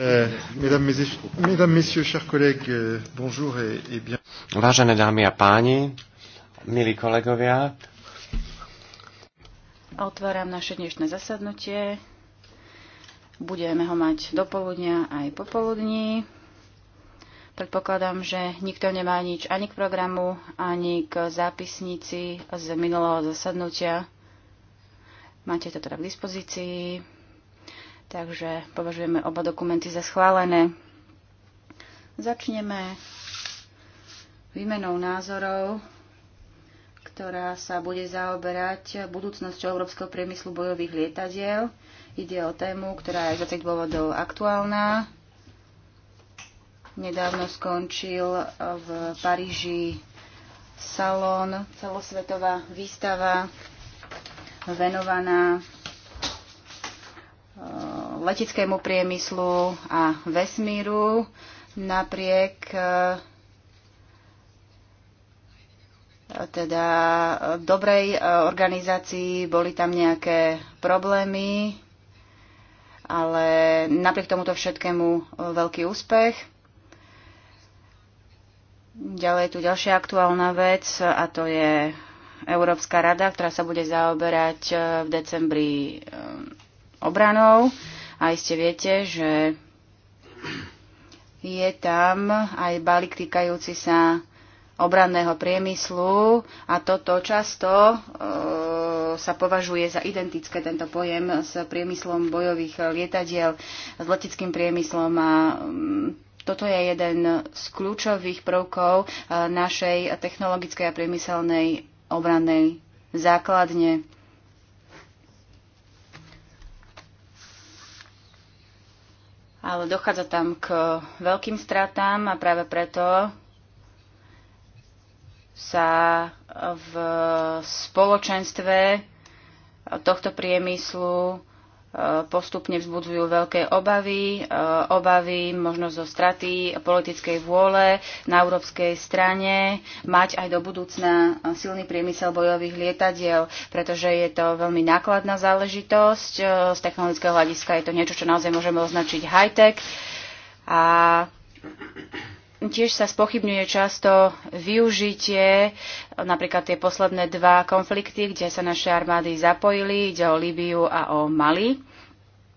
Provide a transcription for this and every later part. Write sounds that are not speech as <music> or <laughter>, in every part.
Eh, eh, Vážené dámy a páni, milí kolegovia, Otváram naše dnešné zasadnutie. Budeme ho mať do poludnia aj popoludní. Predpokladám, že nikto nemá nič ani k programu, ani k zápisnici z minulého zasadnutia. Máte to teda k dispozícii. Takže považujeme oba dokumenty za schválené. Začneme výmenou názorov, ktorá sa bude zaoberať budúcnosťou európskeho priemyslu bojových lietadiel. Ide o tému, ktorá je z tých dôvodov aktuálna. Nedávno skončil v Paríži salón, celosvetová výstava venovaná leteckému priemyslu a vesmíru napriek e, teda e, dobrej e, organizácii boli tam nejaké problémy, ale napriek tomuto všetkému veľký úspech. Ďalej je tu ďalšia aktuálna vec a to je Európska rada, ktorá sa bude zaoberať v decembri obranou. A iste viete, že je tam aj balík týkajúci sa obranného priemyslu a toto často e, sa považuje za identické tento pojem s priemyslom bojových lietadiel, s leteckým priemyslom a mm, toto je jeden z kľúčových prvkov e, našej technologickej a priemyselnej obrannej základne. ale dochádza tam k veľkým stratám a práve preto sa v spoločenstve tohto priemyslu postupne vzbudzujú veľké obavy, eh, obavy možno zo straty politickej vôle na európskej strane, mať aj do budúcna silný priemysel bojových lietadiel, pretože je to veľmi nákladná záležitosť. Eh, z technologického hľadiska je to niečo, čo naozaj môžeme označiť high-tech. A Tiež sa spochybňuje často využitie, napríklad tie posledné dva konflikty, kde sa naše armády zapojili, ide o Líbiu a o Mali.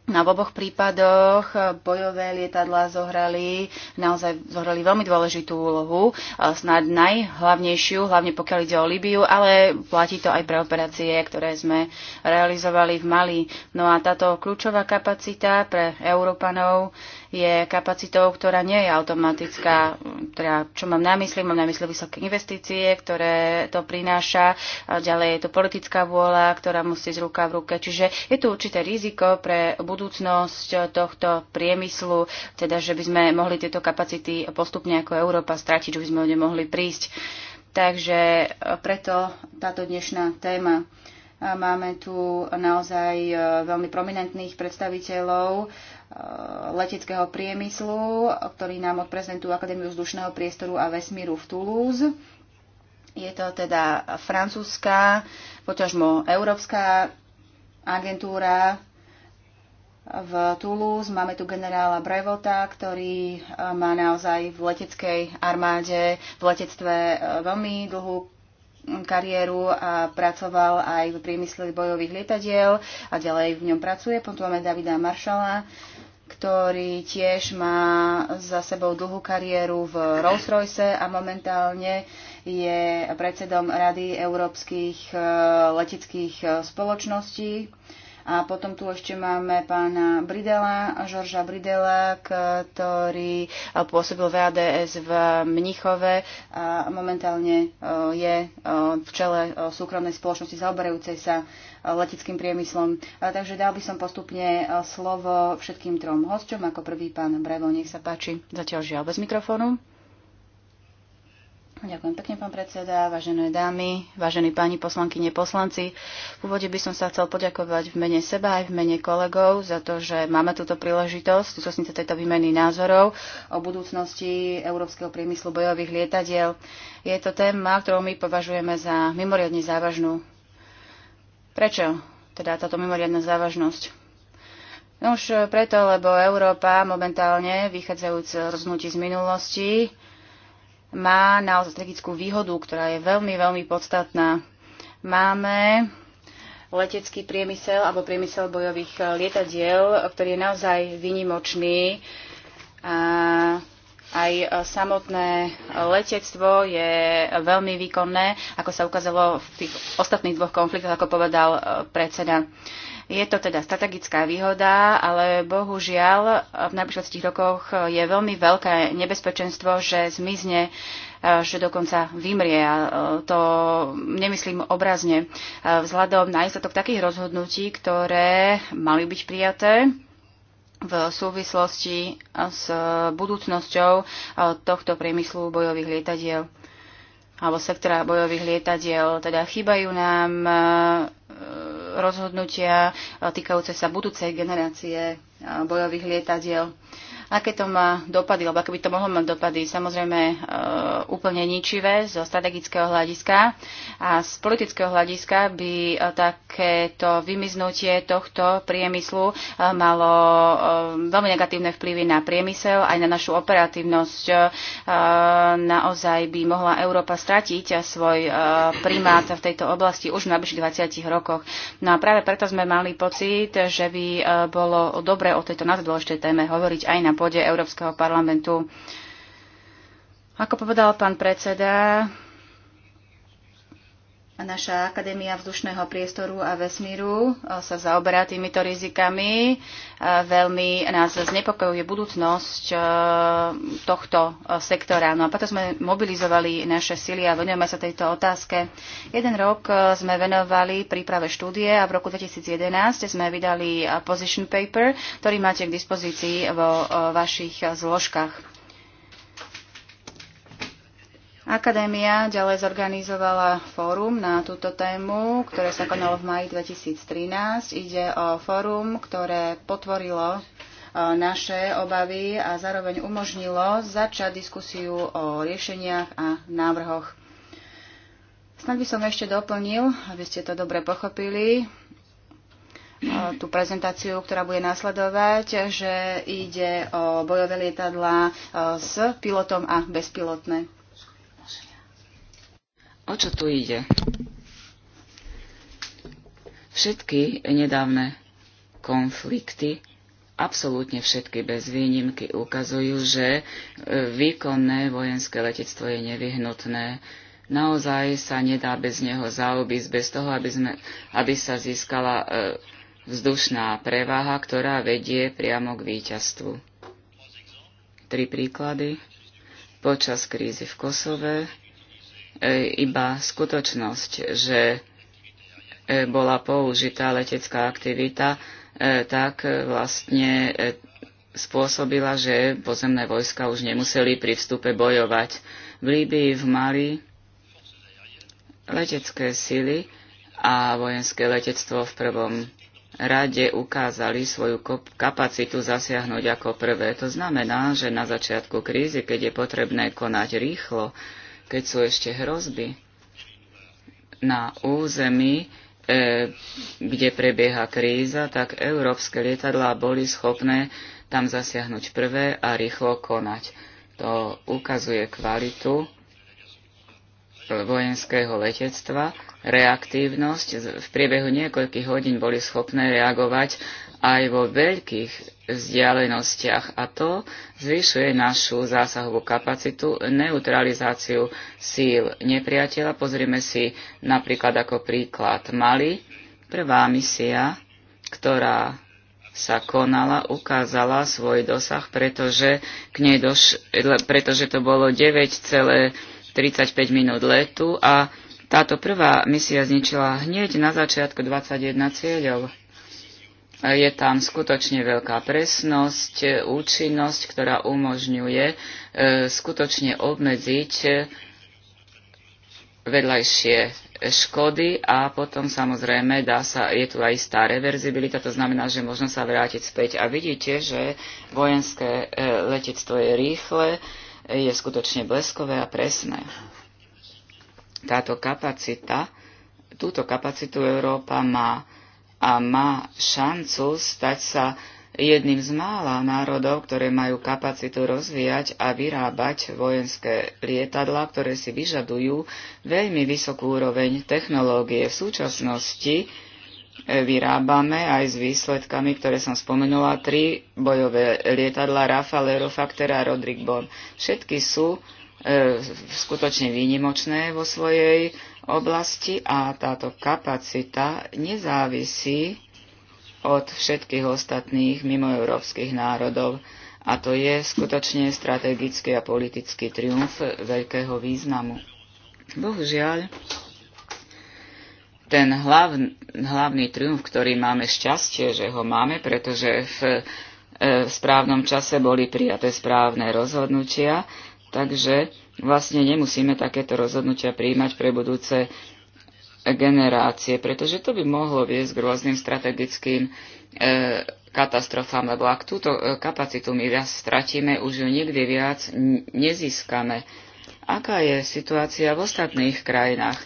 Na no oboch prípadoch bojové lietadlá zohrali, naozaj zohrali veľmi dôležitú úlohu, snad najhlavnejšiu, hlavne pokiaľ ide o Libiu, ale platí to aj pre operácie, ktoré sme realizovali v Mali. No a táto kľúčová kapacita pre Európanov je kapacitou, ktorá nie je automatická. Teda, čo mám na mysli? Mám na mysli vysoké investície, ktoré to prináša. A ďalej je to politická vôľa, ktorá musí z ruka v ruke. Čiže je tu určité riziko pre budúcnosť tohto priemyslu, teda že by sme mohli tieto kapacity postupne ako Európa stratiť, že by sme o ne mohli prísť. Takže e, preto táto dnešná téma. Máme tu naozaj e, veľmi prominentných predstaviteľov Eh, leteckého priemyslu, ktorý nám odprezentujú Akadémiu vzdušného priestoru a vesmíru v Toulouse. Je to teda francúzska, poťažmo európska agentúra v Toulouse. Máme tu generála Brevota, ktorý eh, má naozaj v leteckej armáde, v letectve eh, veľmi dlhú kariéru a pracoval aj v priemysle bojových lietadiel a ďalej v ňom pracuje. Potom máme Davida Maršala, ktorý tiež má za sebou dlhú kariéru v Rolls-Royce a momentálne je predsedom Rady európskych eh, leteckých eh, spoločností a potom tu ešte máme pána Bridela, Žorža Bridela, ktorý eh, pôsobil v ADS v Mnichove a momentálne eh, je eh, v čele súkromnej spoločnosti zaoberajúcej sa leteckým priemyslom. Takže dal by som postupne slovo všetkým trom hosťom. Ako prvý pán Brevo, nech sa páči. Zatiaľ žiaľ bez mikrofónu. Ďakujem pekne, pán predseda, vážené dámy, vážení páni poslanky, poslanci. V úvode by som sa chcel poďakovať v mene seba aj v mene kolegov za to, že máme túto príležitosť, sa tejto výmeny názorov o budúcnosti európskeho priemyslu bojových lietadiel. Je to téma, ktorú my považujeme za mimoriadne závažnú. Prečo teda táto mimoriadna závažnosť? No už preto, lebo Európa momentálne, vychádzajúc z rozhodnutí z minulosti, má naozaj strategickú výhodu, ktorá je veľmi, veľmi podstatná. Máme letecký priemysel alebo priemysel bojových eh, lietadiel, ktorý je naozaj vynimočný. A aj eh, samotné letectvo je veľmi výkonné, ako sa ukázalo v tých ostatných dvoch konfliktoch, ako povedal eh, predseda. Je to teda strategická výhoda, ale bohužiaľ v najbližších rokoch je veľmi veľké nebezpečenstvo, že zmizne e, že dokonca vymrie. A e, to nemyslím obrazne. E, vzhľadom na istotok takých rozhodnutí, ktoré mali byť prijaté, v súvislosti s budúcnosťou tohto priemyslu bojových lietadiel alebo sektora bojových lietadiel. Teda chýbajú nám e, rozhodnutia e, týkajúce sa budúcej generácie e, bojových lietadiel. Aké to má dopady, lebo aké by to mohlo mať dopady, samozrejme e, úplne ničivé zo strategického hľadiska a z politického hľadiska by e, takéto vymiznutie tohto priemyslu e, malo veľmi negatívne vplyvy na priemysel, aj na našu operatívnosť. Naozaj by mohla Európa stratiť svoj primát v tejto oblasti už v najbližších 20 rokoch. No a práve preto sme mali pocit, že by bolo dobre o tejto najdôležitej téme hovoriť aj na pôde Európskeho parlamentu. Ako povedal pán predseda, Naša Akadémia vzdušného priestoru a vesmíru sa zaoberá týmito rizikami. Veľmi nás znepokojuje budúcnosť tohto sektora. No a preto sme mobilizovali naše sily a venujeme sa tejto otázke. Jeden rok sme venovali príprave štúdie a v roku 2011 sme vydali position paper, ktorý máte k dispozícii vo vašich zložkách. Akadémia ďalej zorganizovala fórum na túto tému, ktoré sa konalo v maji 2013. Ide o fórum, ktoré potvorilo e, naše obavy a zároveň umožnilo začať diskusiu o riešeniach a návrhoch. Snad by som ešte doplnil, aby ste to dobre pochopili, e, tú prezentáciu, ktorá bude následovať, že ide o bojové lietadla e, s pilotom a bezpilotné. O čo tu ide? Všetky nedávne konflikty, absolútne všetky bez výnimky, ukazujú, že e, výkonné vojenské letectvo je nevyhnutné. Naozaj sa nedá bez neho zaobísť, bez toho, aby, sme, aby sa získala e, vzdušná prevaha, ktorá vedie priamo k víťazstvu. Tri príklady. Počas krízy v Kosove E, iba skutočnosť, že e, bola použitá letecká aktivita, e, tak vlastne spôsobila, že pozemné vojska už nemuseli pri vstupe bojovať. V Líbii, v Mali letecké sily a vojenské letectvo v prvom rade ukázali svoju kapacitu zasiahnuť ako prvé. To znamená, že na začiatku krízy, keď je potrebné konať rýchlo, keď sú ešte hrozby na území, e, kde prebieha kríza, tak európske lietadlá boli schopné tam zasiahnuť prvé a rýchlo konať. To ukazuje kvalitu e, vojenského letectva, reaktívnosť. V priebehu niekoľkých hodín boli schopné reagovať aj vo veľkých vzdialenostiach a to zvyšuje našu zásahovú kapacitu, neutralizáciu síl nepriateľa. Pozrime si napríklad ako príklad Mali. Prvá misia, ktorá sa konala, ukázala svoj dosah, pretože, k nej doš- pretože to bolo 9,35 minút letu a táto prvá misia zničila hneď na začiatku 21 cieľov. Je tam skutočne veľká presnosť, účinnosť, ktorá umožňuje e, skutočne obmedziť vedľajšie škody a potom samozrejme dá sa, je tu aj istá reverzibilita, to znamená, že možno sa vrátiť späť. A vidíte, že vojenské e, letectvo je rýchle, je skutočne bleskové a presné. Táto kapacita, túto kapacitu Európa má a má šancu stať sa jedným z mála národov, ktoré majú kapacitu rozvíjať a vyrábať vojenské lietadlá, ktoré si vyžadujú veľmi vysokú úroveň technológie. V súčasnosti e, vyrábame aj s výsledkami, ktoré som spomenula, tri bojové lietadla Rafale, Eurofactor a Rodrigbon. Všetky sú E, skutočne výnimočné vo svojej oblasti a táto kapacita nezávisí od všetkých ostatných mimoeurópskych národov. A to je skutočne strategický a politický triumf veľkého významu. Bohužiaľ, ten hlavný triumf, ktorý máme šťastie, že ho máme, pretože v, e, v správnom čase boli prijaté správne rozhodnutia, Takže vlastne nemusíme takéto rozhodnutia príjmať pre budúce generácie, pretože to by mohlo viesť k rôznym strategickým e, katastrofám, lebo ak túto e, kapacitu my viac stratíme, už ju nikdy viac nezískame. Aká je situácia v ostatných krajinách?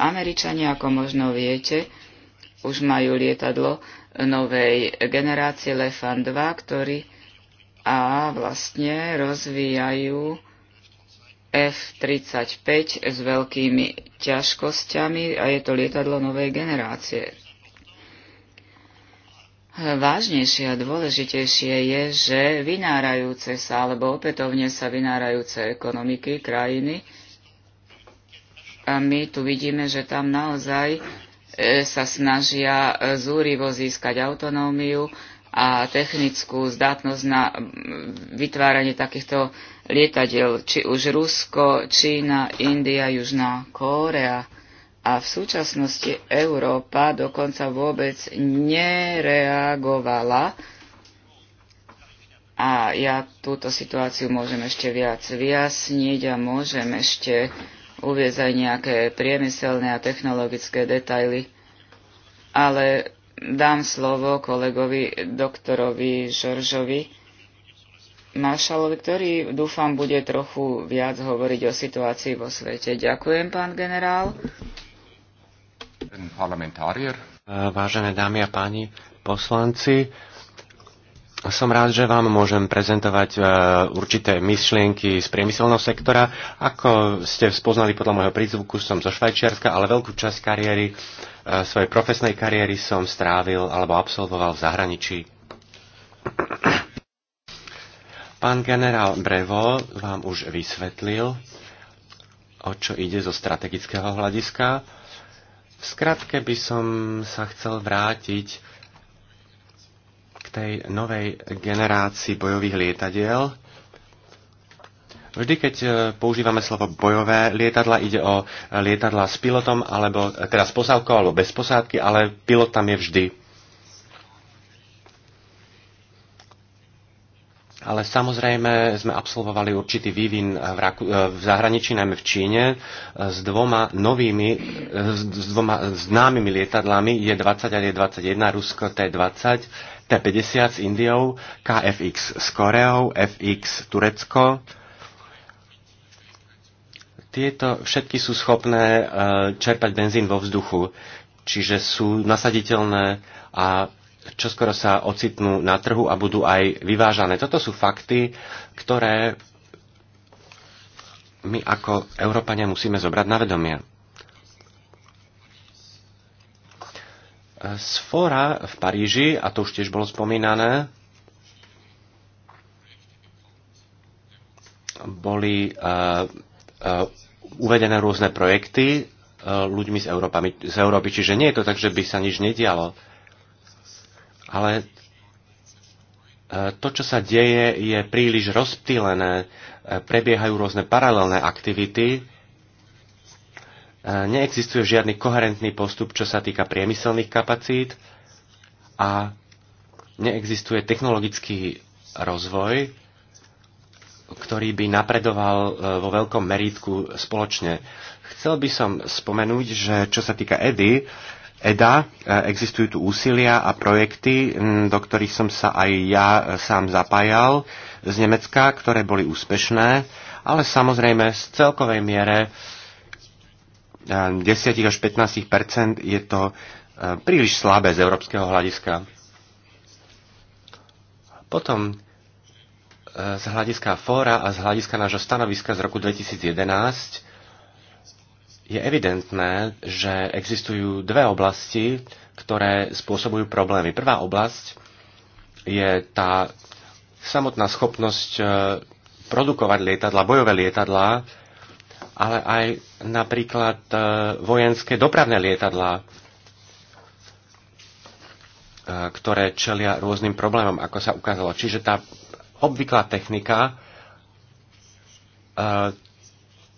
Američania, ako možno viete, už majú lietadlo novej generácie Lefan 2, ktorý a vlastne rozvíjajú F-35 s veľkými ťažkosťami a je to lietadlo novej generácie. Vážnejšie a dôležitejšie je, že vynárajúce sa alebo opätovne sa vynárajúce ekonomiky krajiny a my tu vidíme, že tam naozaj e, sa snažia e, zúrivo získať autonómiu, a technickú zdátnosť na vytváranie takýchto lietadiel, či už Rusko, Čína, India, Južná Kórea. A v súčasnosti Európa dokonca vôbec nereagovala a ja túto situáciu môžem ešte viac vyjasniť a môžem ešte uviezať nejaké priemyselné a technologické detaily. Ale dám slovo kolegovi doktorovi Žoržovi Maršalovi, ktorý dúfam bude trochu viac hovoriť o situácii vo svete. Ďakujem, pán generál. Vážené dámy a páni poslanci, som rád, že vám môžem prezentovať e, určité myšlienky z priemyselného sektora. Ako ste spoznali podľa môjho prízvuku, som zo Švajčiarska, ale veľkú časť kariéry, e, svojej profesnej kariéry som strávil alebo absolvoval v zahraničí. Pán generál Brevo vám už vysvetlil, o čo ide zo strategického hľadiska. V skratke by som sa chcel vrátiť tej novej generácii bojových lietadiel. Vždy, keď e, používame slovo bojové lietadla, ide o e, lietadla s pilotom, alebo e, teda s posádkou, alebo bez posádky, ale pilot tam je vždy. Ale samozrejme sme absolvovali určitý vývin v, Raku- v zahraničí, najmä v Číne. S dvoma novými, s dvoma známymi lietadlami, je 20 a je 21, Rusko T-20 T50 s Indiou, KFX s Koreou, FX Turecko. Tieto všetky sú schopné e, čerpať benzín vo vzduchu, čiže sú nasaditeľné a čoskoro sa ocitnú na trhu a budú aj vyvážané. Toto sú fakty, ktoré my ako Európania musíme zobrať na vedomie. z fóra v Paríži, a to už tiež bolo spomínané, boli uh, uh, uvedené rôzne projekty uh, ľuďmi z, Európami, z Európy. Čiže nie je to tak, že by sa nič nedialo. Ale to, čo sa deje, je príliš rozptýlené. prebiehajú rôzne paralelné aktivity, E, neexistuje žiadny koherentný postup, čo sa týka priemyselných kapacít a neexistuje technologický rozvoj, ktorý by napredoval e, vo veľkom meritku spoločne. Chcel by som spomenúť, že čo sa týka EDY, EDA, e, existujú tu úsilia a projekty, do ktorých som sa aj ja sám zapájal z Nemecka, ktoré boli úspešné, ale samozrejme z celkovej miere 10 až 15 je to e, príliš slabé z európskeho hľadiska. Potom e, z hľadiska fóra a z hľadiska nášho stanoviska z roku 2011 je evidentné, že existujú dve oblasti, ktoré spôsobujú problémy. Prvá oblasť je tá samotná schopnosť e, produkovať lietadla, bojové lietadlá, ale aj napríklad e, vojenské dopravné lietadlá, e, ktoré čelia rôznym problémom, ako sa ukázalo. Čiže tá obvyklá technika e,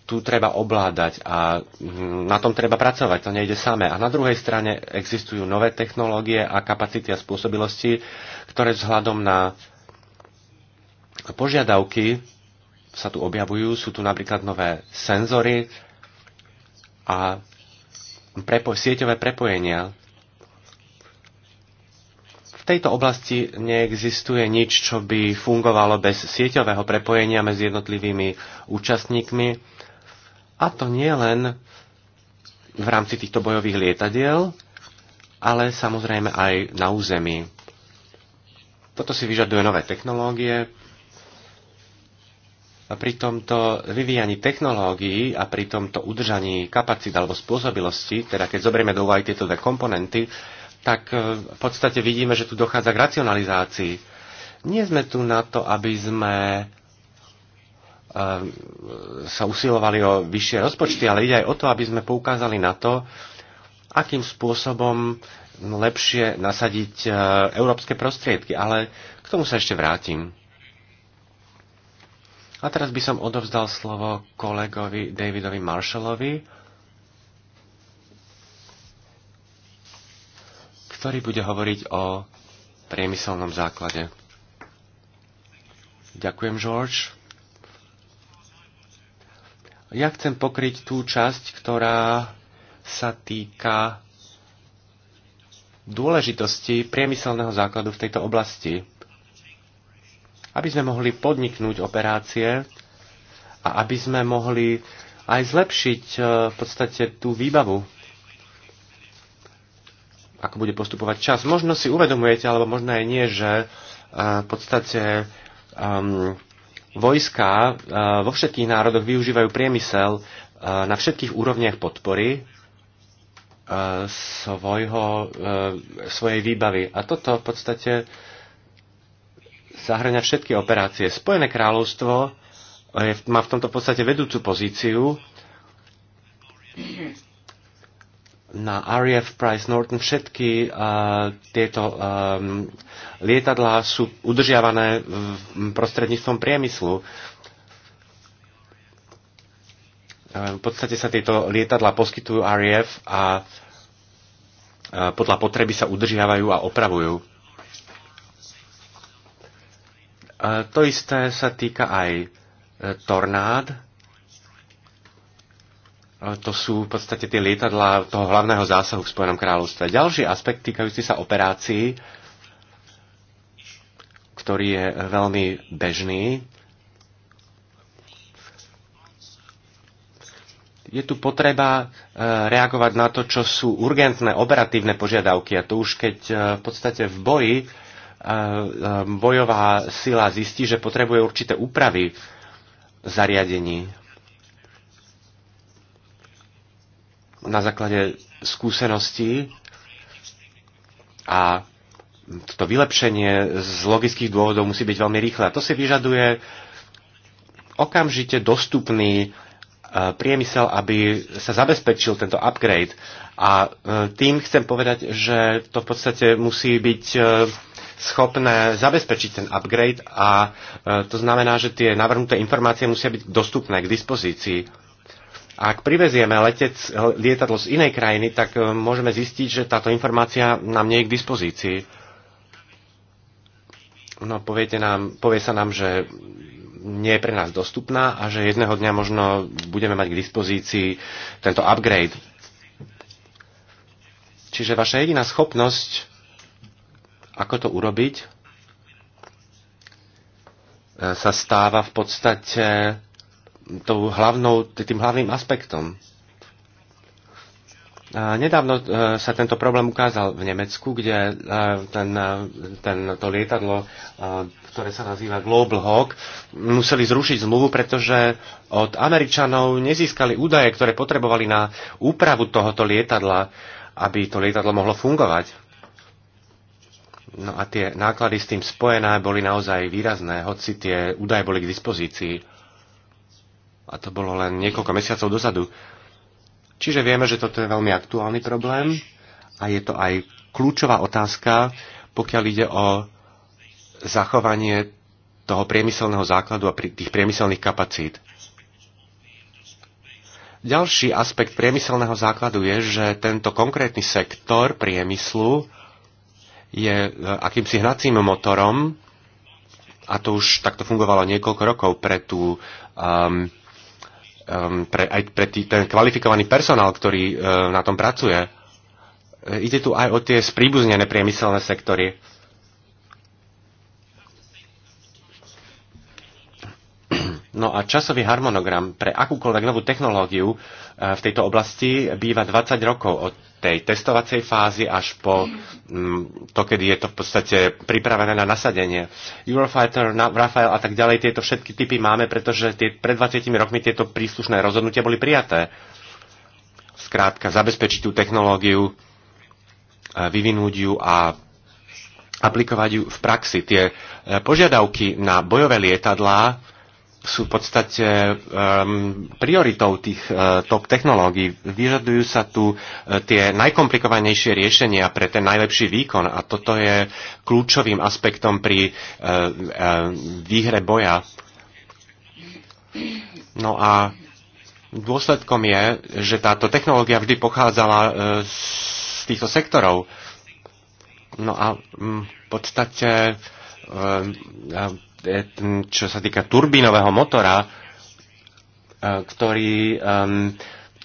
tu treba ovládať a mm, na tom treba pracovať, to nejde samé. A na druhej strane existujú nové technológie a kapacity a spôsobilosti, ktoré vzhľadom na požiadavky sa tu objavujú. Sú tu napríklad nové senzory a prepo- sieťové prepojenia. V tejto oblasti neexistuje nič, čo by fungovalo bez sieťového prepojenia medzi jednotlivými účastníkmi. A to nie len v rámci týchto bojových lietadiel, ale samozrejme aj na území. Toto si vyžaduje nové technológie, pri tomto vyvíjaní technológií a pri tomto udržaní kapacít alebo spôsobilosti, teda keď zoberieme do úvahy tieto dve komponenty, tak e, v podstate vidíme, že tu dochádza k racionalizácii. Nie sme tu na to, aby sme e, sa usilovali o vyššie rozpočty, ale ide aj o to, aby sme poukázali na to, akým spôsobom lepšie nasadiť e, európske prostriedky. Ale k tomu sa ešte vrátim. A teraz by som odovzdal slovo kolegovi Davidovi Marshallovi, ktorý bude hovoriť o priemyselnom základe. Ďakujem, George. Ja chcem pokryť tú časť, ktorá sa týka dôležitosti priemyselného základu v tejto oblasti aby sme mohli podniknúť operácie a aby sme mohli aj zlepšiť e, v podstate tú výbavu, ako bude postupovať čas. Možno si uvedomujete, alebo možno aj nie, že e, v podstate um, vojska uh, vo všetkých národoch využívajú priemysel uh, na všetkých úrovniach podpory uh, svojho, uh, svojej výbavy. A toto v podstate uh, zahrňa všetky operácie. Spojené kráľovstvo eh, má v tomto podstate vedúcu pozíciu na RAF Price Norton všetky uh, tieto um, lietadlá sú udržiavané v prostredníctvom priemyslu. V podstate sa tieto lietadlá poskytujú RAF a podľa potreby sa udržiavajú a opravujú. To isté sa týka aj e, tornád. To sú v podstate tie lietadla toho hlavného zásahu v Spojenom kráľovstve. Ďalší aspekt týkajúci sa operácií, ktorý je veľmi bežný, je tu potreba e, reagovať na to, čo sú urgentné operatívne požiadavky. A to už keď e, v podstate v boji bojová sila zistí, že potrebuje určité úpravy zariadení na základe skúseností a toto vylepšenie z logických dôvodov musí byť veľmi rýchle. A to si vyžaduje okamžite dostupný e, priemysel, aby sa zabezpečil tento upgrade. A e, tým chcem povedať, že to v podstate musí byť e, schopné zabezpečiť ten upgrade a e, to znamená, že tie navrhnuté informácie musia byť dostupné k dispozícii. Ak privezieme letec, lietadlo z inej krajiny, tak e, môžeme zistiť, že táto informácia nám nie je k dispozícii. No, poviete nám, povie sa nám, že nie je pre nás dostupná a že jedného dňa možno budeme mať k dispozícii tento upgrade. Čiže vaša jediná schopnosť ako to urobiť? E, sa stáva v podstate tou hlavnou, tým hlavným aspektom. E, nedávno e, sa tento problém ukázal v Nemecku, kde ten, ten, to lietadlo, ktoré sa nazýva Global Hawk, museli zrušiť zmluvu, pretože od Američanov nezískali údaje, ktoré potrebovali na úpravu tohoto lietadla, aby to lietadlo mohlo fungovať. No a tie náklady s tým spojené boli naozaj výrazné, hoci tie údaje boli k dispozícii. A to bolo len niekoľko mesiacov dozadu. Čiže vieme, že toto je veľmi aktuálny problém a je to aj kľúčová otázka, pokiaľ ide o zachovanie toho priemyselného základu a tých priemyselných kapacít. Ďalší aspekt priemyselného základu je, že tento konkrétny sektor priemyslu je e, akýmsi hnacím motorom, a to už takto fungovalo niekoľko rokov pre tú um, um, pre, aj pre tý, ten kvalifikovaný personál, ktorý uh, na tom pracuje. E, ide tu aj o tie spríbuznené priemyselné sektory. No a časový harmonogram pre akúkoľvek novú technológiu e, v tejto oblasti býva 20 rokov od tej testovacej fázy až po mm, to, kedy je to v podstate pripravené na nasadenie. Eurofighter, Rafael a tak ďalej, tieto všetky typy máme, pretože tie, pred 20 rokmi tieto príslušné rozhodnutia boli prijaté. Skrátka, zabezpečiť tú technológiu, e, vyvinúť ju a aplikovať ju v praxi. Tie e, požiadavky na bojové lietadlá sú v podstate um, prioritou tých uh, top technológií. Vyžadujú sa tu uh, tie najkomplikovanejšie riešenia pre ten najlepší výkon a toto je kľúčovým aspektom pri uh, uh, výhre boja. No a dôsledkom je, že táto technológia vždy pochádzala uh, z týchto sektorov. No a um, v podstate uh, uh, E, čo sa týka turbínového motora, e, ktorý,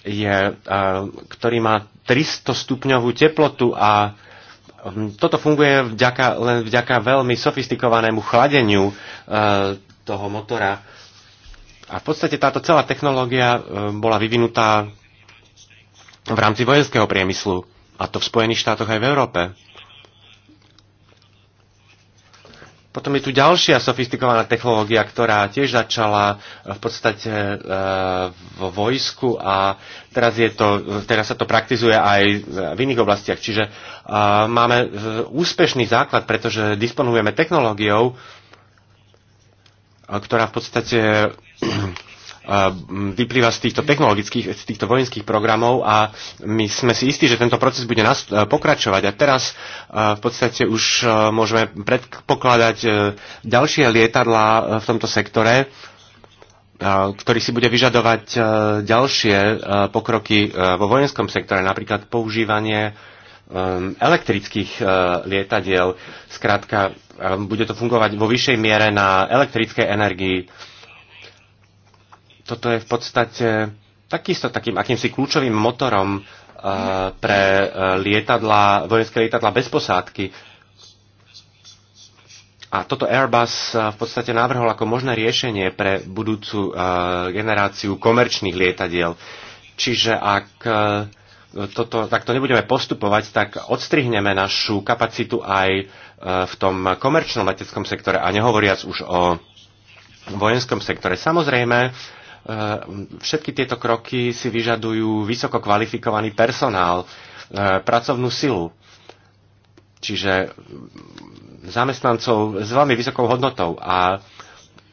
je, e, ktorý má 300 stupňovú teplotu a toto funguje vďaka, len vďaka veľmi sofistikovanému chladeniu toho motora. A v podstate táto celá technológia bola vyvinutá v rámci vojenského priemyslu, a to v Spojených štátoch aj v Európe. Potom je tu ďalšia sofistikovaná technológia, ktorá tiež začala eh, v podstate eh, vo vojsku a teraz, je to, teraz sa to praktizuje aj v iných oblastiach. Čiže eh, máme úspešný základ, pretože disponujeme technológiou, ktorá v podstate Ehm, vyplýva z týchto technologických, z týchto vojenských programov a my sme si istí, že tento proces bude e, pokračovať. A teraz e, v podstate už e, môžeme predpokladať ďalšie lietadlá v tomto sektore, ktorý si bude vyžadovať ďalšie pokroky vo vojenskom sektore, napríklad používanie ehm, elektrických lietadiel. zkrátka bude to fungovať vo vyššej miere na elektrickej energii toto je v podstate takisto takým akýmsi kľúčovým motorom eh, pre eh, lietadla, vojenské lietadla bez posádky. A toto Airbus eh, v podstate navrhol ako možné riešenie pre budúcu generáciu komerčných lietadiel. Čiže ak toto, takto nebudeme postupovať, tak odstrihneme našu kapacitu aj v tom komerčnom leteckom sektore a nehovoriac už o vojenskom sektore. Samozrejme, Ehm, všetky tieto kroky si vyžadujú vysoko kvalifikovaný personál, e, pracovnú silu, čiže mm, zamestnancov s veľmi vysokou hodnotou. A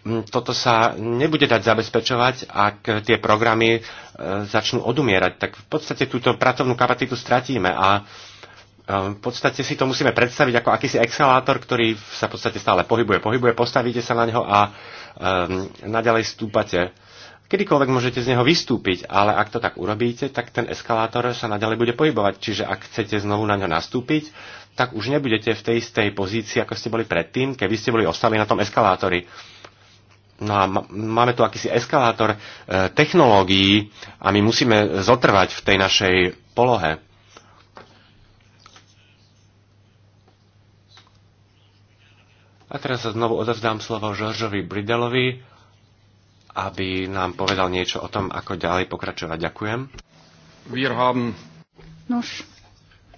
mm, toto sa nebude dať zabezpečovať, ak tie programy e, začnú odumierať. Tak v podstate túto pracovnú kapacitu stratíme a ehm, v podstate si to musíme predstaviť ako akýsi exhalátor, ktorý sa v podstate stále pohybuje, pohybuje, postavíte sa na neho a um, naďalej stúpate kedykoľvek môžete z neho vystúpiť, ale ak to tak urobíte, tak ten eskalátor sa naďalej bude pohybovať. Čiže ak chcete znovu na ňo nastúpiť, tak už nebudete v tej istej pozícii, ako ste boli predtým, keby ste boli ostali na tom eskalátori. No a máme tu akýsi eskalátor e, technológií a my musíme zotrvať v tej našej polohe. A teraz sa znovu odovzdám slovo Žoržovi Bridelovi, aby nám povedal niečo o tom, ako ďalej pokračovať. Ďakujem. Wir haben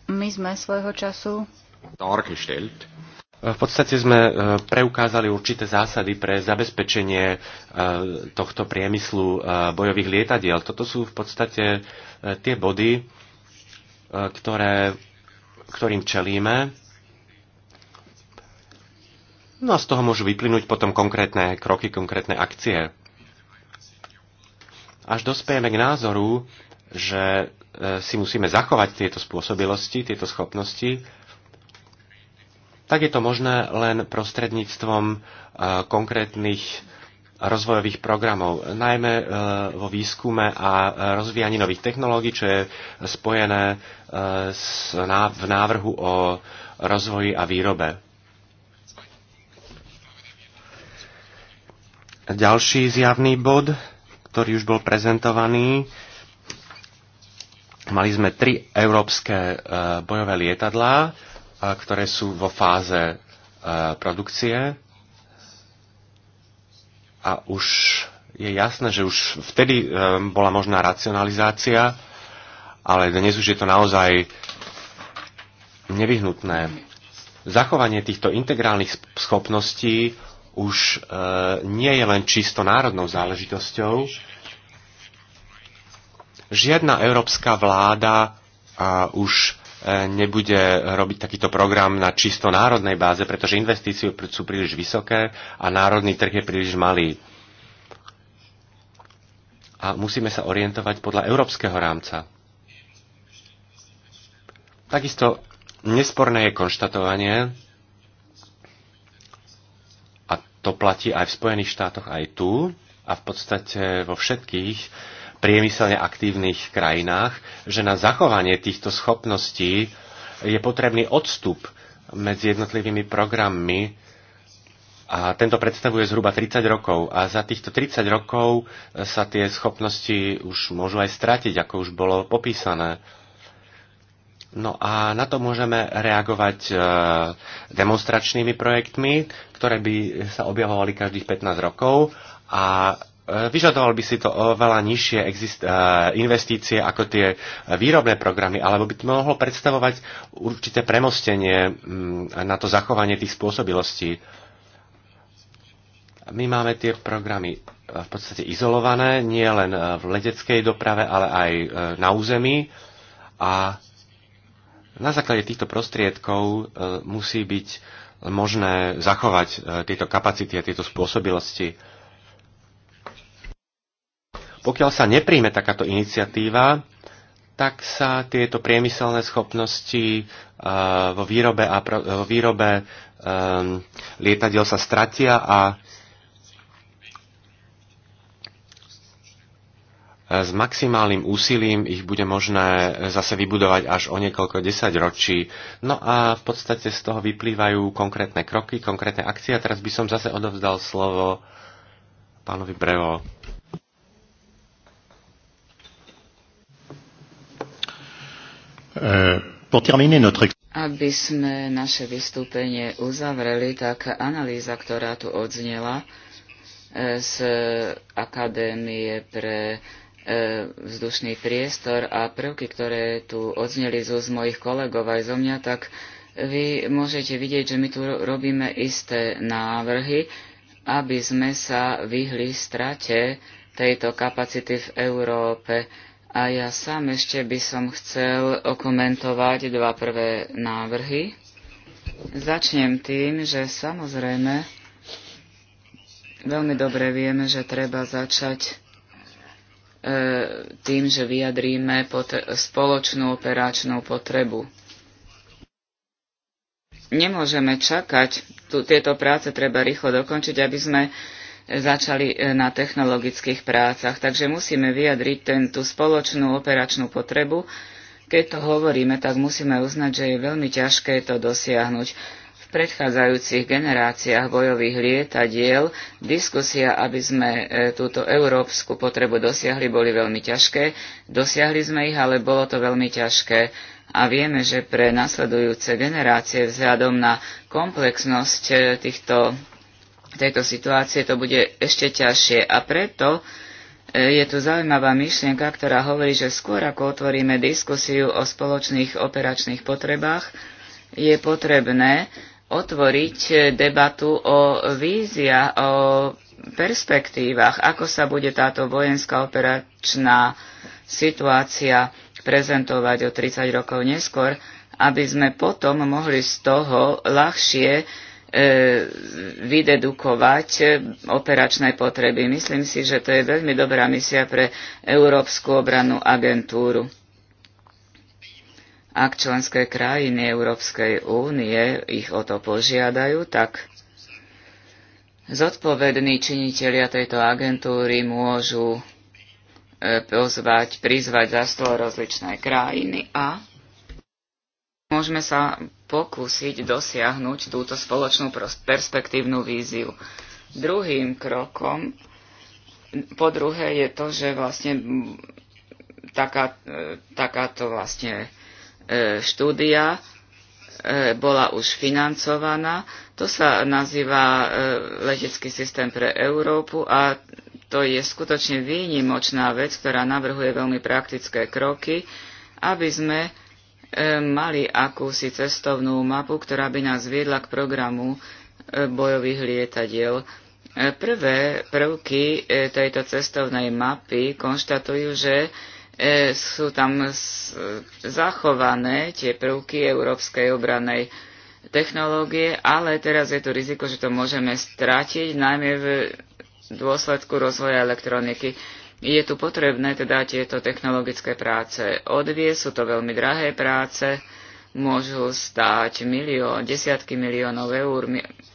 my sme svojho času dargestellt. V podstate sme e, preukázali určité zásady pre zabezpečenie e, tohto priemyslu e, bojových lietadiel. Toto sú v podstate tie body, ktoré, ktorým čelíme. No a z toho môžu vyplynúť potom konkrétne kroky, konkrétne akcie až dospejeme k názoru, že e, si musíme zachovať tieto spôsobilosti, tieto schopnosti, tak je to možné len prostredníctvom e, konkrétnych rozvojových programov, najmä e, vo výskume a rozvíjaní nových technológií, čo je spojené v návrhu o rozvoji a výrobe. Ďalší zjavný bod ktorý už bol prezentovaný. Mali sme tri európske e, bojové lietadlá, e, ktoré sú vo fáze e, produkcie a už je jasné, že už vtedy bola možná racionalizácia, ale dnes už je to naozaj nevyhnutné. Zachovanie týchto integrálnych schopností už e, nie je len čisto národnou záležitosťou. Žiadna európska vláda e, už e, nebude robiť takýto program na čisto národnej báze, pretože investície sú príliš vysoké a národný trh je príliš malý. A musíme sa orientovať podľa európskeho rámca. Takisto nesporné je konštatovanie, to platí aj v Spojených štátoch, aj tu a v podstate vo všetkých priemyselne aktívnych krajinách, že na zachovanie týchto schopností je potrebný odstup medzi jednotlivými programmi a tento predstavuje zhruba 30 rokov. A za týchto 30 rokov sa tie schopnosti už môžu aj stratiť, ako už bolo popísané. No a na to môžeme reagovať e, demonstračnými projektmi, ktoré by sa objavovali každých 15 rokov a e, vyžadoval by si to oveľa nižšie e, investície ako tie výrobné programy, alebo by to mohlo predstavovať určité premostenie mm, na to zachovanie tých spôsobilostí. My máme tie programy v podstate izolované, nie len v leteckej doprave, ale aj na území a na základe týchto prostriedkov e, musí byť možné zachovať e, tieto kapacity a tieto spôsobilosti. Pokiaľ sa nepríjme takáto iniciatíva, tak sa tieto priemyselné schopnosti e, vo výrobe, a, vo výrobe lietadiel sa stratia a S maximálnym úsilím ich bude možné zase vybudovať až o niekoľko desaťročí. No a v podstate z toho vyplývajú konkrétne kroky, konkrétne akcie. A teraz by som zase odovzdal slovo pánovi Brevo. Eh, Aby sme naše vystúpenie uzavreli, tak analýza, ktorá tu odznela eh, z Akadémie pre vzdušný priestor a prvky, ktoré tu odzneli zo z mojich kolegov aj zo mňa, tak vy môžete vidieť, že my tu robíme isté návrhy, aby sme sa vyhli strate tejto kapacity v Európe. A ja sám ešte by som chcel okomentovať dva prvé návrhy. Začnem tým, že samozrejme veľmi dobre vieme, že treba začať E, tým, že vyjadríme spoločnú operačnú potrebu. Nemôžeme čakať, tu, tieto práce treba rýchlo dokončiť, aby sme začali e, na technologických prácach. Takže musíme vyjadriť ten, tú spoločnú operačnú potrebu. Keď to hovoríme, tak musíme uznať, že je veľmi ťažké to dosiahnuť v predchádzajúcich generáciách bojových lietadiel diskusia, aby sme e, túto európsku potrebu dosiahli, boli veľmi ťažké. Dosiahli sme ich, ale bolo to veľmi ťažké. A vieme, že pre nasledujúce generácie vzhľadom na komplexnosť e, týchto, tejto situácie to bude ešte ťažšie. A preto e, je tu zaujímavá myšlienka, ktorá hovorí, že skôr ako otvoríme diskusiu o spoločných operačných potrebách, je potrebné otvoriť debatu o vízia, o perspektívach, ako sa bude táto vojenská operačná situácia prezentovať o 30 rokov neskôr, aby sme potom mohli z toho ľahšie e, vydedukovať e, operačné potreby. Myslím si, že to je veľmi dobrá misia pre Európsku obrannú agentúru. Ak členské krajiny Európskej únie ich o to požiadajú, tak zodpovední činitelia tejto agentúry môžu e, pozvať, prizvať za stôl rozličné krajiny a môžeme sa pokúsiť dosiahnuť túto spoločnú perspektívnu víziu. Druhým krokom, po druhé, je to, že vlastne taká, e, takáto vlastne E, štúdia e, bola už financovaná. To sa nazýva e, letecký systém pre Európu a to je skutočne výnimočná vec, ktorá navrhuje veľmi praktické kroky, aby sme mali akúsi cestovnú mapu, ktorá by nás viedla k programu bojových lietadiel. Prvé prvky tejto cestovnej mapy konštatujú, že e, sú tam s, e, zachované tie prvky európskej obranej technológie, ale teraz je tu riziko, že to môžeme stratiť, najmä v dôsledku rozvoja elektroniky. Je tu potrebné teda tieto technologické práce odvie, sú to veľmi drahé práce, môžu stáť milió, desiatky miliónov eur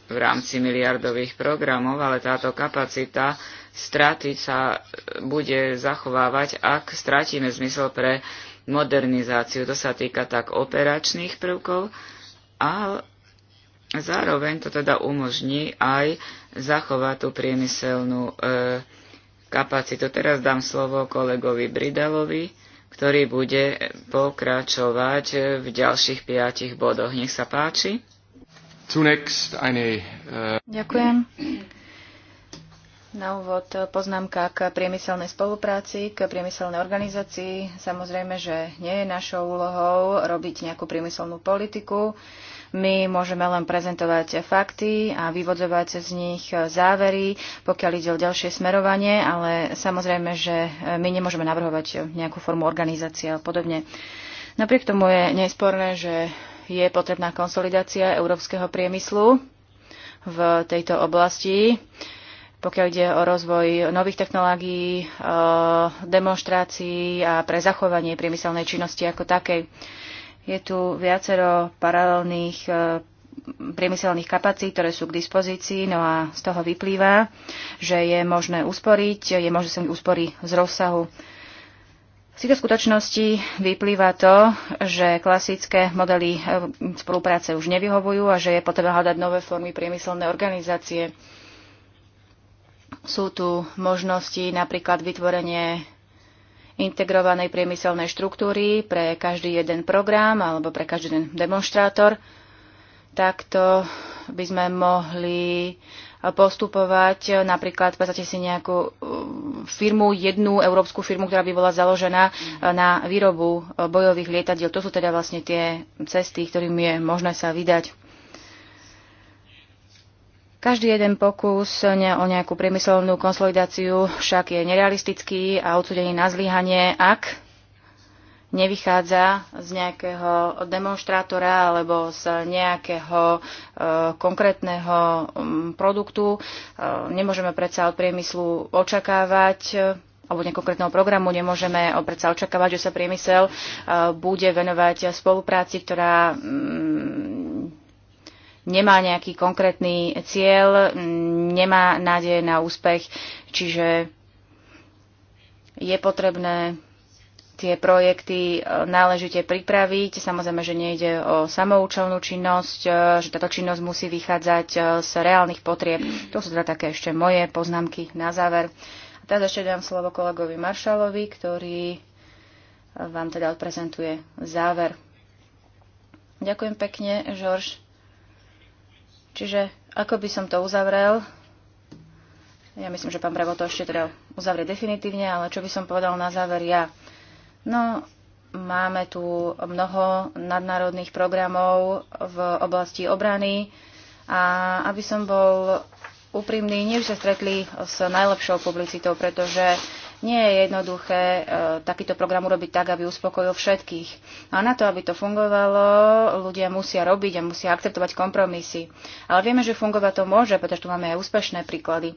v rámci miliardových programov, ale táto kapacita straty sa e, bude zachovávať, ak stratíme zmysel pre modernizáciu. To sa týka tak operačných prvkov, ale zároveň to teda umožní aj zachovať tú priemyselnú e, kapacitu. Teraz dám slovo kolegovi Bridalovi, ktorý bude pokračovať e, v ďalších piatich bodoch. Nech sa páči. E, Ďakujem. Na úvod poznámka k priemyselnej spolupráci, k priemyselnej organizácii. Samozrejme, že nie je našou úlohou robiť nejakú priemyselnú politiku. My môžeme len prezentovať fakty a vyvodzovať z nich závery, pokiaľ ide o ďalšie smerovanie, ale samozrejme, že my nemôžeme navrhovať nejakú formu organizácie a podobne. Napriek tomu je nesporné, že je potrebná konsolidácia európskeho priemyslu v tejto oblasti pokiaľ ide o rozvoj nových technológií, e, demonstrácií a pre zachovanie priemyselnej činnosti ako takej. Je tu viacero paralelných e, priemyselných kapacít, ktoré sú k dispozícii, no a z toho vyplýva, že je možné usporiť, je možné sa úspory z rozsahu. Z týchto skutočností vyplýva to, že klasické modely e, spolupráce už nevyhovujú a že je potreba hľadať nové formy priemyselnej organizácie. Sú tu možnosti napríklad vytvorenie integrovanej priemyselnej štruktúry pre každý jeden program alebo pre každý jeden demonstrátor. Takto by sme mohli postupovať, napríklad predstavte si nejakú um, firmu, jednu európsku firmu, ktorá by bola založená uh, na výrobu bojových lietadiel. To sú teda vlastne tie cesty, ktorým je možné sa vydať. Každý jeden pokus o nejakú priemyselnú konsolidáciu však je nerealistický a odsudený na zlyhanie, ak nevychádza z nejakého demonstrátora alebo z nejakého e, konkrétneho m, mm, produktu. E, nemôžeme predsa od priemyslu očakávať e, alebo nekonkrétneho programu nemôžeme predsa očakávať, že sa priemysel e, bude venovať spolupráci, ktorá mm, nemá nejaký konkrétny cieľ, nemá nádej na úspech, čiže je potrebné tie projekty e, náležite pripraviť. Samozrejme, že nejde o samoučelnú činnosť, e, že táto činnosť musí vychádzať e, z reálnych potrieb. To sú teda také ešte moje poznámky na záver. A teraz ešte dám slovo kolegovi Maršalovi, ktorý vám teda odprezentuje záver. Ďakujem pekne, Žorž. Čiže ako by som to uzavrel, ja myslím, že pán Bravo to ešte teda uzavrie definitívne, ale čo by som povedal na záver ja. No, máme tu mnoho nadnárodných programov v oblasti obrany a aby som bol úprimný, nie že sa stretli s najlepšou publicitou, pretože nie je jednoduché e, takýto program urobiť tak, aby uspokojil všetkých. A na to, aby to fungovalo, ľudia musia robiť a musia akceptovať kompromisy. Ale vieme, že fungovať to môže, pretože tu máme aj úspešné príklady.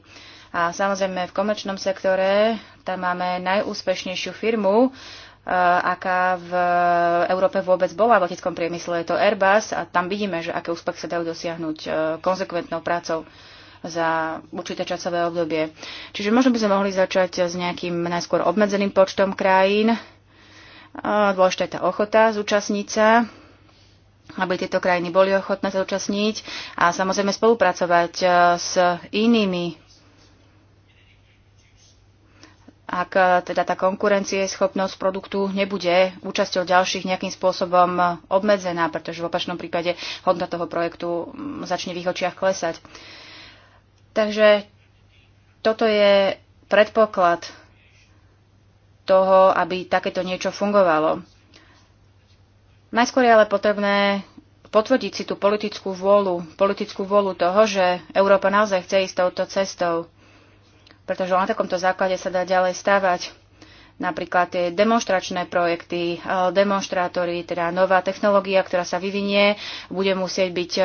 A samozrejme v komerčnom sektore tam máme najúspešnejšiu firmu, e, aká v Európe vôbec bola v leteckom priemysle. Je to Airbus a tam vidíme, že aké úspech sa dajú dosiahnuť e, konsekventnou prácou za určité časové obdobie. Čiže možno by sme mohli začať s nejakým najskôr obmedzeným počtom krajín. Dôležitá je tá ochota zúčastniť sa aby tieto krajiny boli ochotné sa zúčastniť a samozrejme spolupracovať e, s inými ak e, teda tá konkurencie, schopnosť produktu nebude účasťou ďalších nejakým spôsobom e, obmedzená, pretože v opačnom prípade hodnota toho projektu začne v ich očiach klesať. Uh, Takže toto je predpoklad toho, aby takéto niečo fungovalo. Najskôr je ale potrebné potvrdiť si tú politickú vôľu, politickú vôľu toho, že Európa naozaj chce ísť touto cestou, pretože na takomto základe sa dá ďalej stávať napríklad tie demonstračné projekty, e, demonstrátory, teda nová technológia, ktorá sa vyvinie, bude musieť byť e,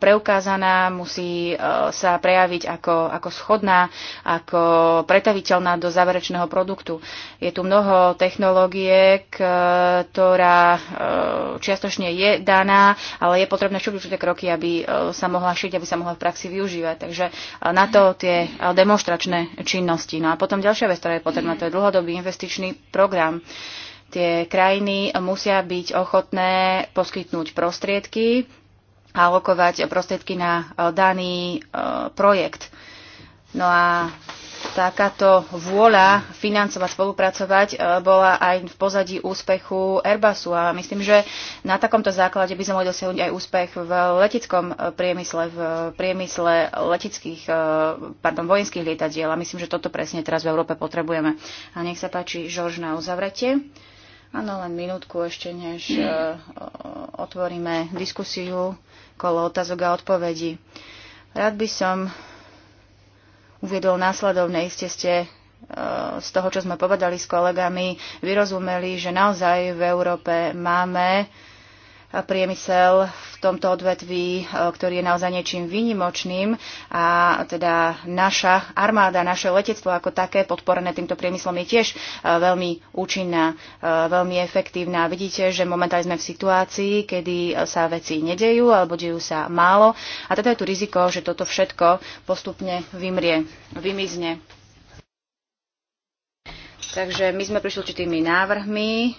preukázaná, musí e, sa prejaviť ako, ako schodná, ako pretaviteľná do záverečného produktu. Je tu mnoho technológie, ktorá čiastočne je daná, ale je potrebné všetky tie kroky, aby sa mohla šiť, aby sa mohla v praxi využívať. Takže na to tie demonstračné činnosti. No a potom ďalšia vec, ktorá je potrebná, to je dlhodobý investičný program. Tie krajiny musia byť ochotné poskytnúť prostriedky a alokovať prostriedky na daný e, projekt. No a takáto vôľa financovať, spolupracovať e, bola aj v pozadí úspechu Airbusu a myslím, že na takomto základe by sme mohli dosiahnuť aj úspech v leteckom e, priemysle, v priemysle leteckých, e, pardon, vojenských lietadiel a myslím, že toto presne teraz v Európe potrebujeme. A nech sa páči, Žorž, na uzavretie. Áno, len minútku ešte, než otvoríme diskusiu kolo otázok a odpovedí. Rád by som uviedol následovne. Iste ste e, z toho, čo sme povedali s kolegami, vyrozumeli, že naozaj v Európe máme priemysel v tomto odvetví, e, ktorý je naozaj niečím výnimočným a teda naša armáda, naše letectvo ako také, podporené týmto priemyslom, je tiež e, veľmi účinná, e, veľmi efektívna. Vidíte, že momentálne sme v situácii, kedy sa veci nedejú alebo dejú sa málo a teda je tu riziko, že toto všetko postupne vymrie, vymizne. Takže my sme prišli určitými návrhmi,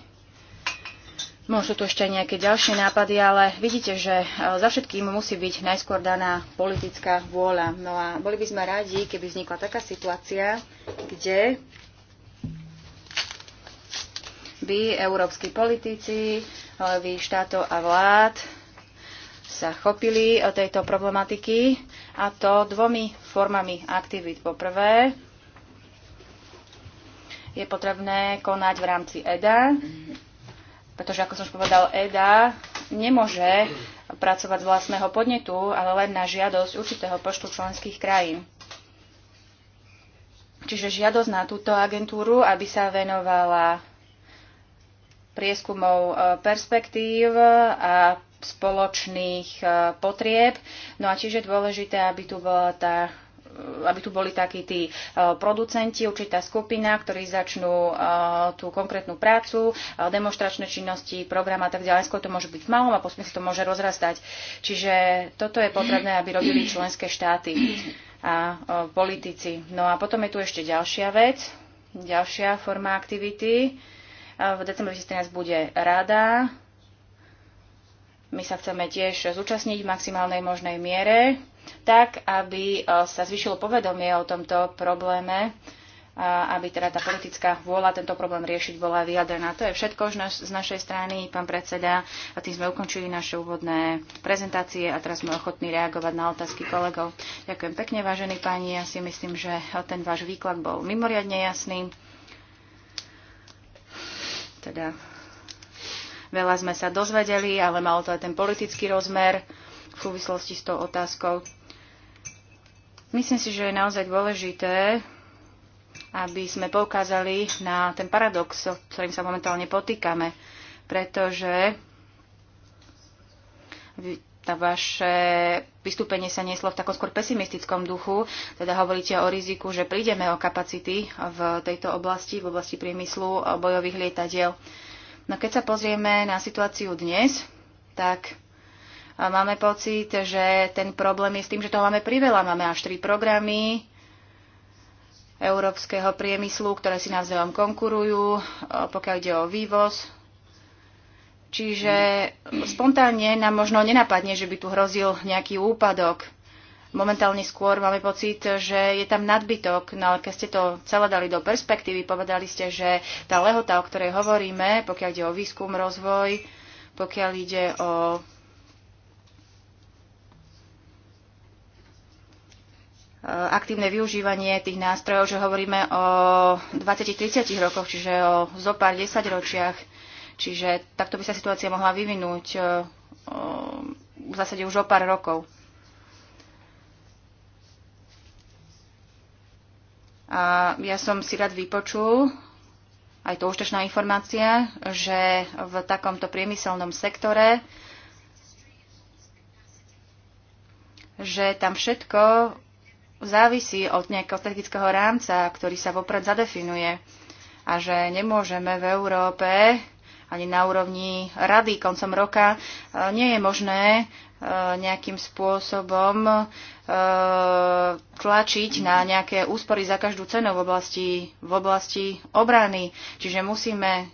Možno tu ešte nejaké ďalšie nápady, ale vidíte, že e, za všetkým musí byť najskôr daná politická vôľa. No a boli by sme radi, keby vznikla taká situácia, kde by európsky politici, hlavy štátov a vlád sa chopili o tejto problematiky a to dvomi formami aktivít. Poprvé je potrebné konať v rámci EDA. Mm-hmm pretože ako som už povedal, EDA nemôže pracovať z vlastného podnetu, ale len na žiadosť určitého počtu členských krajín. Čiže žiadosť na túto agentúru, aby sa venovala prieskumov e, perspektív a spoločných e, potrieb. No a tiež je dôležité, aby tu bola tá aby tu boli takí tí e, producenti, určitá skupina, ktorí začnú e, tú konkrétnu prácu, e, demonstračné činnosti, program a tak ďalej. Skôr to môže byť v malom a potom sa to môže rozrastať. Čiže toto je potrebné, aby robili členské štáty a politici. No a potom je tu ešte ďalšia vec, ďalšia forma aktivity. V decembri 2013 bude rada. My sa chceme tiež zúčastniť v maximálnej možnej miere tak aby e, sa zvyšilo povedomie o tomto probléme, aby teda tá politická vôľa tento problém riešiť bola vyjadrená. To je všetko z našej strany, pán predseda, a tým sme ukončili naše úvodné prezentácie a teraz sme ochotní reagovať na otázky kolegov. Ďakujem pekne, vážení páni, ja si myslím, že ten váš výklad bol mimoriadne jasný. Teda veľa sme sa dozvedeli, ale malo to aj ten politický rozmer v súvislosti s tou otázkou. Myslím si, že je naozaj dôležité, aby sme poukázali na ten paradox, s ktorým sa momentálne potýkame, pretože tá vaše vystúpenie sa nieslo v takom skôr pesimistickom duchu, teda hovoríte o riziku, že prídeme o kapacity v tejto oblasti, v oblasti priemyslu bojových lietadiel. No keď sa pozrieme na situáciu dnes, tak a máme pocit, že ten problém je s tým, že toho máme priveľa. Máme až tri programy európskeho priemyslu, ktoré si navzájom konkurujú, e, pokiaľ ide o vývoz. Čiže spontánne nám možno nenapadne, že by tu hrozil nejaký úpadok. Momentálne skôr máme pocit, že je tam nadbytok, no ale keď ste to celé dali do perspektívy, povedali ste, že tá lehota, o ktorej hovoríme, pokiaľ ide o výskum, rozvoj, pokiaľ ide o Eh, aktívne využívanie tých nástrojov, že hovoríme o 20-30 rokoch, čiže o zopár 10 ročiach. Čiže takto by sa situácia mohla vyvinúť eh, v zásade už o pár rokov. A ja som si rád vypočul, aj to užtečná informácia, že v takomto priemyselnom sektore že tam všetko závisí od nejakého strategického rámca, ktorý sa vopred zadefinuje a že nemôžeme v Európe ani na úrovni rady koncom roka e, nie je možné e, nejakým spôsobom e, tlačiť na nejaké úspory za každú cenu v oblasti, v oblasti obrany. Čiže musíme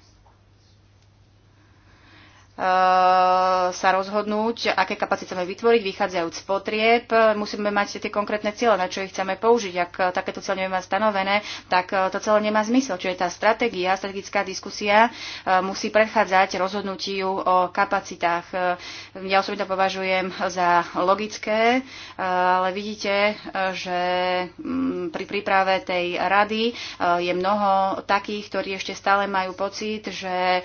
Eh, sa rozhodnúť, aké kapacity chceme vytvoriť, vychádzajúc z potrieb. Musíme mať tie konkrétne ciele, na čo ich chceme použiť. Ak takéto cieľ nemáme stanovené, tak eh, to celé nemá zmysel. Čiže tá stratégia, strategická diskusia eh, musí predchádzať rozhodnutiu o kapacitách. Ja osobne to považujem za logické, ale vidíte, že mm, pri príprave tej rady je mnoho takých, ktorí ešte stále majú pocit, že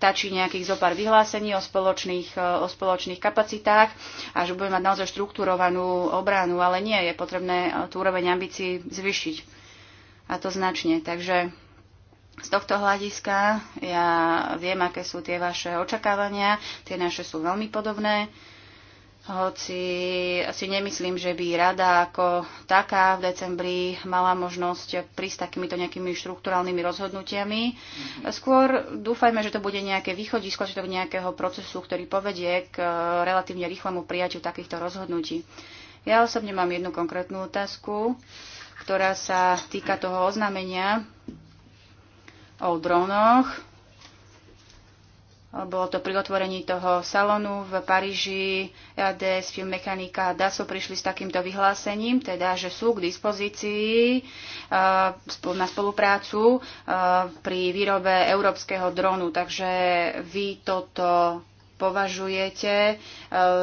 stačí nejakých zopár vyhlásení, vyhlásení o spoločných, e, o spoločných kapacitách a že budeme mať naozaj štruktúrovanú obranu, ale nie, je potrebné e, tú úroveň ambícií zvyšiť. A to značne. Takže z tohto hľadiska ja viem, aké sú tie vaše očakávania. Tie naše sú veľmi podobné. Uh, hoci si nemyslím, že by rada ako taká v decembri mala možnosť prísť takýmito nejakými štruktúralnými rozhodnutiami. Skôr dúfajme, že to bude nejaké východisko, že to bude nejakého procesu, ktorý povedie k e, relatívne rýchlemu prijaťu takýchto rozhodnutí. Ja osobne mám jednu konkrétnu otázku, ktorá sa týka toho oznámenia o dronoch bolo to pri otvorení toho salonu v Paríži. E ADS Film Mechanika a DASO prišli s takýmto vyhlásením, teda, že sú k dispozícii e, na spoluprácu e, pri výrobe európskeho dronu. Takže vy toto považujete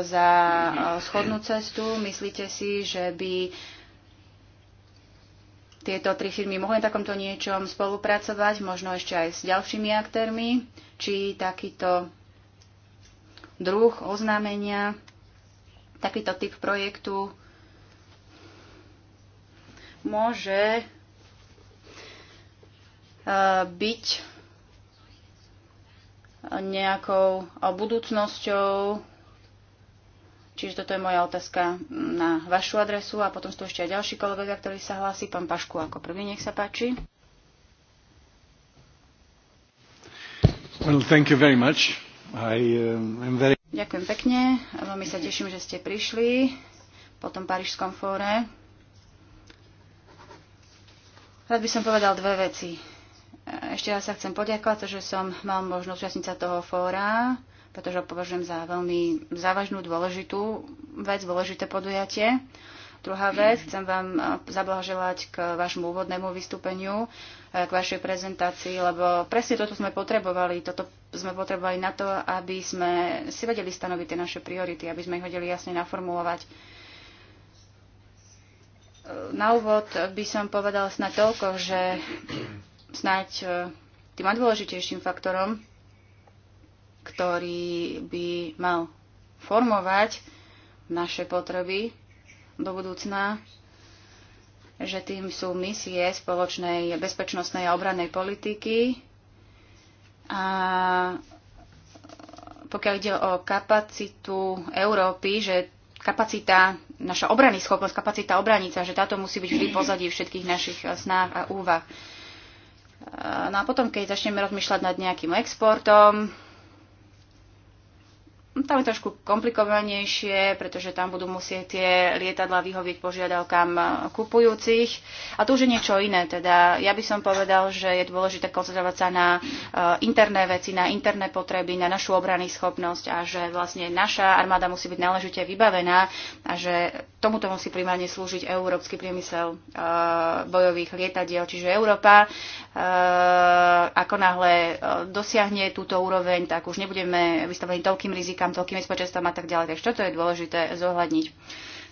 za schodnú cestu? Myslíte si, že by tieto tri firmy mohli na takomto niečom spolupracovať, možno ešte aj s ďalšími aktérmi, či takýto druh oznámenia, takýto typ projektu môže e, byť nejakou budúcnosťou Čiže toto je moja otázka na vašu adresu a potom sú ešte aj ďalší kolega, ktorý sa hlási. Pán Pašku ako prvý, nech sa páči. Well, thank you very much. I, um, very... Ďakujem pekne. Veľmi sa teším, že ste prišli po tom Parížskom fóre. Rád by som povedal dve veci. Ešte raz sa chcem poďakovať, že som mal možnosť účastniť sa toho fóra pretože ho považujem za veľmi závažnú, dôležitú vec, dôležité podujatie. Druhá vec, chcem vám eh, zablahoželať k vášmu úvodnému vystúpeniu, eh, k vašej prezentácii, lebo presne toto sme potrebovali. Toto sme potrebovali na to, aby sme si vedeli stanoviť tie naše priority, aby sme ich vedeli jasne naformulovať. Eh, na úvod by som povedala snad toľko, že snáď tým najdôležitejším faktorom ktorý by mal formovať naše potreby do budúcna, že tým sú misie spoločnej bezpečnostnej a obrannej politiky. A pokiaľ ide o kapacitu Európy, že kapacita, naša obranná schopnosť, kapacita obranica, že táto musí byť vždy pozadí všetkých našich snách a úvah. No a potom, keď začneme rozmýšľať nad nejakým exportom, tam je trošku komplikovanejšie, pretože tam budú musieť tie lietadla vyhovieť požiadavkám eh, kupujúcich. A tu už je niečo iné. Teda ja by som povedal, že je dôležité koncentrovať sa na eh, interné veci, na interné potreby, na našu obrany schopnosť a že vlastne naša armáda musí byť náležite vybavená a že tomuto musí primárne slúžiť európsky priemysel eh, bojových lietadiel, čiže Európa. Ako náhle dosiahne túto úroveň, tak už nebudeme vystavení toľkým rizikám, kam toľkým spočestom a tak ďalej. Takže toto je dôležité zohľadniť.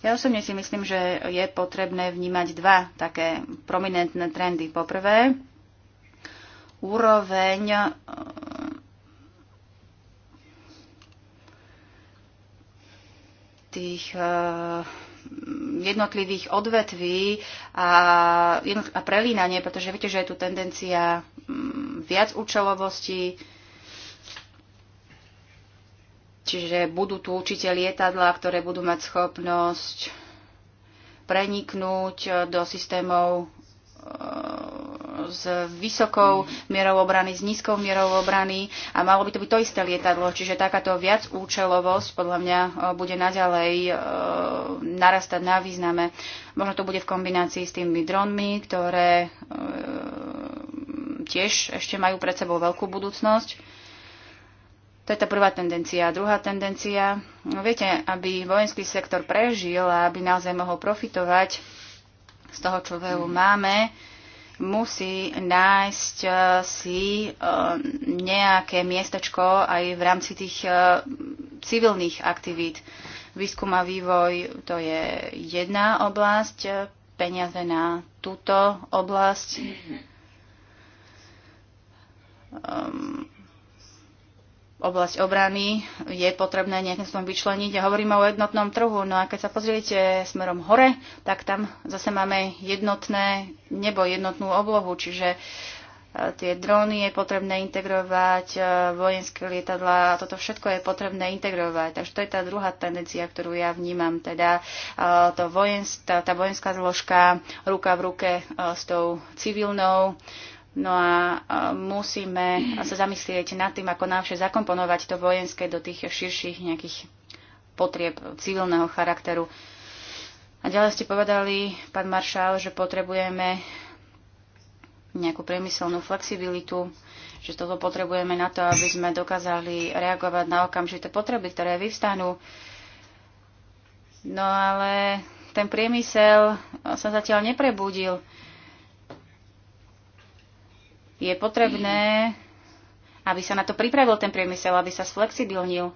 Ja osobne si myslím, že je potrebné vnímať dva také prominentné trendy. Poprvé, úroveň eh, tých eh, jednotlivých odvetví a, prelínanie, pretože viete, že je tu tendencia mm, viac účelovosti, Čiže budú tu určite lietadla, ktoré budú mať schopnosť preniknúť e, do systémov e, s vysokou mierou obrany, s nízkou mierou obrany a malo by to byť to isté lietadlo. Čiže takáto viac účelovosť podľa mňa e, bude naďalej narastať na význame. Možno to bude v kombinácii s tými dronmi, ktoré tiež ešte majú pred sebou veľkú budúcnosť. To je tá prvá tendencia. Druhá tendencia, no viete, aby vojenský sektor prežil a aby naozaj mohol profitovať z toho, čo v EU mm. máme, musí nájsť eh, si eh, nejaké miestečko aj v rámci tých eh, civilných aktivít. Výskum a vývoj to je jedna oblasť, peniaze na túto oblasť. Um, oblasť obrany je potrebné nejakým spôsobom vyčleniť. A hovoríme o jednotnom trhu. No a keď sa pozriete smerom hore, tak tam zase máme jednotné nebo, jednotnú oblohu. Čiže e, tie dróny je potrebné integrovať, e, vojenské lietadla, toto všetko je potrebné integrovať. Takže to je tá druhá tendencia, ktorú ja vnímam, teda e, to vojensk, tá, tá vojenská zložka ruka v ruke s tou civilnou. No a musíme sa zamyslieť nad tým, ako vše zakomponovať to vojenské do tých širších nejakých potrieb civilného charakteru. A ďalej ste povedali, pán maršál, že potrebujeme nejakú priemyselnú flexibilitu, že toto potrebujeme na to, aby sme dokázali reagovať na okamžité potreby, ktoré vyvstanú. No ale ten priemysel sa zatiaľ neprebudil je potrebné, aby sa na to pripravil ten priemysel, aby sa sflexibilnil,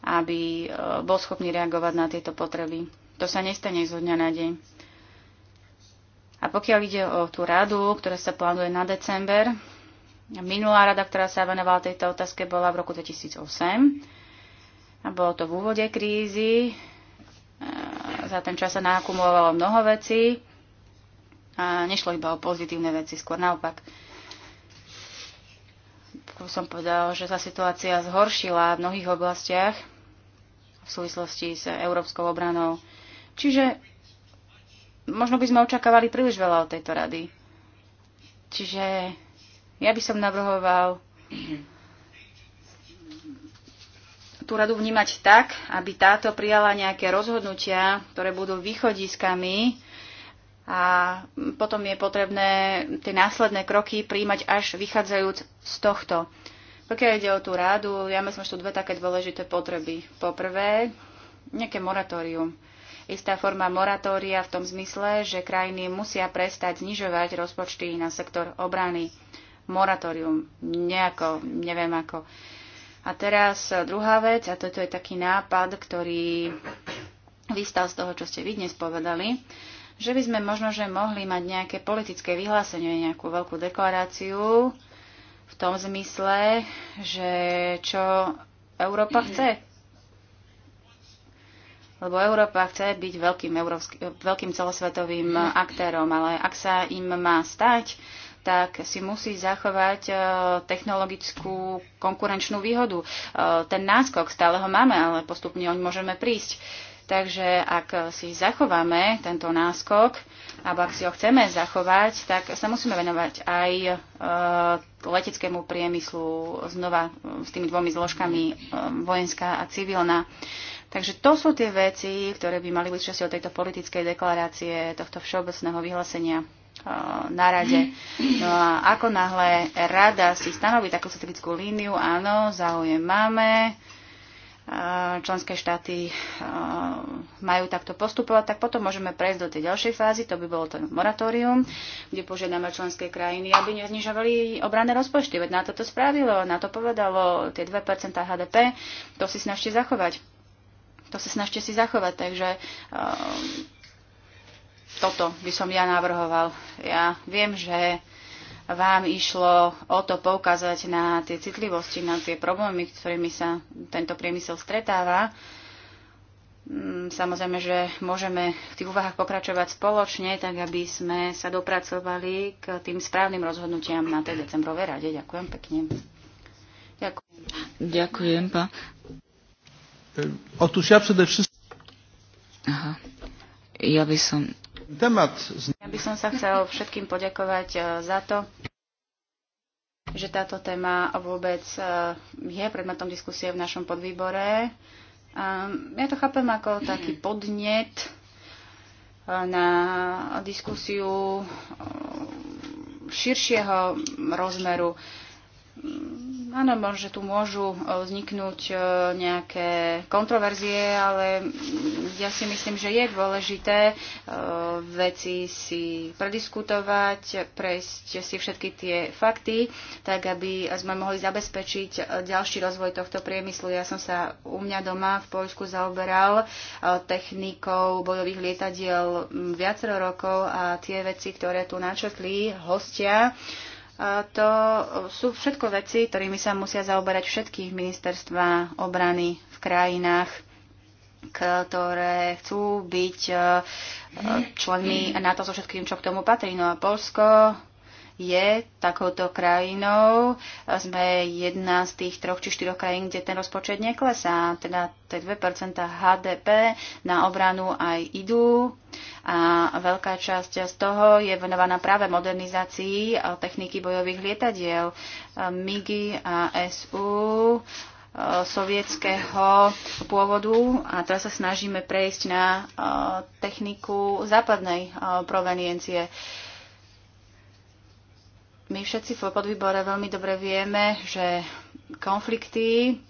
aby e, bol schopný reagovať na tieto potreby. To sa nestane zo dňa na deň. A pokiaľ ide o tú radu, ktorá sa plánuje na december, minulá rada, ktorá sa venovala tejto otázke, bola v roku 2008. A bolo to v úvode krízy. E, za ten čas sa nakumulovalo mnoho vecí. A nešlo iba o pozitívne veci, skôr naopak. Ako som povedal, že sa situácia zhoršila v mnohých oblastiach v súvislosti s európskou obranou. Čiže možno by sme očakávali príliš veľa od tejto rady. Čiže ja by som navrhoval tú radu vnímať tak, aby táto prijala nejaké rozhodnutia, ktoré budú východiskami a potom je potrebné tie následné kroky príjmať až vychádzajúc z tohto. Pokiaľ ide o tú rádu, ja myslím, že sú dve také dôležité potreby. Poprvé, nejaké moratórium. Istá forma moratória v tom zmysle, že krajiny musia prestať znižovať rozpočty na sektor obrany. Moratórium. Nejako, neviem ako. A teraz druhá vec, a toto je taký nápad, ktorý vystal z toho, čo ste vy dnes povedali že by sme možno, že mohli mať nejaké politické vyhlásenie, nejakú veľkú deklaráciu v tom zmysle, že čo Európa <clears throat> chce. Lebo Európa chce byť veľkým, európsky, veľkým celosvetovým mm. aktérom, ale ak sa im má stať, tak si musí zachovať e, technologickú konkurenčnú výhodu. E, ten náskok stále ho máme, ale postupne oň môžeme prísť. Takže ak si zachováme tento náskok, alebo ak si ho chceme zachovať, tak sa musíme venovať aj e, leteckému priemyslu znova e, s tými dvomi zložkami e, vojenská a civilná. Takže to sú tie veci, ktoré by mali byť časťou tejto politickej deklarácie, tohto všeobecného vyhlásenia e, na rade. No a ako náhle rada si stanoví takú strategickú líniu, áno, záujem máme, členské štáty majú takto postupovať, tak potom môžeme prejsť do tej ďalšej fázy, to by bolo to moratórium, kde požiadame členské krajiny, aby neznižovali obranné rozpočty. Veď na to to spravilo, na to povedalo tie 2% HDP, to si snažte zachovať. To si snažte si zachovať, takže toto by som ja navrhoval. Ja viem, že vám išlo o to poukázať na tie citlivosti, na tie problémy, s ktorými sa tento priemysel stretáva. Mm, samozrejme, že môžeme v tých úvahách pokračovať spoločne, tak aby sme sa dopracovali k tým správnym rozhodnutiam na tej decembrovej rade. Ďakujem pekne. Ďakujem. Ďakujem, pán. E, otóż ja Aha. Ja by som... Temat z by som sa chcel všetkým poďakovať eh, za to, že táto téma vôbec eh, je predmetom diskusie v našom podvýbore. Ehm, ja to chápem ako taký podnet eh, na diskusiu širšieho rozmeru Áno, možno, že tu môžu e, vzniknúť e, nejaké kontroverzie, ale ja si myslím, že je dôležité e, veci si prediskutovať, prejsť si všetky tie fakty, tak aby sme mohli zabezpečiť ďalší rozvoj tohto priemyslu. Ja som sa u mňa doma v Poľsku zaoberal technikou bojových lietadiel viacero rokov a tie veci, ktoré tu načetli hostia, to sú všetko veci, ktorými sa musia zaoberať všetky ministerstva obrany v krajinách, ktoré chcú byť eh, členmi NATO so všetkým, čo k tomu patrí. No a Polsko je takouto krajinou. Sme jedna z tých troch či štyroch krajín, kde ten rozpočet neklesá. Teda tie 2% HDP na obranu aj idú a veľká časť z toho je venovaná práve modernizácii techniky bojových lietadiel. MIGI a SU sovietského pôvodu a teraz sa snažíme prejsť na techniku západnej proveniencie. My všetci v podvýbore veľmi dobre vieme, že konflikty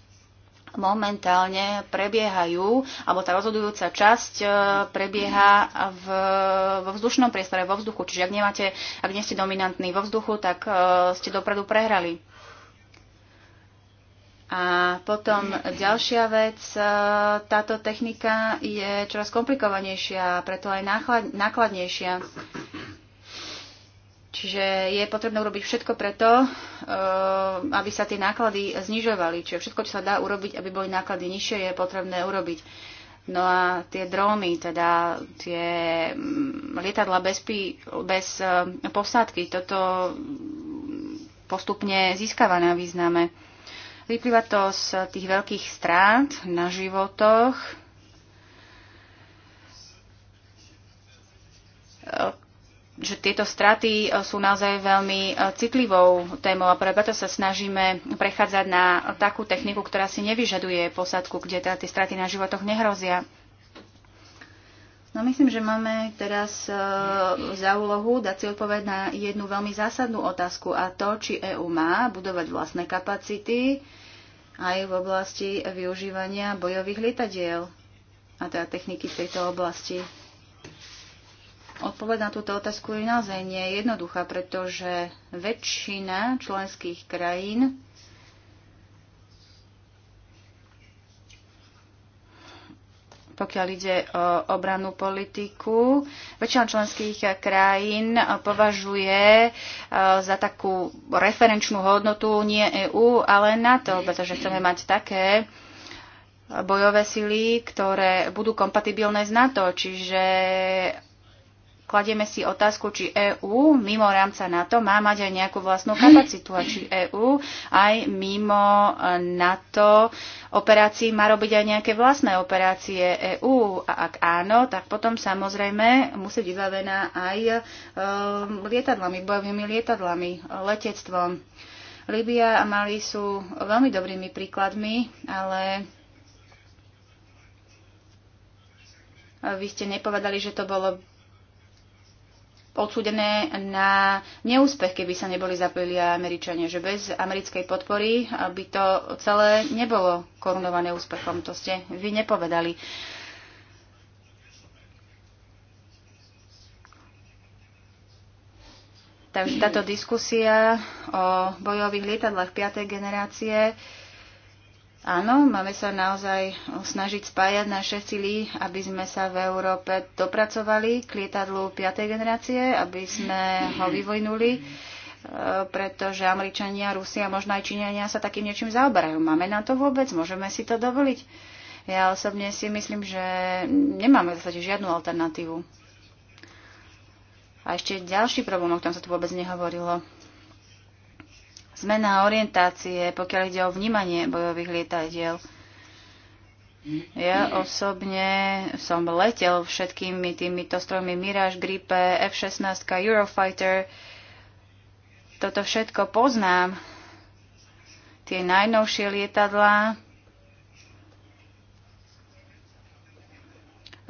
momentálne prebiehajú, alebo tá rozhodujúca časť e, prebieha v, vo vzdušnom priestore, vo vzduchu. Čiže ak, nemáte, ak nie ste dominantní vo vzduchu, tak e, ste dopredu prehrali. A potom ďalšia vec, e, táto technika je čoraz komplikovanejšia, preto aj nákladnejšia. Čiže je potrebné urobiť všetko preto, e, aby sa tie náklady znižovali. Čiže všetko, čo sa dá urobiť, aby boli náklady nižšie, je potrebné urobiť. No a tie dróny, teda tie mm, lietadla bez, pí, bez e, posádky, toto postupne získava na význame. Vyplýva to z tých veľkých strát na životoch, e, že tieto straty e, sú naozaj veľmi e, citlivou témou a preto sa snažíme prechádzať na takú techniku, ktorá si nevyžaduje posadku, kde teda tie straty na životoch nehrozia. No myslím, že máme teraz e, za úlohu dať si odpoveď na jednu veľmi zásadnú otázku a to, či EÚ má budovať vlastné kapacity aj v oblasti využívania bojových lietadiel a teda techniky v tejto oblasti. Odpoveď na túto otázku je naozaj nie jednoduchá, pretože väčšina členských krajín pokiaľ ide o obranú politiku. Väčšina členských krajín považuje e, za takú referenčnú hodnotu nie EÚ, ale NATO, pretože chceme mať také bojové sily, ktoré budú kompatibilné s NATO, čiže Kladieme si otázku, či EÚ mimo rámca NATO má mať aj nejakú vlastnú kapacitu a či EÚ aj mimo e, NATO operácií má robiť aj nejaké vlastné operácie EÚ a ak áno, tak potom samozrejme musí byť vybavená aj e, lietadlami, bojovými lietadlami, letectvom. Libia a Mali sú veľmi dobrými príkladmi, ale vy ste nepovedali, že to bolo odsúdené na neúspech, keby sa neboli zapojili Američania, že bez americkej podpory by to celé nebolo korunované úspechom. To ste vy nepovedali. Takže táto diskusia o bojových lietadlách 5. generácie Áno, máme sa naozaj snažiť spájať naše sily, aby sme sa v Európe dopracovali k lietadlu 5. generácie, aby sme ho vyvojnuli, e, pretože Američania, Rusia, možno aj Číňania sa takým niečím zaoberajú. Máme na to vôbec? Môžeme si to dovoliť? Ja osobne si myslím, že nemáme v zásade žiadnu alternatívu. A ešte ďalší problém, o ktorom sa tu vôbec nehovorilo zmena orientácie, pokiaľ ide o vnímanie bojových lietadiel. Ja osobne som letel všetkými týmito strojmi Mirage, Gripe, F-16, Eurofighter. Toto všetko poznám. Tie najnovšie lietadlá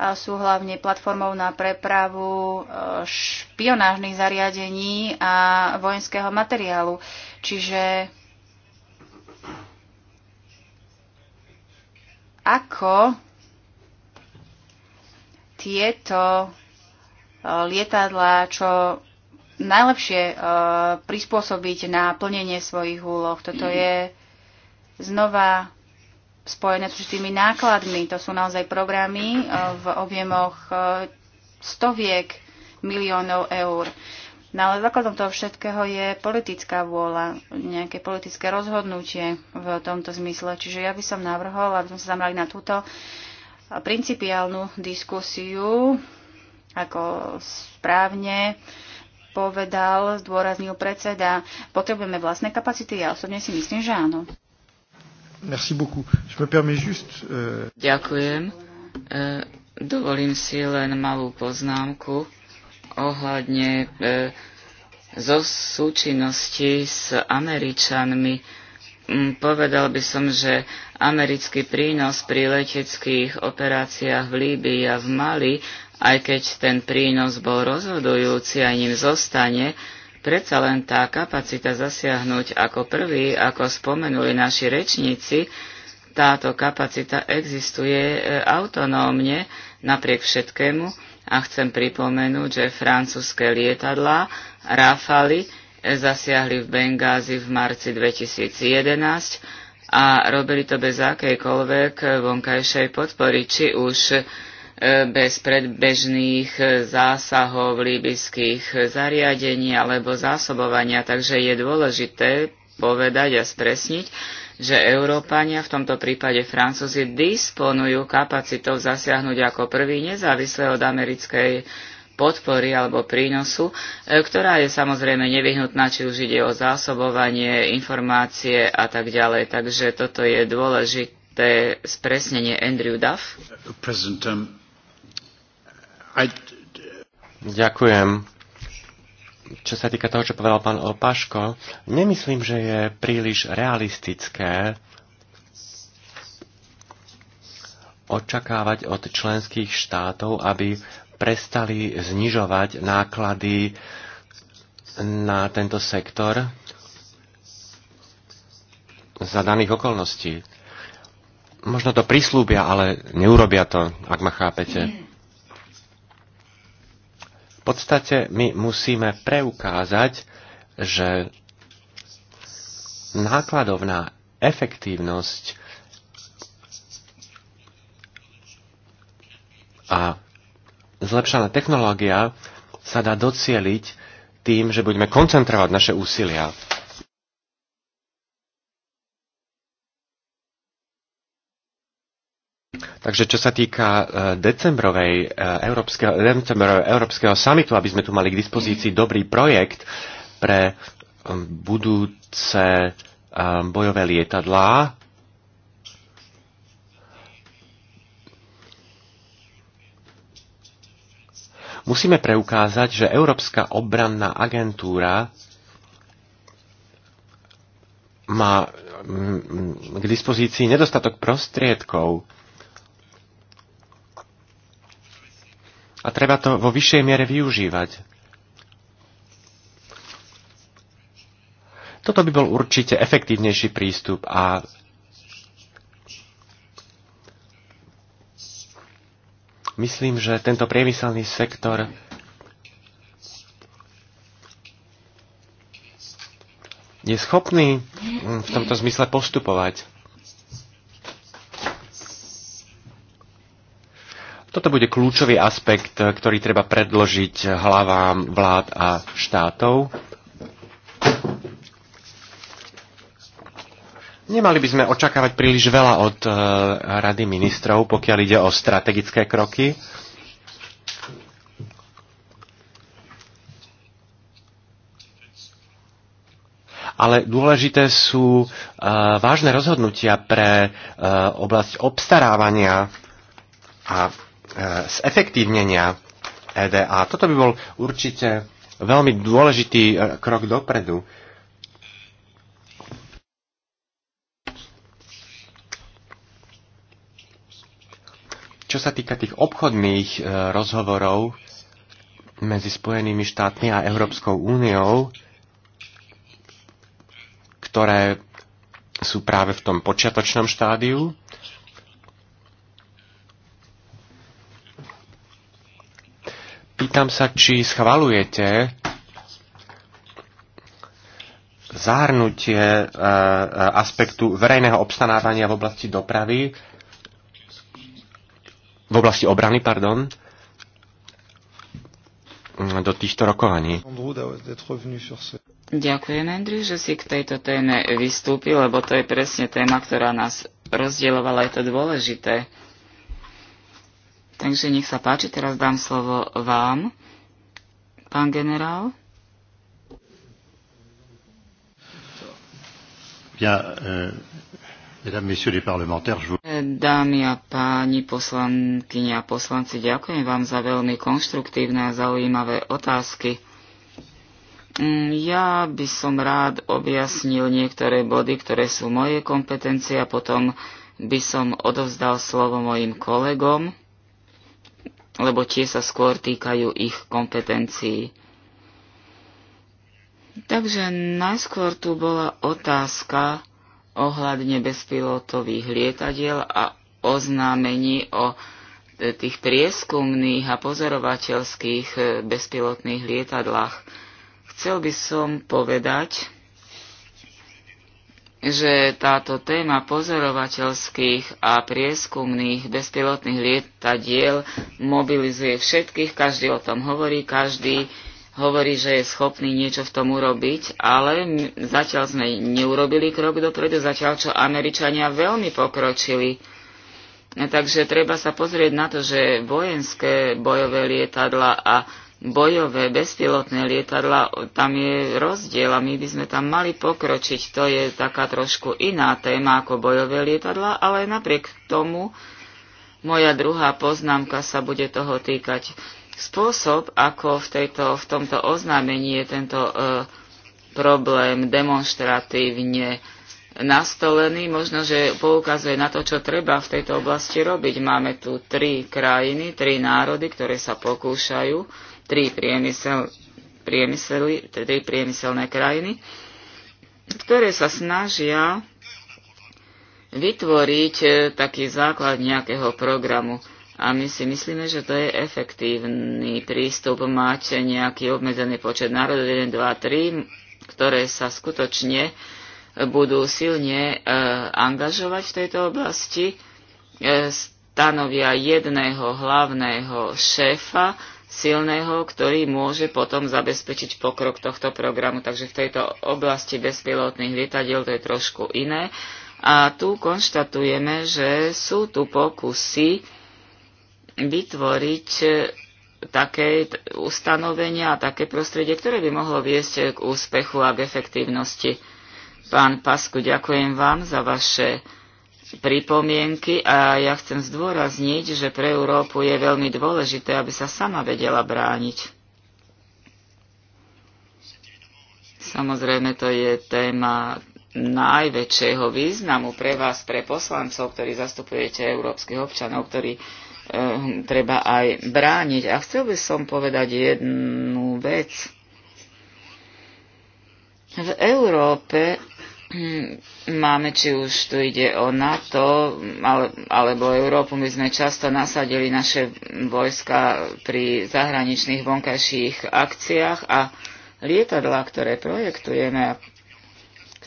a sú hlavne platformou na prepravu e, špionážnych zariadení a vojenského materiálu. Čiže ako tieto e, lietadla čo najlepšie e, prispôsobiť na plnenie svojich úloh. Toto je znova spojené s určitými nákladmi. To sú naozaj programy e, v objemoch stoviek miliónov eur. No ale základom toho všetkého je politická vôľa, nejaké politické rozhodnutie v tomto zmysle. Čiže ja by som navrhol, aby sme sa zamrali na túto principiálnu diskusiu, ako správne povedal, zdôraznil predseda, potrebujeme vlastné kapacity. Ja osobne si myslím, že áno. Merci beaucoup. Je me permets juste, euh... Ďakujem. E, dovolím si len malú poznámku ohľadne e, zo súčinnosti s Američanmi. Mm, povedal by som, že americký prínos pri leteckých operáciách v Líbii a v Mali, aj keď ten prínos bol rozhodujúci a ním zostane, predsa len tá kapacita zasiahnuť ako prvý, ako spomenuli naši rečníci, táto kapacita existuje e, autonómne napriek všetkému, a chcem pripomenúť, že francúzske lietadlá Rafali zasiahli v Bengázi v marci 2011 a robili to bez akejkoľvek vonkajšej podpory, či už e, bez predbežných zásahov líbyských zariadení alebo zásobovania. Takže je dôležité povedať a spresniť, že Európania, v tomto prípade Francúzi, disponujú kapacitou zasiahnuť ako prvý nezávisle od americkej podpory alebo prínosu, e, ktorá je samozrejme nevyhnutná, či už ide o zásobovanie, informácie a tak ďalej. Takže toto je dôležité spresnenie Andrew Duff. Um, Ďakujem čo sa týka toho, čo povedal pán Opaško, nemyslím, že je príliš realistické očakávať od členských štátov, aby prestali znižovať náklady na tento sektor za daných okolností. Možno to prislúbia, ale neurobia to, ak ma chápete. V podstate my musíme preukázať, že nákladovná efektívnosť a zlepšaná technológia sa dá docieliť tým, že budeme koncentrovať naše úsilia Takže čo sa týka e, decembrovej e, európskeho, decembrovej európskeho samitu, aby sme tu mali k dispozícii dobrý projekt pre e, budúce bojové lietadlá, musíme preukázať, že Európska obranná agentúra má k dispozícii nedostatok prostriedkov a treba to vo vyššej miere využívať. Toto by bol určite efektívnejší prístup a myslím, že tento priemyselný sektor je schopný v tomto zmysle postupovať. Toto bude kľúčový aspekt, eh, ktorý treba predložiť hlavám vlád a štátov. Nemali by sme očakávať príliš veľa od eh, Rady ministrov, pokiaľ ide o strategické kroky. ale dôležité sú eh, vážne rozhodnutia pre oblasť obstarávania a E, zefektívnenia EDA. Toto by bol určite veľmi dôležitý e, krok dopredu. Čo sa týka tých obchodných e, rozhovorov medzi Spojenými štátmi a Európskou úniou, ktoré sú práve v tom počiatočnom štádiu, Pýtam sa, či schvalujete zahrnutie e, e, aspektu verejného obstanávania v oblasti dopravy, v oblasti obrany, pardon, do týchto rokovaní. Ďakujem, Andrew, že si k tejto téme vystúpil, lebo to je presne téma, ktorá nás rozdielovala, je to dôležité. Takže nech sa páči, teraz dám slovo vám, pán generál. Bien, euh, mesdames, messieurs les parlementaires, je eh, Dámy a páni poslankyni a poslanci, ďakujem vám za veľmi konštruktívne a zaujímavé otázky. Mm, ja by som rád objasnil niektoré body, ktoré sú moje kompetencie a potom by som odovzdal slovo mojim kolegom lebo tie sa skôr týkajú ich kompetencií. Takže najskôr tu bola otázka ohľadne bezpilotových lietadiel a oznámení o e, tých prieskumných a pozorovateľských e, bezpilotných lietadlách. Chcel by som povedať, že táto téma pozorovateľských a prieskumných bezpilotných lietadiel mobilizuje všetkých, každý o tom hovorí, každý hovorí, že je schopný niečo v tom urobiť, ale zatiaľ sme neurobili krok dopredu, zatiaľ čo Američania veľmi pokročili. Takže treba sa pozrieť na to, že vojenské bojové lietadla a bojové bezpilotné lietadla, tam je rozdiel a my by sme tam mali pokročiť. To je taká trošku iná téma ako bojové lietadla, ale napriek tomu moja druhá poznámka sa bude toho týkať. Spôsob, ako v, tejto, v tomto oznámení je tento e, problém demonstratívne nastolený, možno, že poukazuje na to, čo treba v tejto oblasti robiť. Máme tu tri krajiny, tri národy, ktoré sa pokúšajú tri, priemysel, priemysely, tri priemyselné krajiny, ktoré sa snažia vytvoriť e, taký základ nejakého programu. A my si myslíme, že to je efektívny prístup. Máte nejaký obmedzený počet národov 1, 2, 3, ktoré sa skutočne budú silne e, angažovať v tejto oblasti. E, stanovia jedného hlavného šéfa silného, ktorý môže potom zabezpečiť pokrok tohto programu. Takže v tejto oblasti bezpilotných lietadiel to je trošku iné. A tu konštatujeme, že sú tu pokusy vytvoriť e, také ustanovenia a také prostredie, ktoré by mohlo viesť k úspechu a k efektívnosti. Pán Pasku, ďakujem vám za vaše pripomienky a ja chcem zdôrazniť, že pre Európu je veľmi dôležité, aby sa sama vedela brániť. Samozrejme, to je téma najväčšieho významu pre vás, pre poslancov, ktorí zastupujete európskych občanov, ktorí e, treba aj brániť. A chcel by som povedať jednu vec. V Európe máme, či už tu ide o NATO ale, alebo Európu, my sme často nasadili naše vojska pri zahraničných vonkajších akciách a lietadlá, ktoré projektujeme a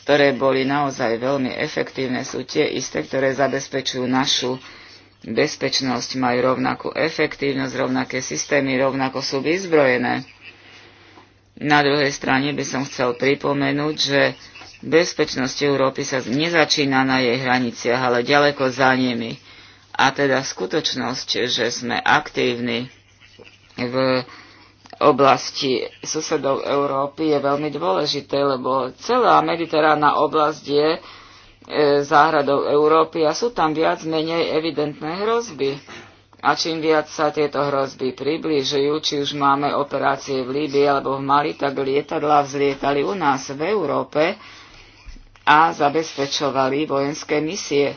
ktoré boli naozaj veľmi efektívne, sú tie isté, ktoré zabezpečujú našu bezpečnosť, majú rovnakú efektívnosť, rovnaké systémy, rovnako sú vyzbrojené. Na druhej strane by som chcel pripomenúť, že Bezpečnosť Európy sa nezačína na jej hraniciach, ale ďaleko za nimi. A teda skutočnosť, že sme aktívni v oblasti susedov Európy je veľmi dôležité, lebo celá mediteránna oblasť je e, záhradou Európy a sú tam viac menej evidentné hrozby. A čím viac sa tieto hrozby približujú, či už máme operácie v Líbii alebo v Mali, tak lietadlá vzlietali u nás v Európe a zabezpečovali vojenské misie.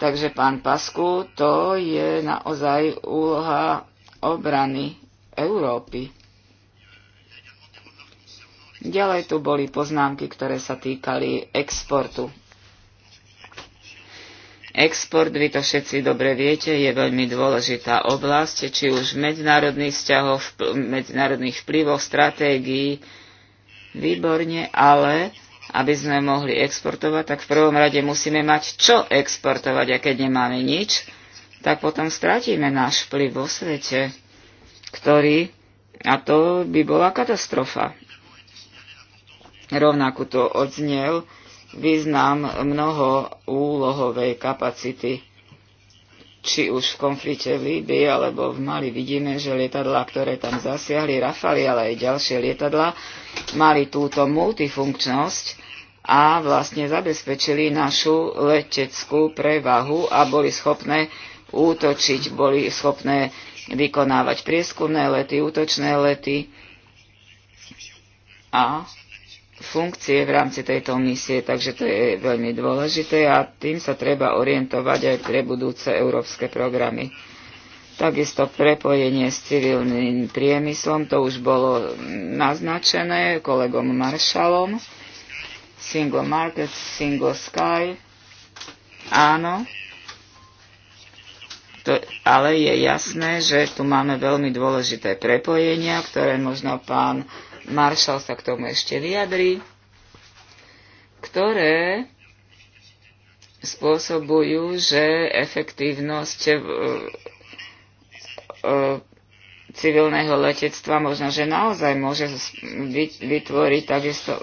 Takže pán Pasku, to je naozaj úloha obrany Európy. Ďalej tu boli poznámky, ktoré sa týkali exportu. Export, vy to všetci dobre viete, je veľmi dôležitá oblasť, či už v medzinárodných vzťahoch, v medzinárodných vplyvoch, stratégií, výborne, ale aby sme mohli exportovať, tak v prvom rade musíme mať čo exportovať a keď nemáme nič, tak potom stratíme náš vplyv vo svete, ktorý, a to by bola katastrofa. Rovnako to odznel význam mnoho úlohovej kapacity. Či už v konflikte v Líbii alebo v Mali vidíme, že lietadlá, ktoré tam zasiahli, Rafali, ale aj ďalšie lietadlá, mali túto multifunkčnosť, a vlastne zabezpečili našu leteckú prevahu a boli schopné útočiť, boli schopné vykonávať prieskumné lety, útočné lety a funkcie v rámci tejto misie, takže to je veľmi dôležité a tým sa treba orientovať aj pre budúce európske programy. Takisto prepojenie s civilným priemyslom, to už bolo naznačené kolegom Maršalom. Single Market, Single Sky. Áno. To, ale je jasné, že tu máme veľmi dôležité prepojenia, ktoré možno pán Marshall sa k tomu ešte vyjadrí, ktoré spôsobujú, že efektívnosť e, e, civilného letectva možno, že naozaj môže vytvoriť takisto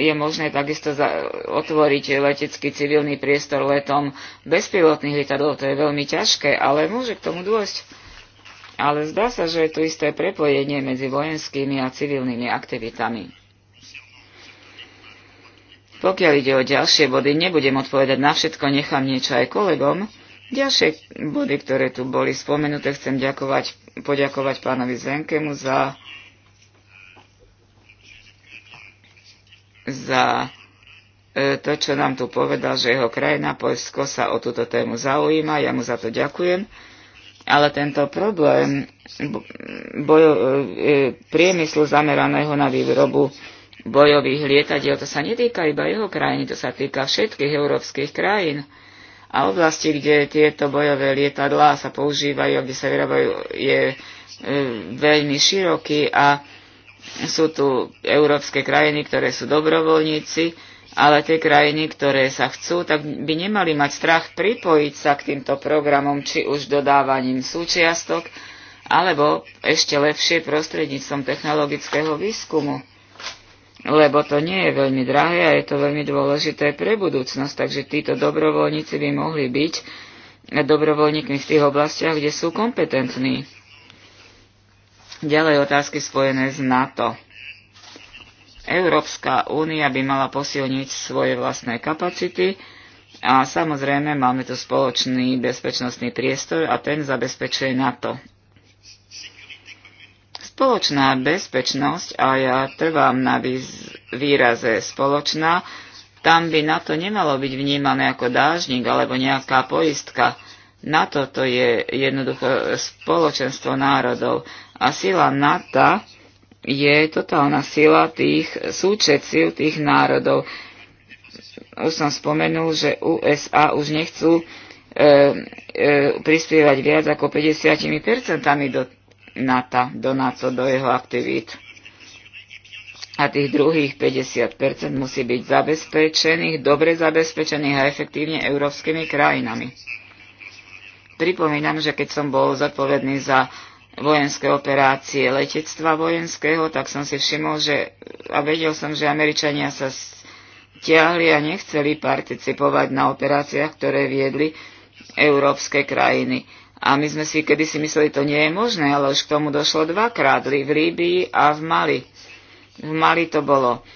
je možné takisto otvoriť letecký civilný priestor letom bezpilotných lietadlov. To je veľmi ťažké, ale môže k tomu dôjsť. Ale zdá sa, že je tu isté prepojenie medzi vojenskými a civilnými aktivitami. Pokiaľ ide o ďalšie body, nebudem odpovedať na všetko, nechám niečo aj kolegom. Ďalšie body, ktoré tu boli spomenuté, chcem ďakovať, poďakovať pánovi Zenkemu za za e, to, čo nám tu povedal, že jeho krajina Poľsko sa o túto tému zaujíma. Ja mu za to ďakujem. Ale tento problém bojo, e, e, priemyslu zameraného na výrobu bojových lietadiel, to sa netýka iba jeho krajiny, to sa týka všetkých európskych krajín. A oblasti, kde tieto bojové lietadlá sa používajú, kde sa vyrábajú, je veľmi široký a sú tu európske krajiny, ktoré sú dobrovoľníci, ale tie krajiny, ktoré sa chcú, tak by nemali mať strach pripojiť sa k týmto programom, či už dodávaním súčiastok, alebo ešte lepšie prostredníctvom technologického výskumu. Lebo to nie je veľmi drahé a je to veľmi dôležité pre budúcnosť, takže títo dobrovoľníci by mohli byť dobrovoľníkmi v tých oblastiach, kde sú kompetentní. Ďalej otázky spojené s NATO. Európska únia by mala posilniť svoje vlastné kapacity a samozrejme máme tu spoločný bezpečnostný priestor a ten zabezpečuje NATO. Spoločná bezpečnosť, a ja trvám na výraze spoločná, tam by NATO nemalo byť vnímané ako dážnik alebo nejaká poistka. NATO to je jednoducho spoločenstvo národov a sila NATO je totálna sila tých súčetciev, tých národov. Už som spomenul, že USA už nechcú e, e, prispievať viac ako 50% do NATO, do NATO, do jeho aktivít a tých druhých 50% musí byť zabezpečených, dobre zabezpečených a efektívne európskymi krajinami. Pripomínam, že keď som bol zodpovedný za vojenské operácie letectva vojenského, tak som si všimol, že a vedel som, že Američania sa stiahli a nechceli participovať na operáciách, ktoré viedli európske krajiny. A my sme si kedysi mysleli, to nie je možné, ale už k tomu došlo dvakrát, v Líbii a v Mali. V Mali to bolo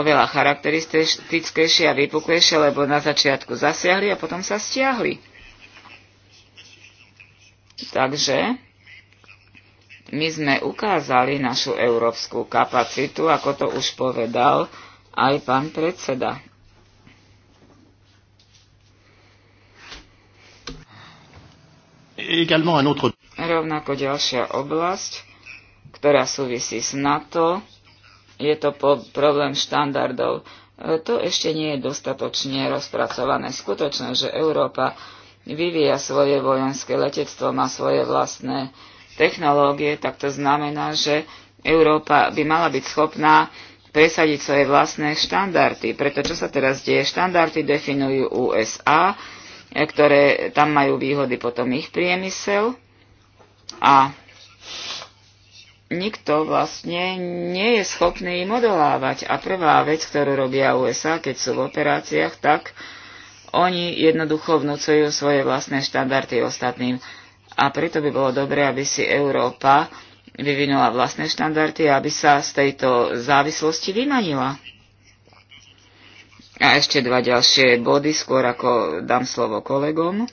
oveľa charakteristickejšie a vypuklejšie, lebo na začiatku zasiahli a potom sa stiahli. Takže my sme ukázali našu európsku kapacitu, ako to už povedal aj pán predseda. Rovnako ďalšia oblasť, ktorá súvisí s NATO, je to problém štandardov. E, to ešte nie je dostatočne rozpracované. Skutočné, že Európa vyvíja svoje vojenské letectvo, má svoje vlastné technológie, tak to znamená, že Európa by mala byť schopná presadiť svoje vlastné štandardy. Preto čo sa teraz deje? Štandardy definujú USA, e, ktoré tam majú výhody potom ich priemysel a nikto vlastne nie je schopný im odolávať. A prvá vec, ktorú robia USA, keď sú v operáciách, tak oni jednoducho vnúcujú svoje vlastné štandardy ostatným. A preto by bolo dobré, aby si Európa vyvinula vlastné štandardy, a aby sa z tejto závislosti vymanila. A ešte dva ďalšie body, skôr ako dám slovo kolegom.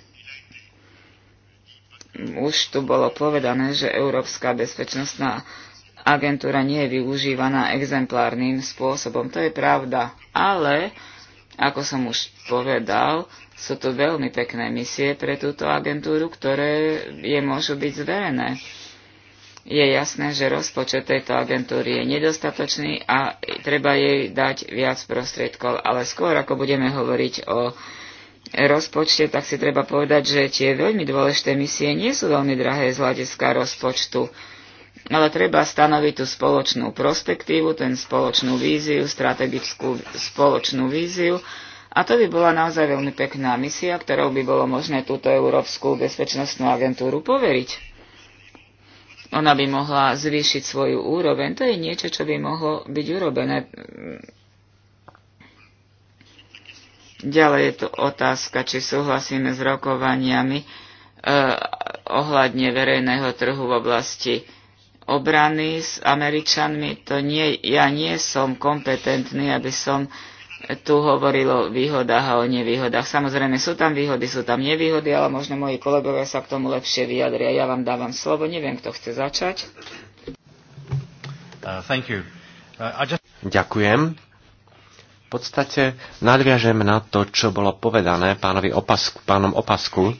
Už tu bolo povedané, že Európska bezpečnostná agentúra nie je využívaná exemplárnym spôsobom. To je pravda. Ale ako som už povedal, sú to veľmi pekné misie pre túto agentúru, ktoré je môžu byť zverené. Je jasné, že rozpočet tejto agentúry je nedostatočný a treba jej dať viac prostriedkov, ale skôr ako budeme hovoriť o rozpočte, tak si treba povedať, že tie veľmi dôležité misie nie sú veľmi drahé z hľadiska rozpočtu ale treba stanoviť tú spoločnú prospektívu, ten spoločnú víziu, strategickú spoločnú víziu. A to by bola naozaj veľmi pekná misia, ktorou by bolo možné túto Európsku bezpečnostnú agentúru poveriť. Ona by mohla zvýšiť svoju úroveň. To je niečo, čo by mohlo byť urobené. Ďalej je tu otázka, či súhlasíme s rokovaniami eh, ohľadne verejného trhu v oblasti obrany s Američanmi, to nie, ja nie som kompetentný, aby som tu hovoril o výhodách a o nevýhodách. Samozrejme, sú tam výhody, sú tam nevýhody, ale možno moji kolegovia sa k tomu lepšie vyjadria. Ja vám dávam slovo, neviem, kto chce začať. Uh, thank you. Uh, I just... Ďakujem. V podstate nadviažem na to, čo bolo povedané pánovi opasku, pánom Opasku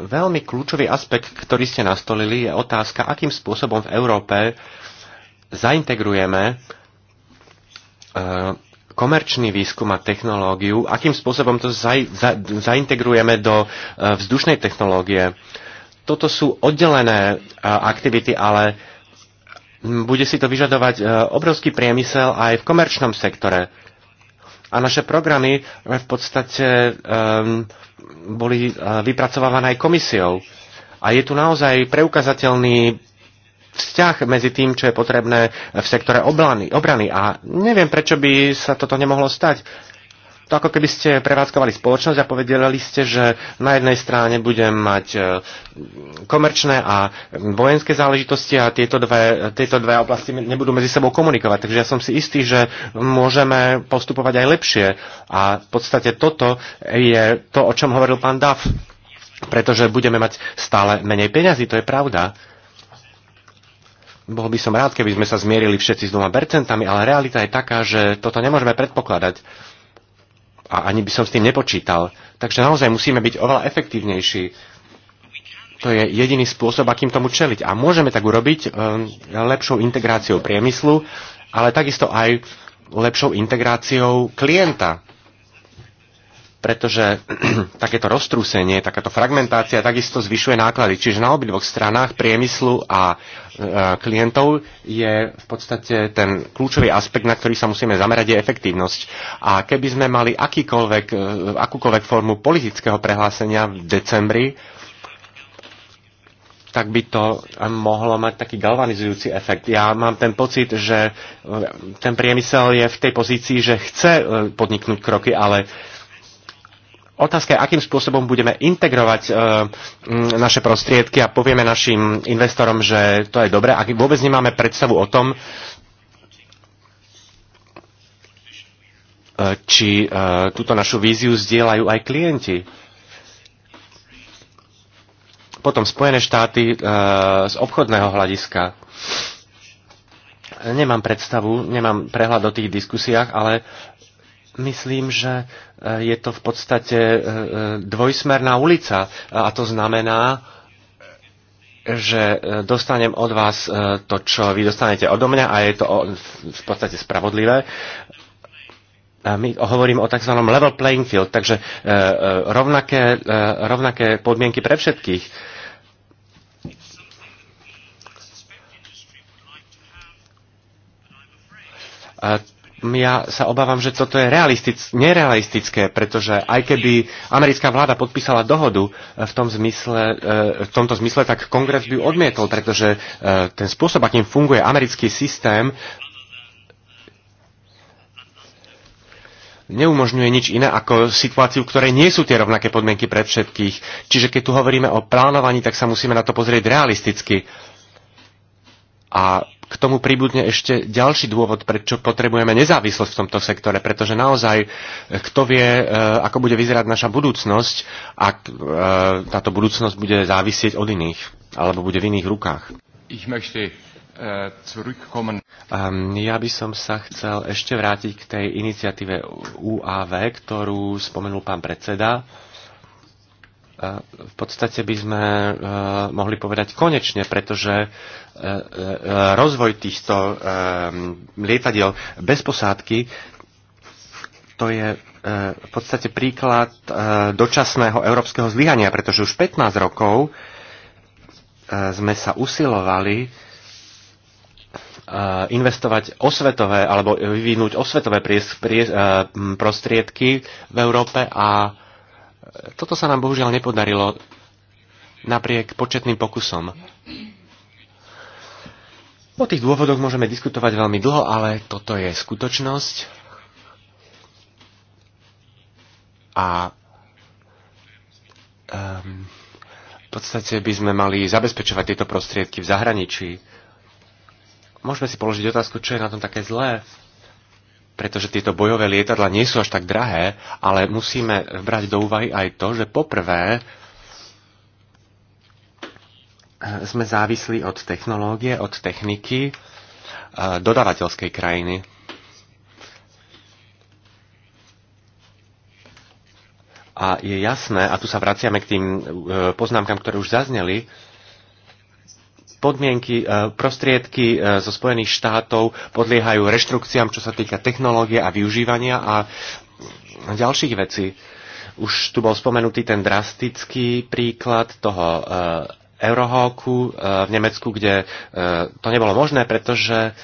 veľmi kľúčový aspekt, ktorý ste nastolili, je otázka, akým spôsobom v Európe zaintegrujeme e, komerčný výskum a technológiu, akým spôsobom to za, za, zaintegrujeme do e, vzdušnej technológie. Toto sú oddelené e, aktivity, ale bude si to vyžadovať obrovský priemysel aj v komerčnom sektore. A naše programy v podstate um, boli eh, vypracovávané aj komisiou. A je tu naozaj preukazateľný vzťah medzi tým, čo je potrebné v sektore obrany, obrany. A neviem, prečo by sa toto nemohlo stať. To ako keby ste prevádzkovali spoločnosť a povedali ste, že na jednej strane budem mať e, komerčné a vojenské záležitosti a tieto dve, tieto dve oblasti nebudú medzi sebou komunikovať. Takže ja som si istý, že môžeme postupovať aj lepšie. A v podstate toto je to, o čom hovoril pán Duff. Pretože budeme mať stále menej peňazí, to je pravda. Bol by som rád, keby sme sa zmierili všetci s dvoma percentami, ale realita je taká, že toto nemôžeme predpokladať a ani by som s tým nepočítal. Takže naozaj musíme byť oveľa efektívnejší. To je jediný spôsob, akým tomu čeliť. A môžeme tak urobiť um, lepšou integráciou priemyslu, ale takisto aj lepšou integráciou klienta pretože <clears throat> takéto roztrúsenie, takáto fragmentácia takisto zvyšuje náklady. Čiže na obidvoch stranách priemyslu a e, klientov je v podstate ten kľúčový aspekt, na ktorý sa musíme zamerať, je efektívnosť. A keby sme mali akýkoľvek, e, akúkoľvek formu politického prehlásenia v decembri, tak by to mohlo mať taký galvanizujúci efekt. Ja mám ten pocit, že e, ten priemysel je v tej pozícii, že chce e, podniknúť kroky, ale Otázka je, akým spôsobom budeme integrovať e, naše prostriedky a povieme našim investorom, že to je dobré, ak vôbec nemáme predstavu o tom, e, či e, túto našu víziu zdieľajú aj klienti. Potom Spojené štáty z obchodného hľadiska nemám predstavu, nemám prehľad o tých diskusiách, ale Myslím, že e, je to v podstate e, e, dvojsmerná ulica a to znamená, že dostanem od vás to, čo vy dostanete odo mňa a je to v podstate spravodlivé. A my hovorím o tzv. level playing field, takže rovnaké, rovnaké podmienky pre všetkých. A ja sa obávam, že toto je nerealistické, pretože aj keby americká vláda podpísala dohodu e, v, tom zmysle, e, v tomto zmysle, tak kongres by ju odmietol, pretože e, ten spôsob, akým funguje americký systém, neumožňuje nič iné ako situáciu, v ktorej nie sú tie rovnaké podmienky pre všetkých. Čiže keď tu hovoríme o plánovaní, tak sa musíme na to pozrieť realisticky. A k tomu pribudne ešte ďalší dôvod, prečo potrebujeme nezávislosť v tomto sektore, pretože naozaj e, kto vie, e, ako bude vyzerať naša budúcnosť, ak e, táto budúcnosť bude závisieť od iných alebo bude v iných rukách. Ich äh, ehm, Ja by som sa chcel ešte vrátiť k tej iniciatíve UAV, ktorú spomenul pán predseda v podstate by sme e, mohli povedať konečne, pretože e, e, rozvoj týchto lietadiel bez posádky to je v podstate príklad dočasného európskeho zlyhania, pretože už 15 rokov sme sa usilovali investovať osvetové alebo vyvinúť osvetové prostriedky v Európe a toto sa nám bohužiaľ nepodarilo napriek početným pokusom. O tých dôvodoch môžeme diskutovať veľmi dlho, ale toto je skutočnosť. A um, v podstate by sme mali zabezpečovať tieto prostriedky v zahraničí. Môžeme si položiť otázku, čo je na tom také zlé pretože tieto bojové lietadla nie sú až tak drahé, ale musíme brať do úvahy aj to, že poprvé eh, sme závislí od technológie, od techniky eh, dodavateľskej krajiny. A je jasné, a tu sa vraciame k tým eh, poznámkam, ktoré už zazneli, podmienky, e, prostriedky e, zo Spojených štátov podliehajú reštrukciám, čo sa týka technológie a využívania a ďalších vecí. Už tu bol spomenutý ten drastický príklad toho e, Eurohawku v Nemecku, kde to nebolo možné, pretože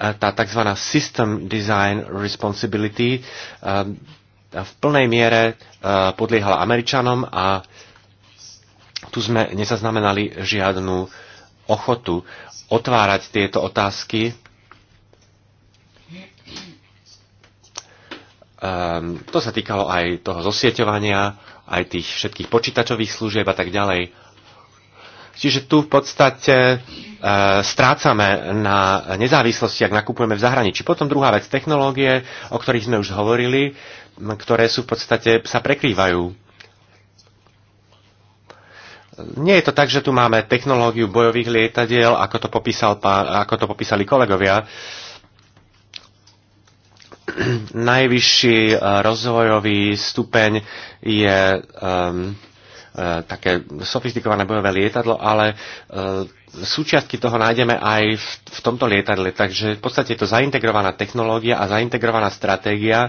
tá tzv. System Design Responsibility v plnej miere podliehala Američanom a tu sme nezaznamenali žiadnu ochotu otvárať tieto otázky. Um, to sa týkalo aj toho zosieťovania, aj tých všetkých počítačových služieb a tak ďalej. Čiže tu v podstate e, strácame na nezávislosti, ak nakupujeme v zahraničí. Potom druhá vec, technológie, o ktorých sme už hovorili, ktoré sú v podstate sa prekrývajú nie je to tak, že tu máme technológiu bojových lietadiel, ako to, popísal pán, ako to popísali kolegovia. <clears throat> Najvyšší e, rozvojový stupeň je um, také sofistikované bojové lietadlo, ale e, súčiastky toho nájdeme aj v, v tomto lietadle. Takže v podstate je to zaintegrovaná technológia a zaintegrovaná stratégia,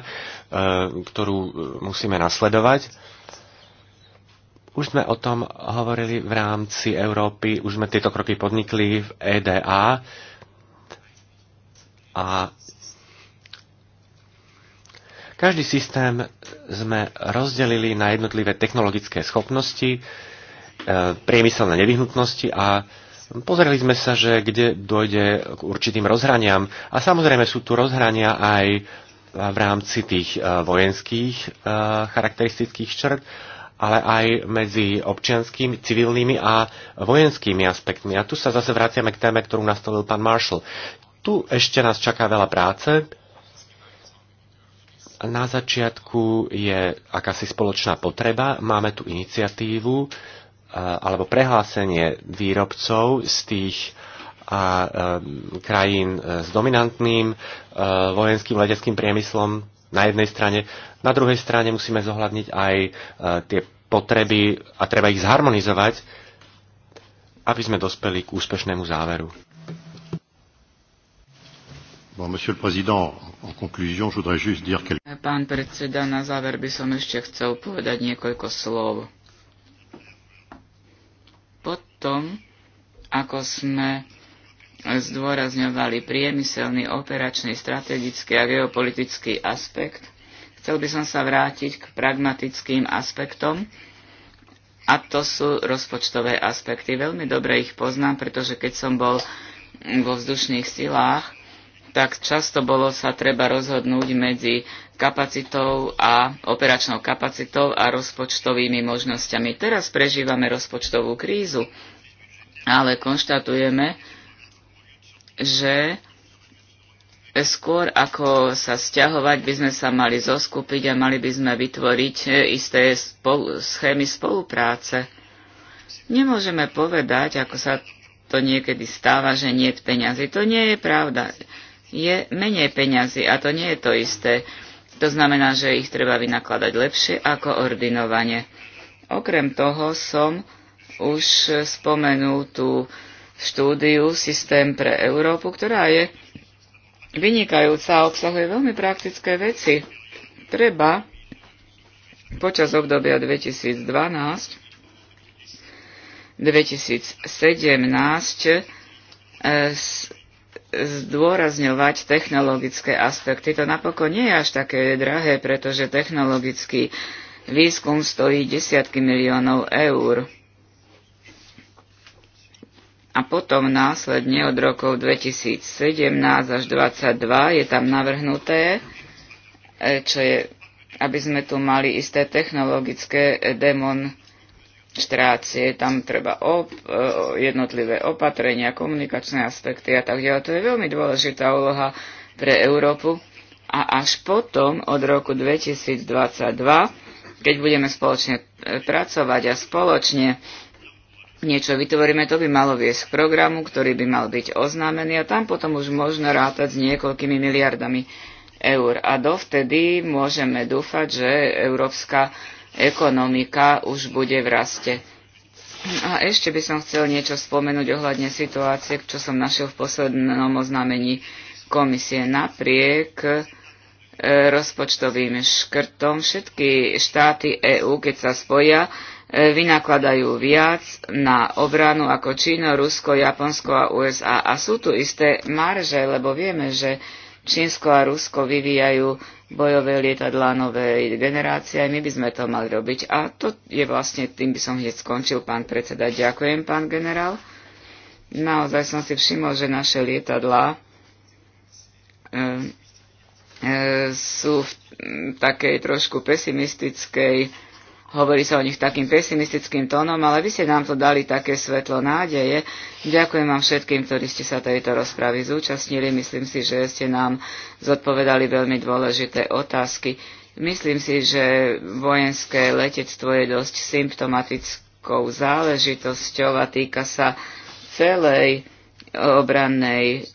ktorú musíme nasledovať už sme o tom hovorili v rámci Európy, už sme tieto kroky podnikli v EDA a každý systém sme rozdelili na jednotlivé technologické schopnosti, e, priemyselné nevyhnutnosti a pozreli sme sa, že kde dojde k určitým rozhraniam. A samozrejme sú tu rozhrania aj v rámci tých e, vojenských e, charakteristických črt, ale aj medzi občianskými, civilnými a vojenskými aspektmi. A tu sa zase vraciame k téme, ktorú nastavil pán Marshall. Tu ešte nás čaká veľa práce. Na začiatku je akási spoločná potreba. Máme tu iniciatívu eh, alebo prehlásenie výrobcov z tých a krajín eh, s dominantným eh, vojenským leteckým priemyslom na jednej strane. Na druhej strane musíme zohľadniť aj tie potreby a treba ich zharmonizovať, aby sme dospeli k úspešnému záveru. Bon, monsieur le Président, en conclusion, je voudrais juste dire quelques... Pán predseda, na záver by som ešte chcel povedať niekoľko slov. Potom, ako sme zdôrazňovali priemyselný, operačný, strategický a geopolitický aspekt, Chcel by som sa vrátiť k pragmatickým aspektom. A to sú rozpočtové aspekty. Veľmi dobre ich poznám, pretože keď som bol vo vzdušných silách, tak často bolo sa treba rozhodnúť medzi kapacitou a operačnou kapacitou a rozpočtovými možnosťami. Teraz prežívame rozpočtovú krízu, ale konštatujeme, že skôr ako sa stiahovať, by sme sa mali zoskupiť a mali by sme vytvoriť e, isté spolu, schémy spolupráce. Nemôžeme povedať, ako sa to niekedy stáva, že nie je peňazí. To nie je pravda. Je menej peňazí a to nie je to isté. To znamená, že ich treba vynakladať lepšie ako ordinovanie. Okrem toho som už spomenul tú štúdiu Systém pre Európu, ktorá je vynikajúca a obsahuje veľmi praktické veci. Treba počas obdobia 2012 2017 e, zdôrazňovať technologické aspekty. To napokon nie je až také drahé, pretože technologický výskum stojí desiatky miliónov eur a potom následne od rokov 2017 až 2022 je tam navrhnuté, e, čo je, aby sme tu mali isté technologické e, demonstrácie. Tam treba op- e, jednotlivé opatrenia, komunikačné aspekty a tak ďalej. To je veľmi dôležitá úloha pre Európu. A až potom, od roku 2022, keď budeme spoločne pracovať a spoločne niečo vytvoríme, to by malo viesť k programu, ktorý by mal byť oznámený a tam potom už možno rátať s niekoľkými miliardami eur. A dovtedy môžeme dúfať, že európska ekonomika už bude v raste. A ešte by som chcel niečo spomenúť ohľadne situácie, čo som našiel v poslednom oznámení komisie. Napriek e, rozpočtovým škrtom všetky štáty EÚ, keď sa spoja, vynakladajú viac na obranu ako Čína, Rusko, Japonsko a USA. A sú tu isté marže, lebo vieme, že Čínsko a Rusko vyvíjajú bojové lietadlá novej generácie, aj my by sme to mali robiť. A to je vlastne, tým by som hneď skončil, pán predseda. Ďakujem, pán generál. Naozaj som si všimol, že naše lietadlá e, e, sú v takej trošku pesimistickej Hovorí sa o nich takým pesimistickým tónom, ale vy ste nám to dali také svetlo nádeje. Ďakujem vám všetkým, ktorí ste sa tejto rozpravy zúčastnili. Myslím si, že ste nám zodpovedali veľmi dôležité otázky. Myslím si, že vojenské letectvo je dosť symptomatickou záležitosťou a týka sa celej obrannej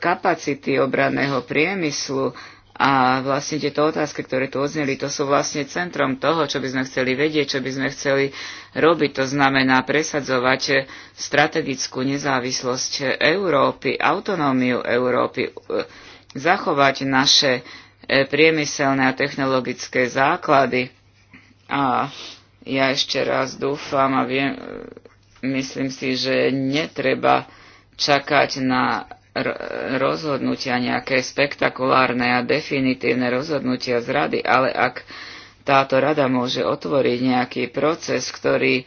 kapacity obranného priemyslu a vlastne tieto otázky, ktoré tu odzneli, to sú vlastne centrom toho, čo by sme chceli vedieť, čo by sme chceli robiť. To znamená presadzovať strategickú nezávislosť Európy, autonómiu Európy, zachovať naše e, priemyselné a technologické základy. A ja ešte raz dúfam a viem, e, myslím si, že netreba čakať na rozhodnutia, nejaké spektakulárne a definitívne rozhodnutia z rady, ale ak táto rada môže otvoriť nejaký proces, ktorý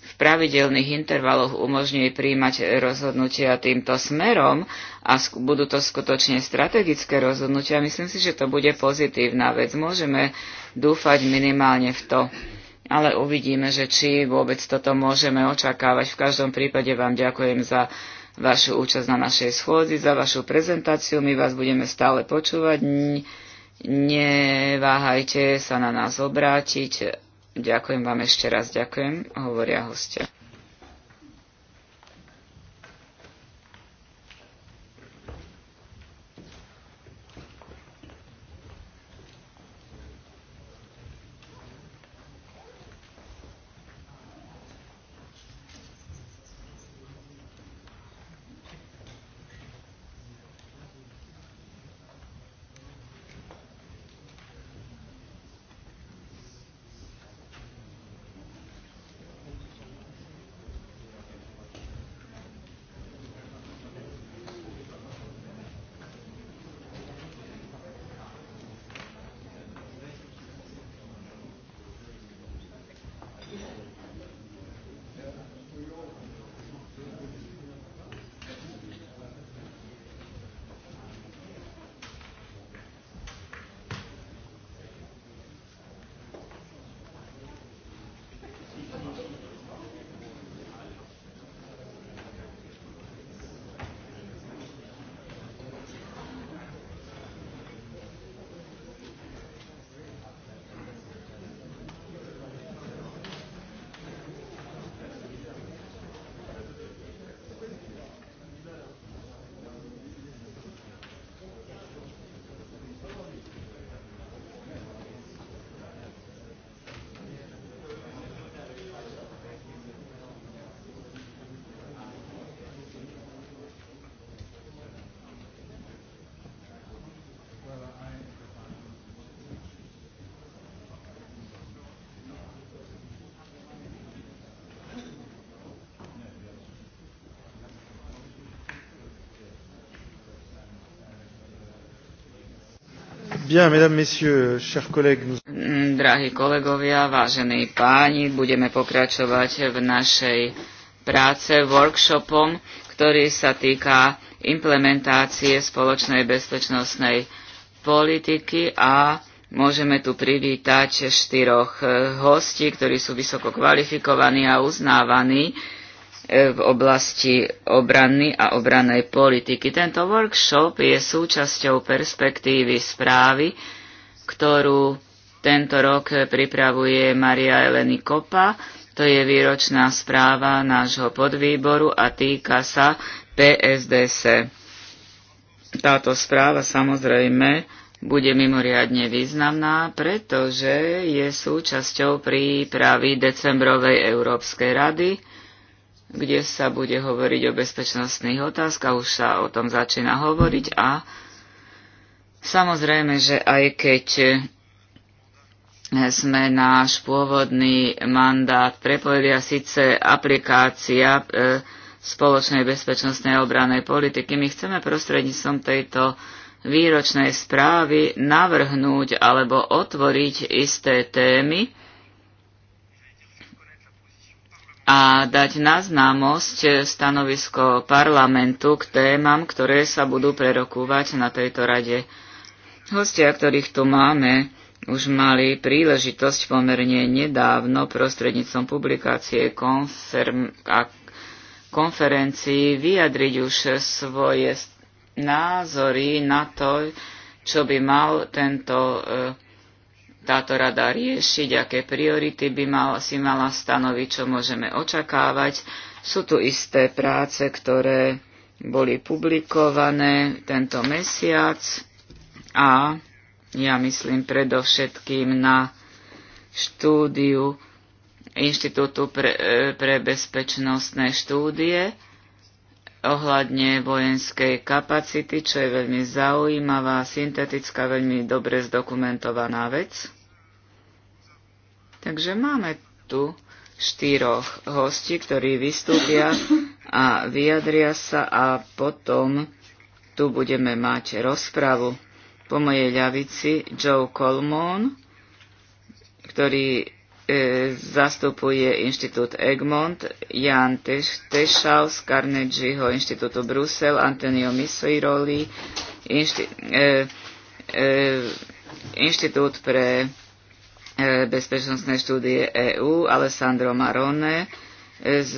v pravidelných intervaloch umožňuje príjmať rozhodnutia týmto smerom a budú to skutočne strategické rozhodnutia, myslím si, že to bude pozitívna vec. Môžeme dúfať minimálne v to ale uvidíme, že či vôbec toto môžeme očakávať. V každom prípade vám ďakujem za vašu účasť na našej schôdzi, za vašu prezentáciu. My vás budeme stále počúvať. Neváhajte sa na nás obrátiť. Ďakujem vám ešte raz, ďakujem, hovoria hostia. Bien, mesdames, messieurs, chers collègues. Nous... Mm, drahí kolegovia, vážení páni, budeme pokračovať v našej práce workshopom, ktorý sa týka implementácie spoločnej bezpečnostnej politiky a môžeme tu privítať štyroch eh, hostí, ktorí sú vysoko kvalifikovaní a uznávaní v oblasti obrany a obranej politiky. Tento workshop je súčasťou perspektívy správy, ktorú tento rok pripravuje Maria Eleny Kopa. To je výročná správa nášho podvýboru a týka sa PSDS. Táto správa samozrejme bude mimoriadne významná, pretože je súčasťou prípravy decembrovej Európskej rady kde sa bude hovoriť o bezpečnostných otázkach, už sa o tom začína hovoriť a samozrejme, že aj keď sme náš pôvodný mandát prepojili a síce aplikácia e, spoločnej bezpečnostnej obranej politiky. My chceme prostredníctvom tejto výročnej správy navrhnúť alebo otvoriť isté témy, a dať na známosť stanovisko parlamentu k témam, ktoré sa budú prerokúvať na tejto rade. Hostia, ktorých tu máme, už mali príležitosť pomerne nedávno prostrednícom publikácie a konferencii vyjadriť už svoje názory na to, čo by mal tento e, táto rada riešiť, aké priority by mal, si mala stanoviť, čo môžeme očakávať. Sú tu isté práce, ktoré boli publikované tento mesiac a ja myslím predovšetkým na štúdiu Inštitútu pre, e, pre bezpečnostné štúdie, ohľadne vojenskej kapacity, čo je veľmi zaujímavá, syntetická, veľmi dobre zdokumentovaná vec. Takže máme tu štyroch hostí, ktorí vystúpia a vyjadria sa a potom tu budeme mať rozpravu. Po mojej ľavici Joe Colmon, ktorý E, zastupuje inštitút Egmont, Jan Tešal z Carnegieho inštitútu Brusel, Antonio Misoiroli, e, e, inštitút pre bezpečnostné štúdie EÚ, Alessandro Marone z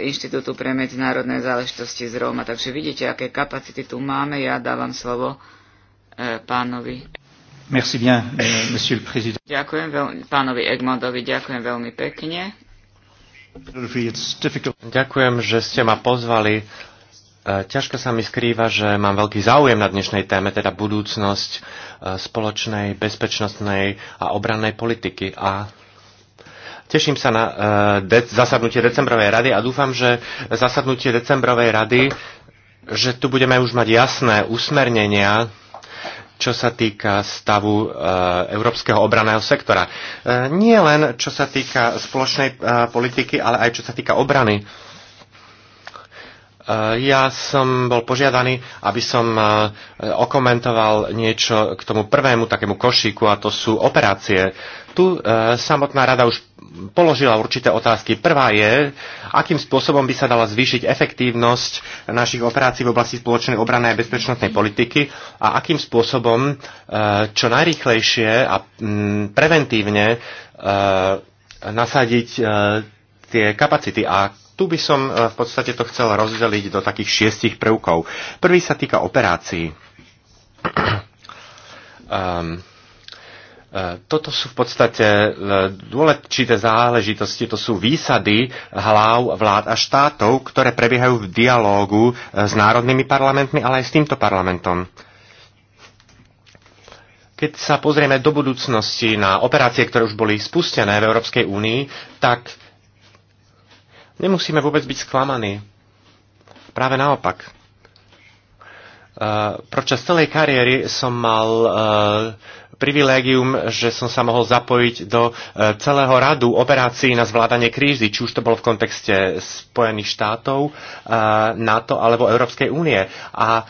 Inštitútu pre medzinárodné záležitosti z Róma. Takže vidíte, aké kapacity tu máme. Ja dávam slovo pánovi Merci bien, euh, monsieur le président. Ďakujem veľmi, pánovi Egmondovi, ďakujem veľmi pekne. Ďakujem, že ste ma pozvali. E, ťažko sa mi skrýva, že mám veľký záujem na dnešnej téme, teda budúcnosť e, spoločnej, bezpečnostnej a obrannej politiky. A teším sa na e, de- zasadnutie decembrovej rady a dúfam, že zasadnutie decembrovej rady, že tu budeme už mať jasné usmernenia čo sa týka stavu e, európskeho obraného sektora. E, nie len čo sa týka spoločnej e, politiky, ale aj čo sa týka obrany. E, ja som bol požiadaný, aby som e, okomentoval niečo k tomu prvému takému košíku, a to sú operácie. Tu e, samotná rada už položila určité otázky. Prvá je, akým spôsobom by sa dala zvýšiť efektívnosť našich operácií v oblasti spoločnej obrany a bezpečnostnej politiky a akým spôsobom e, čo najrychlejšie a preventívne e, nasadiť e, tie kapacity a tu by som v podstate to chcel rozdeliť do takých šiestich prvkov. Prvý sa týka operácií. um, <clears throat> E, toto sú v podstate e, dôležité záležitosti, to sú výsady hlav vlád a štátov, ktoré prebiehajú v dialógu e, s národnými parlamentmi, ale aj s týmto parlamentom. Keď sa pozrieme do budúcnosti na operácie, ktoré už boli spustené v Európskej únii, tak nemusíme vôbec byť sklamaní. Práve naopak. Uh, Pročas celej kariéry som mal uh, privilégium, že som sa mohol zapojiť do e, celého radu operácií na zvládanie krízy, či už to bolo v kontexte Spojených štátov, e, NATO alebo Európskej únie. A e,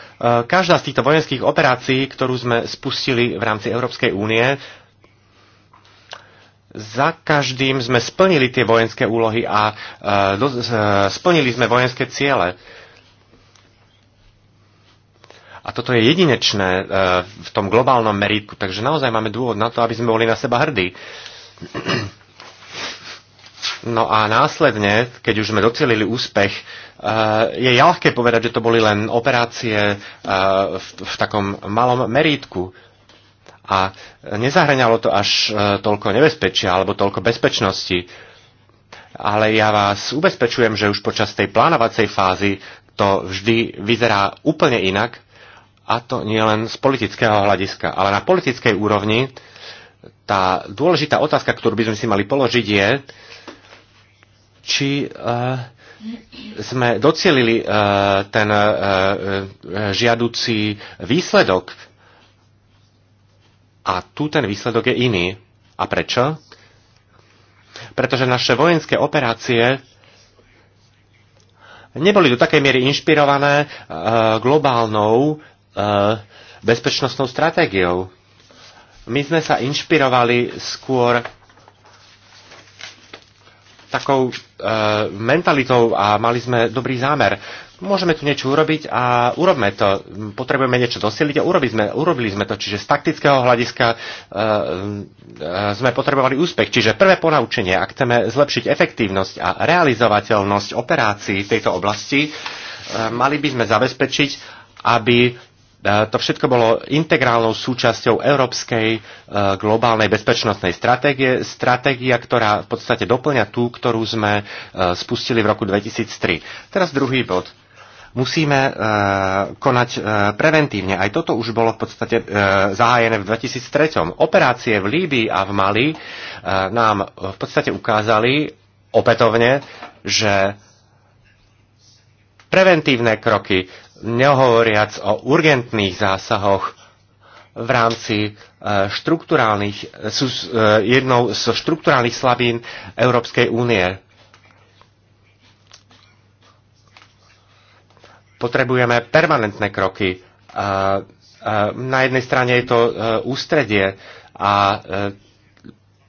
každá z týchto vojenských operácií, ktorú sme spustili v rámci Európskej únie, za každým sme splnili tie vojenské úlohy a splnili sme vojenské ciele a toto je jedinečné e, v tom globálnom meritku, takže naozaj máme dôvod na to, aby sme boli na seba hrdí. <clears throat> No a následne, keď už sme docelili úspech, e, je ľahké povedať, že to boli len operácie e, v takom malom merítku. A nezahraňalo to až toľko nebezpečia alebo toľko bezpečnosti. Ale ja vás ubezpečujem, že už počas tej plánovacej fázy to vždy vyzerá úplne inak a to nie len z politického hľadiska, ale na politickej úrovni tá dôležitá otázka, ktorú by sme si mali položiť, je, či e, sme docielili e, ten e, žiaducí výsledok. A tu ten výsledok je iný. A prečo? Pretože naše vojenské operácie neboli do takej miery inšpirované globálnou E, bezpečnostnou stratégiou. My sme sa inšpirovali skôr takou e, mentalitou a mali sme dobrý zámer. Môžeme tu niečo urobiť a urobme to. Potrebujeme niečo dosiliť a urobili sme, urobili sme to. Čiže z taktického hľadiska e, e, sme potrebovali úspech. Čiže prvé ponaučenie, ak chceme zlepšiť efektívnosť a realizovateľnosť operácií v tejto oblasti, e, mali by sme zabezpečiť, aby E, to všetko bolo integrálnou súčasťou európskej e, globálnej bezpečnostnej stratégie, stratégia, ktorá v podstate doplňa tú, ktorú sme e, spustili v roku 2003. Teraz druhý bod musíme konať preventívne. Aj toto už bolo v podstate zahájené v 2003. Operácie v Líbii a v Mali nám v podstate ukázali opätovne, že preventívne kroky nehovoriac o urgentných zásahoch v rámci e, štruktúrálnych, e, sú e, jednou zo štruktúrálnych slabín Európskej únie. Potrebujeme permanentné kroky. Na jednej strane je to ústredie a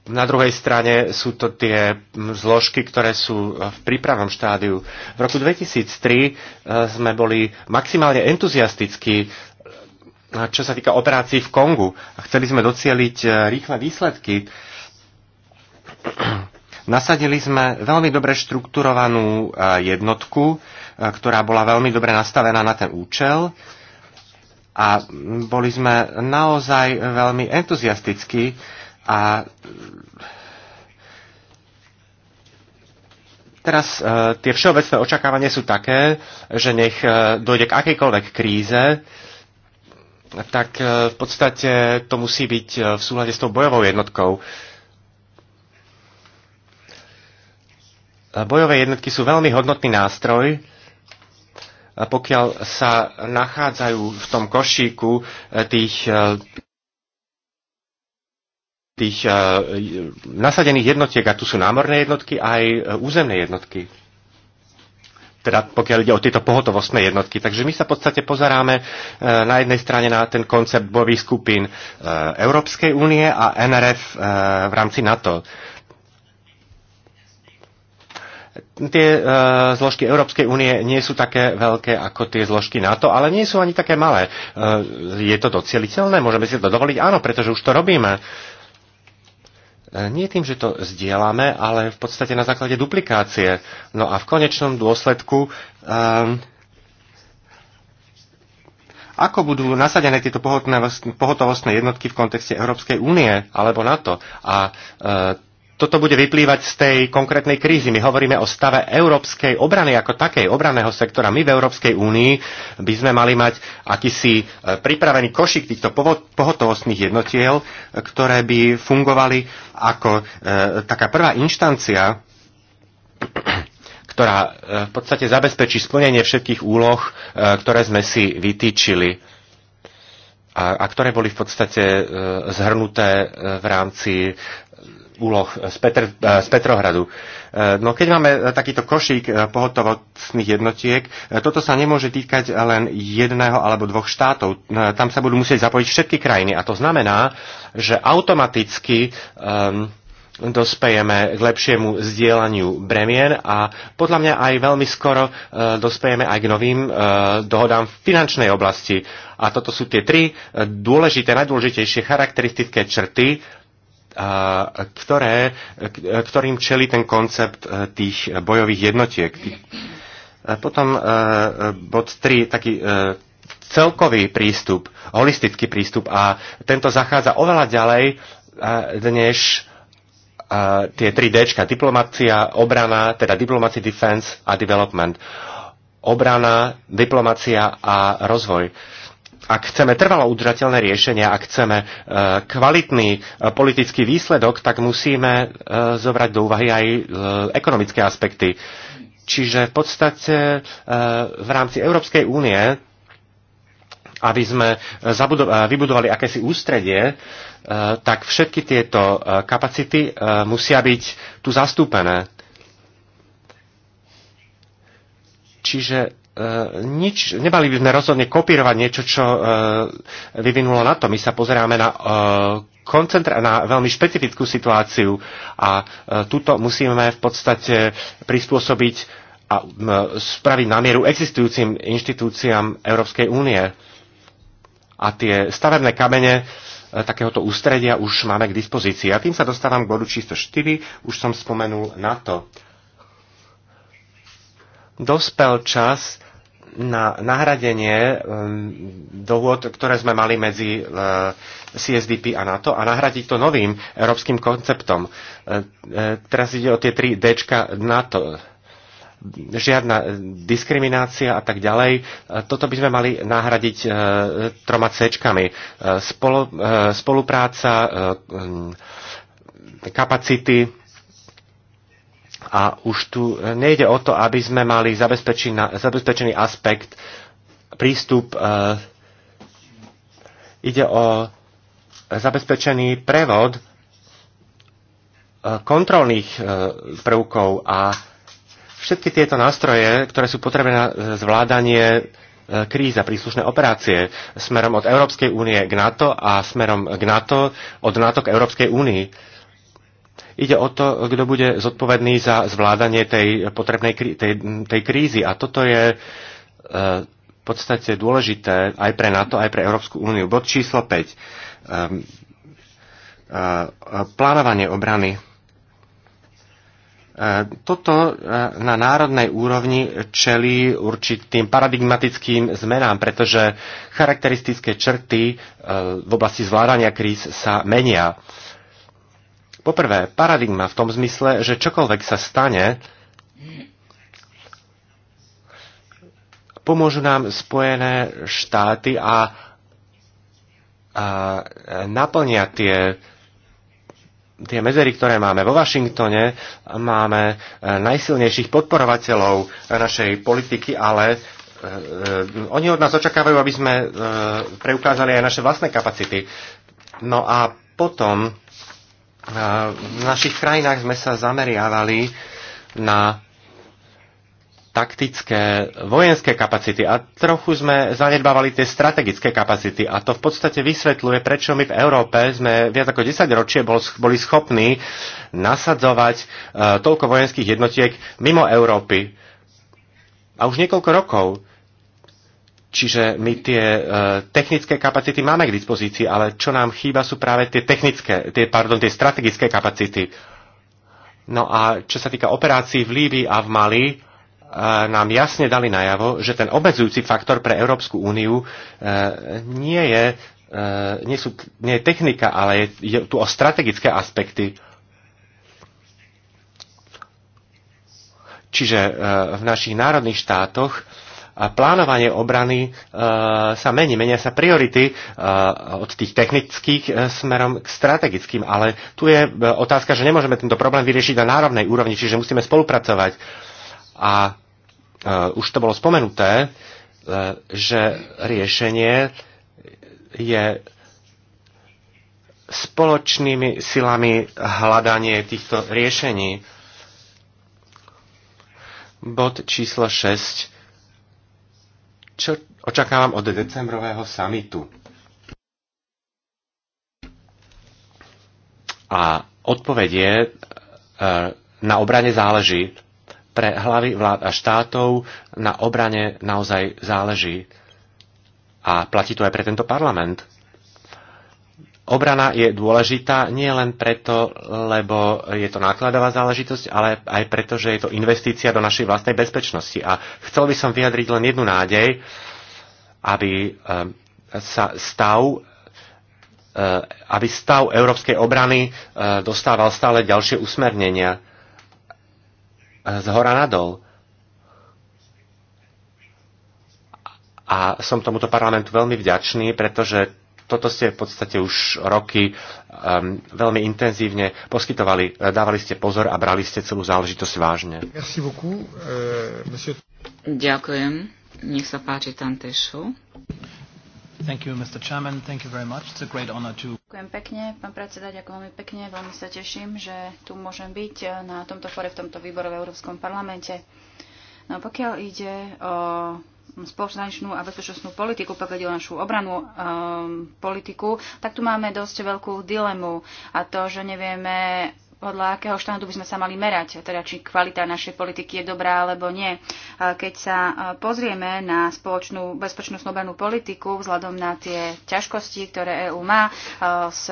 na druhej strane sú to tie zložky, ktoré sú v prípravnom štádiu. V roku 2003 e, sme boli maximálne entuziastickí, e, čo sa týka operácií v Kongu. A chceli sme docieliť e, rýchle výsledky. <clears throat> Nasadili sme veľmi dobre štrukturovanú jednotku, ktorá bola veľmi dobre nastavená na ten účel a boli sme naozaj veľmi entuziastickí a teraz e, tie všeobecné očakávania sú také, že nech e, dojde k akejkoľvek kríze, tak e, v podstate to musí byť v súhľade s tou bojovou jednotkou. Bojové jednotky sú veľmi hodnotný nástroj, pokiaľ sa nachádzajú v tom košíku tých tých eh, nasadených jednotiek, a tu sú námorné jednotky a aj eh, územné jednotky. Teda pokiaľ ide o tieto pohotovostné jednotky. Takže my sa v podstate pozeráme eh, na jednej strane na ten koncept bojových skupín Európskej únie a NRF v rámci NATO tie e, zložky Európskej únie nie sú také veľké ako tie zložky NATO, ale nie sú ani také malé. E, je to docieliteľné? Môžeme si to dovoliť? Áno, pretože už to robíme. E, nie tým, že to zdieľame, ale v podstate na základe duplikácie. No a v konečnom dôsledku, um, ako budú nasadené tieto pohotovostné jednotky v kontexte Európskej únie alebo NATO? A uh, toto bude vyplývať z tej konkrétnej krízy. My hovoríme o stave európskej obrany ako takej, obraného sektora. My v Európskej únii by sme mali mať akýsi e, pripravený košik týchto pohotovostných jednotiel, e, ktoré by fungovali ako e, taká prvá inštancia, <clears throat> ktorá e, v podstate zabezpečí splnenie všetkých úloh, e, ktoré sme si vytýčili a, a ktoré boli v podstate e, zhrnuté e, v rámci úloh z, Petr, e, z Petrohradu. E, no keď máme e, takýto košík pohotovostných jednotiek, toto sa nemôže týkať len jedného alebo dvoch štátov. Tam sa budú musieť zapojiť všetky krajiny a to znamená, že automaticky um, dospejeme k lepšiemu zdieľaniu bremien a podľa mňa aj veľmi skoro uh, dospejeme aj k novým uh, dohodám v finančnej oblasti. A toto sú tie tri dôležité, najdôležitejšie charakteristické črty, ktoré, ktorým čeli ten koncept e, tých bojových jednotiek. E, potom e, bod 3, taký celkový prístup, holistický prístup a tento zachádza oveľa ďalej než tie 3 D, diplomacia, obrana, teda diplomacy, defense a development. Obrana, diplomacia a rozvoj ak chceme trvalo udržateľné riešenia, ak chceme e, kvalitný e, politický výsledok, tak musíme e, zobrať do úvahy aj ekonomické aspekty. Čiže v podstate v rámci Európskej únie, aby sme vybudovali akési ústredie, tak všetky tieto kapacity musia byť tu zastúpené. Čiže E, nič, nemali by sme rozhodne kopírovať niečo, čo e, vyvinulo na to. My sa pozeráme na, e, koncentra- na veľmi špecifickú situáciu a e, túto musíme v podstate prispôsobiť a e, spraviť na mieru existujúcim inštitúciám Európskej únie. A tie stavebné kamene e, takéhoto ústredia už máme k dispozícii. A tým sa dostávam k bodu číslo 4, už som spomenul na to. Dospel čas na nahradenie um, dohôd, ktoré sme mali medzi uh, CSDP a NATO a nahradiť to novým európskym konceptom. Uh, uh, teraz ide o tie tri Dčka NATO žiadna diskriminácia a tak ďalej. Toto by sme mali nahradiť troma C. spolupráca, um, kapacity, a už tu nejde o to, aby sme mali zabezpečený, zabezpečený aspekt, prístup, e, ide o zabezpečený prevod e, kontrolných e, prvkov a všetky tieto nástroje, ktoré sú potrebné na zvládanie kríza, príslušné operácie smerom od Európskej únie k NATO a smerom k NATO, od NATO k Európskej únii Ide o to, kto bude zodpovedný za zvládanie tej potrebnej krí- tej, tej krízy. A toto je e, v podstate dôležité aj pre NATO, aj pre Európsku úniu. Bod číslo 5 ehm, e, e, plánovanie obrany. Toto na národnej úrovni čelí určitým paradigmatickým zmenám, pretože charakteristické črty v oblasti zvládania kríz sa menia. Poprvé, paradigma v tom zmysle, že čokoľvek sa stane, pomôžu nám Spojené štáty a, a naplnia tie tie medzery, ktoré máme vo Washingtone, máme e, najsilnejších podporovateľov našej politiky, ale e, e, oni od nás očakávajú, aby sme preukázali aj naše vlastné kapacity. No a potom v našich krajinách sme sa zameriavali na taktické vojenské kapacity a trochu sme zanedbávali tie strategické kapacity a to v podstate vysvetľuje, prečo my v Európe sme viac ako 10 ročie bol, boli schopní nasadzovať uh, toľko vojenských jednotiek mimo Európy. A už niekoľko rokov Čiže my tie e, technické kapacity máme k dispozícii, ale čo nám chýba sú práve tie technické, tie, pardon, tie strategické kapacity. No a čo sa týka operácií v Líbii a v Mali, e, nám jasne dali najavo, že ten obmedzujúci faktor pre Európsku úniu e, nie, je, e, nie, sú, nie je technika, ale je, je tu o strategické aspekty. Čiže e, v našich národných štátoch plánovanie obrany e, sa mení, menia sa priority e, od tých technických e, smerom k strategickým, ale tu je otázka, že nemôžeme tento problém vyriešiť na národnej úrovni, čiže musíme spolupracovať. A už to bolo spomenuté, že riešenie je spoločnými silami hľadanie týchto riešení. Bod číslo 6 čo očakávam od decembrového samitu. A odpoveď je, e, na obrane záleží. Pre hlavy vlád a štátov na obrane naozaj záleží. A platí to aj pre tento parlament. Obrana je dôležitá nie len preto, lebo je to nákladová záležitosť, ale aj preto, že je to investícia do našej vlastnej bezpečnosti. A chcel by som vyjadriť len jednu nádej, aby eh, sa stav eh, aby stav európskej obrany eh, dostával stále ďalšie usmernenia z hora nadol. A som tomuto parlamentu veľmi vďačný, pretože toto ste v podstate už roky um, veľmi intenzívne poskytovali, e, dávali ste pozor a brali ste celú záležitosť vážne. Merci beaucoup, uh, monsieur... Ďakujem. Nech sa páči, tante Tantešu. Thank you, Mr. Chairman. Thank you very much. It's a great honor to... Ďakujem pekne, pán predseda, ďakujem veľmi pekne. Veľmi sa teším, že tu môžem byť e, na tomto fore, v tomto výbore v Európskom parlamente. No pokiaľ ide o spoločnú a bezpečnostnú politiku, pokiaľ o našu obranú um, politiku, tak tu máme dosť veľkú dilemu a to, že nevieme podľa akého štandu by sme sa mali merať, teda či kvalita našej politiky je dobrá alebo nie. Keď sa pozrieme na spoločnú bezpečnú snobenú politiku vzhľadom na tie ťažkosti, ktoré EÚ má s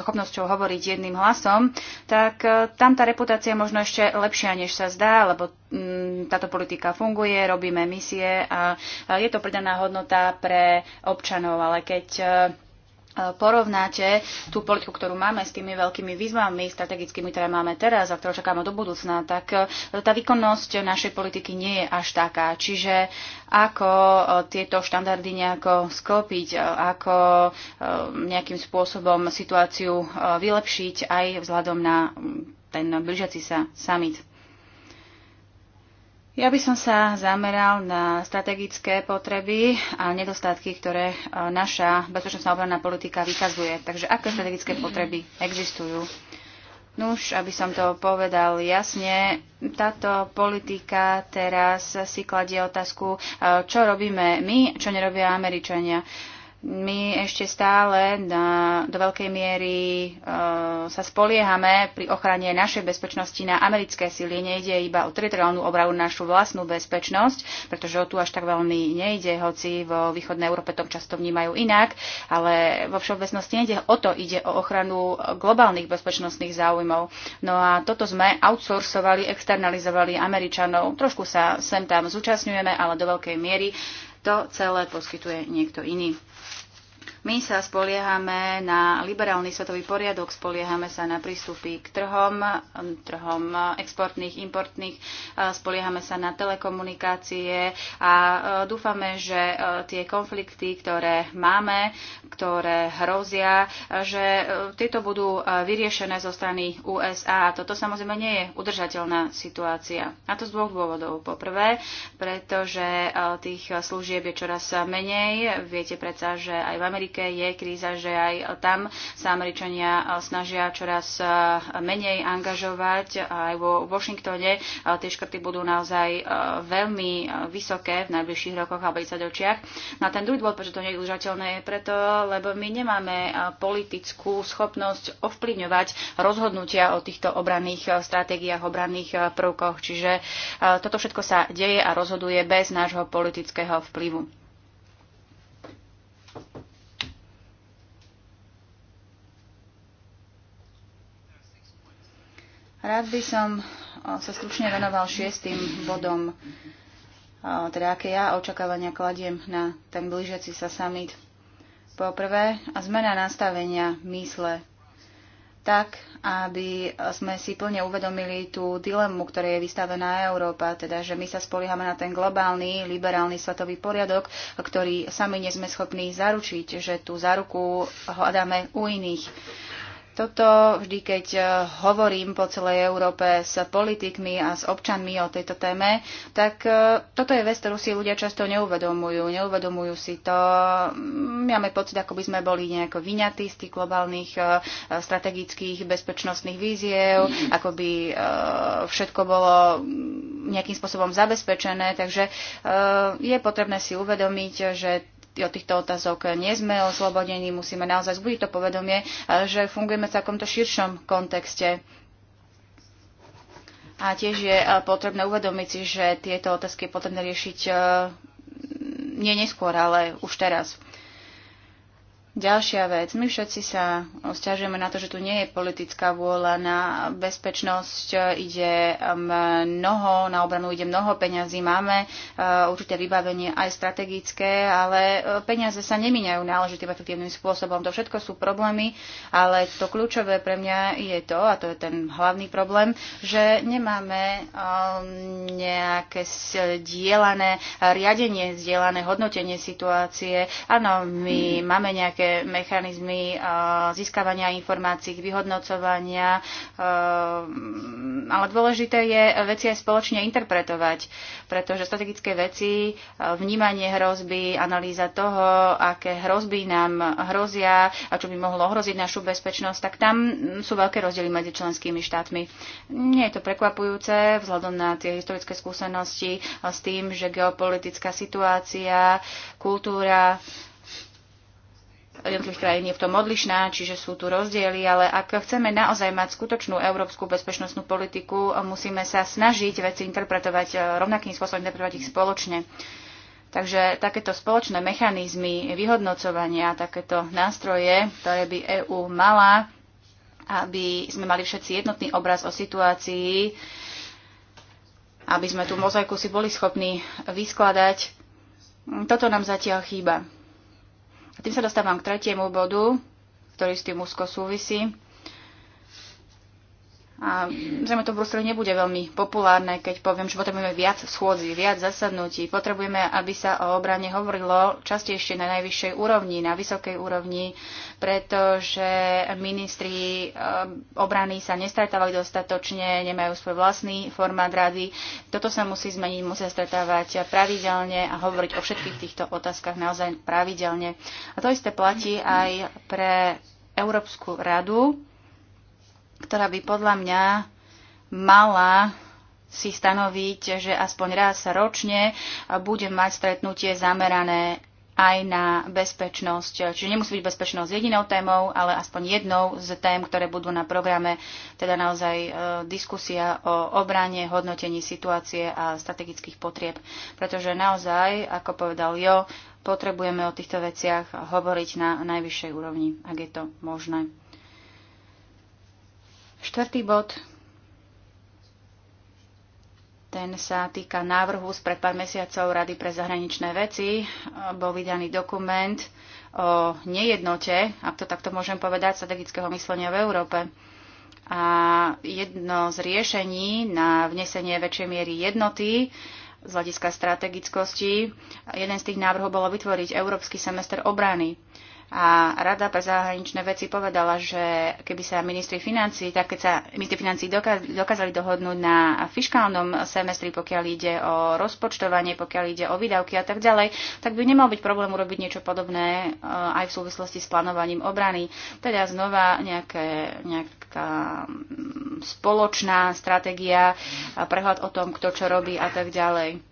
schopnosťou hovoriť jedným hlasom, tak tam tá reputácia je možno ešte lepšia, než sa zdá, lebo táto politika funguje, robíme misie a je to pridaná hodnota pre občanov, ale keď porovnáte tú politiku, ktorú máme s tými veľkými výzvami strategickými, ktoré máme teraz a ktoré čakáme do budúcna, tak e, tá výkonnosť našej politiky nie je až taká. Čiže ako e, tieto štandardy nejako sklopiť, e, ako nejakým spôsobom situáciu vylepšiť aj vzhľadom na ten blížiaci sa summit. Ja by som sa zameral na strategické potreby a nedostatky, ktoré e, naša bezpečnostná obranná politika vykazuje. Takže aké strategické potreby existujú? Nuž, aby som to povedal jasne, táto politika teraz si kladie otázku, e, čo robíme my, čo nerobia Američania. Uh, my ešte stále na, do veľkej miery e, sa spoliehame pri ochrane našej bezpečnosti na americké sily. Nejde iba o teritoriálnu obranu našu vlastnú bezpečnosť, pretože o tu až tak veľmi nejde, hoci vo východnej Európe to často vnímajú inak, ale vo všeobecnosti nejde o to, ide o ochranu globálnych bezpečnostných záujmov. No a toto sme outsourcovali, externalizovali Američanov. Trošku sa sem tam zúčastňujeme, ale do veľkej miery to celé poskytuje niekto iný. My sa spoliehame na liberálny svetový poriadok, spoliehame sa na prístupy k trhom, trhom exportných, importných, spoliehame sa na telekomunikácie a e, dúfame, že e, tie konflikty, ktoré máme, ktoré hrozia, že e, tieto budú vyriešené zo strany USA. Toto samozrejme nie je udržateľná situácia. A to z dvoch dôvodov. poprvé, pretože tých služieb je čoraz menej. Viete predsa, že aj v Amerike Afrike je kríza, že aj tam sa Američania eh, snažia čoraz eh, menej angažovať. Aj vo Washingtone eh, tie škrty budú naozaj veľmi vysoké v najbližších rokoch alebo 10 očiach. Na ten druhý dôvod, prečo to nie je udržateľné, je preto, lebo my nemáme politickú schopnosť ovplyvňovať rozhodnutia o týchto obranných stratégiách, obranných prvkoch. Čiže toto všetko sa deje a rozhoduje bez nášho politického vplyvu. Rád by som sa stručne venoval šiestým bodom, teda aké ja očakávania kladiem na ten blížiaci sa summit. Po prvé, zmena nastavenia mysle tak, aby sme si plne uvedomili tú dilemu, ktorá je vystavená Európa, teda že my sa spoliehame na ten globálny, liberálny svetový poriadok, ktorý sami nie sme schopní zaručiť, že tú záruku hľadáme u iných. Toto vždy, keď e, hovorím po celej Európe s politikmi a s občanmi o tejto téme, tak e, toto je vec, ktorú si ľudia často neuvedomujú. Neuvedomujú si to. Mm, máme pocit, ako by sme boli nejako vyňatí z tých globálnych e, strategických bezpečnostných víziev, ako by všetko bolo mm, nejakým spôsobom zabezpečené. Takže je potrebné si uvedomiť, že od týchto otázok nie sme oslobodení, musíme naozaj zbudiť to povedomie, že fungujeme v takomto širšom kontexte. A tiež je eh, potrebné uvedomiť si, že tieto otázky je potrebné riešiť eh, nie neskôr, ale už teraz. Ďalšia vec. My všetci sa stiažujeme na to, že tu nie je politická vôľa na bezpečnosť. Ide um, mnoho, na obranu ide mnoho peňazí. Máme uh, určité vybavenie aj strategické, ale uh, peniaze sa nemíňajú náležitým efektívnym spôsobom. To všetko sú problémy, ale to kľúčové pre mňa je to, a to je ten hlavný problém, že nemáme um, nejaké dielané riadenie, zdielané hodnotenie situácie. Áno, my mm. máme nejaké tie mechanizmy e, získavania informácií, vyhodnocovania, e, ale dôležité je veci aj spoločne interpretovať, pretože strategické veci, e, vnímanie hrozby, analýza toho, aké hrozby nám hrozia a čo by mohlo ohroziť našu bezpečnosť, tak tam sú veľké rozdiely medzi členskými štátmi. Nie je to prekvapujúce vzhľadom na tie historické skúsenosti s tým, že geopolitická situácia, kultúra, jednotlivých krajín je v tom odlišná, čiže sú tu rozdiely, ale ak chceme naozaj mať skutočnú európsku bezpečnostnú politiku, musíme sa snažiť veci interpretovať e, rovnakým spôsobom, interpretovať ich spoločne. Takže takéto spoločné mechanizmy vyhodnocovania, takéto nástroje, ktoré by EÚ mala, aby sme mali všetci jednotný obraz o situácii, aby sme tú mozaiku si boli schopní vyskladať, toto nám zatiaľ chýba. Tým sa dostávam k tretiemu bodu, ktorý s tým úzko súvisí. A zrejme to v Bruseli nebude veľmi populárne, keď poviem, že potrebujeme viac schôdzi, viac zasadnutí. Potrebujeme, aby sa o obrane hovorilo častejšie na najvyššej úrovni, na vysokej úrovni, pretože ministri eh, obrany sa nestretávali dostatočne, nemajú svoj vlastný formát rady. Toto sa musí zmeniť, musia stretávať pravidelne a hovoriť o všetkých týchto otázkach naozaj pravidelne. A to isté platí aj pre Európsku radu, ktorá by podľa mňa mala si stanoviť, že aspoň raz ročne bude mať stretnutie zamerané aj na bezpečnosť. Čiže nemusí byť bezpečnosť jedinou témou, ale aspoň jednou z tém, ktoré budú na programe, teda naozaj e, diskusia o obrane, hodnotení situácie a strategických potrieb. Pretože naozaj, ako povedal Jo, potrebujeme o týchto veciach hovoriť na najvyššej úrovni, ak je to možné. Štvrtý bod, ten sa týka návrhu z pred pár mesiacov Rady pre zahraničné veci. Bol vydaný dokument o nejednote, ak to takto môžem povedať, strategického myslenia v Európe. A jedno z riešení na vnesenie väčšej miery jednoty z hľadiska strategickosti, jeden z tých návrhov bolo vytvoriť Európsky semester obrany a Rada pre zahraničné veci povedala, že keby sa ministri financí, tak keď sa ministri financí dokázali dohodnúť na fiskálnom semestri, pokiaľ ide o rozpočtovanie, pokiaľ ide o výdavky a tak ďalej, tak by nemal byť problém urobiť niečo podobné eh, aj v súvislosti s plánovaním obrany. Teda znova nejaké, nejaká mm, spoločná stratégia, prehľad o tom, kto čo robí a tak ďalej.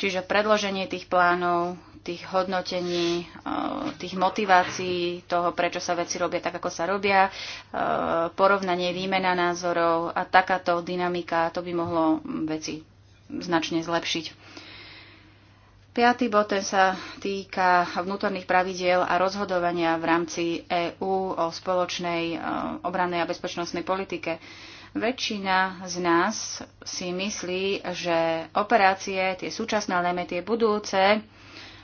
Čiže predloženie tých plánov tých hodnotení, eh, tých motivácií toho, prečo sa veci robia tak, ako sa robia, eh, porovnanie, výmena názorov a takáto dynamika, to by mohlo veci značne zlepšiť. Piatý bod ten sa týka vnútorných pravidiel a rozhodovania v rámci EÚ o spoločnej eh, obrannej a bezpečnostnej politike. Väčšina z nás si myslí, že operácie, tie súčasné, ale najmä tie budúce,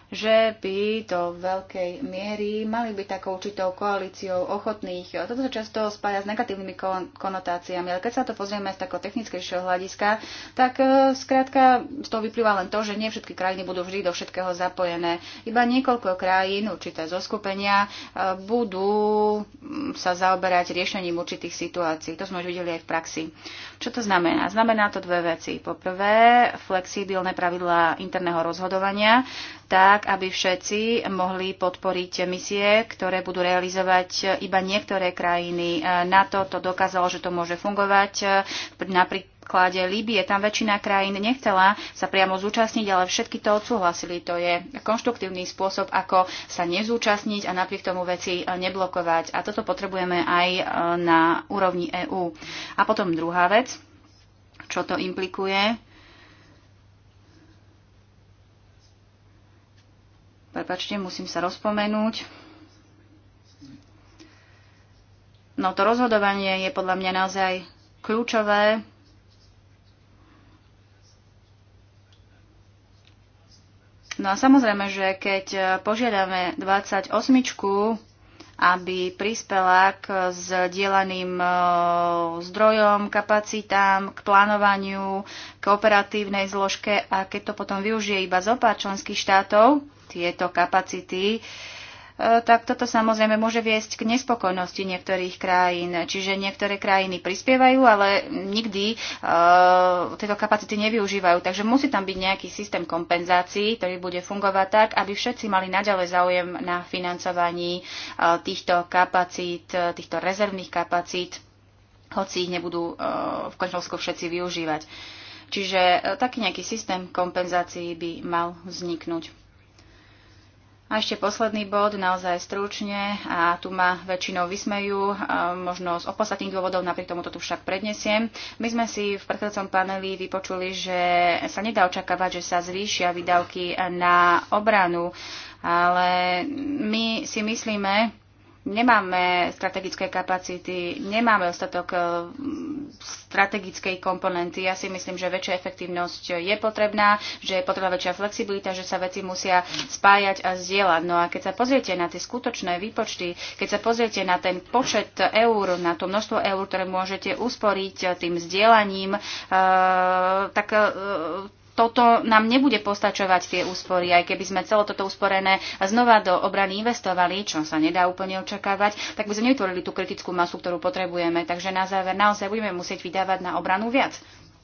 že by do veľkej miery mali byť takou určitou koalíciou ochotných. Toto sa často spája s negatívnymi konotáciami, ale keď sa to pozrieme z takého technickejšieho hľadiska, tak e, skrátka z toho vyplýva len to, že nie všetky krajiny budú vždy do všetkého zapojené. Iba niekoľko krajín, určité zoskupenia, e, budú mm, sa zaoberať riešením určitých situácií. To sme už videli aj v praxi. Čo to znamená? Znamená to dve veci. Poprvé, flexibilné pravidlá interného rozhodovania tak aby všetci mohli podporiť misie, ktoré budú realizovať iba niektoré krajiny. E, NATO to dokázalo, že to môže fungovať. E, Napríklad príklade Líbie. Tam väčšina krajín nechcela sa priamo zúčastniť, ale všetky to odsúhlasili. To je konštruktívny spôsob, ako sa nezúčastniť a napriek tomu veci e, neblokovať. A toto potrebujeme aj na úrovni EÚ. A potom druhá vec, čo to implikuje Prepačte, musím sa rozpomenúť. No to rozhodovanie je podľa mňa naozaj kľúčové. No a samozrejme, že keď požiadame 28, aby prispela k zdieľaným e, zdrojom, kapacitám, k plánovaniu, k operatívnej zložke a keď to potom využije iba zo pár členských štátov, tieto kapacity, e, tak toto samozrejme môže viesť k nespokojnosti niektorých krajín. Čiže niektoré krajiny prispievajú, ale nikdy uh, tieto kapacity nevyužívajú. Takže musí tam byť nejaký systém kompenzácií, ktorý bude fungovať tak, aby všetci mali naďalej záujem na financovaní uh, týchto kapacít, týchto rezervných kapacít, hoci ich nebudú uh, v končnosku všetci využívať. Čiže uh, taký nejaký systém kompenzácií by mal vzniknúť. A ešte posledný bod, naozaj stručne, a tu ma väčšinou vysmejú, možno z opostatných dôvodov, napriek tomu to tu však prednesiem. My sme si v predchádzajúcom paneli vypočuli, že sa nedá očakávať, že sa zvýšia výdavky na obranu, ale my si myslíme, nemáme strategické kapacity, nemáme ostatok eh, strategickej komponenty. Ja si myslím, že väčšia efektívnosť je potrebná, že je potrebná väčšia flexibilita, že sa veci musia spájať a zdieľať. No a keď sa pozriete na tie skutočné výpočty, keď sa pozriete na ten počet eur, na to množstvo eur, ktoré môžete usporiť eh, tým zdieľaním, eh, tak toto nám nebude postačovať tie úspory, aj keby sme celé toto usporené znova do obrany investovali, čo sa nedá úplne očakávať, tak by sme nevytvorili tú kritickú masu, ktorú potrebujeme. Takže na záver naozaj budeme musieť vydávať na obranu viac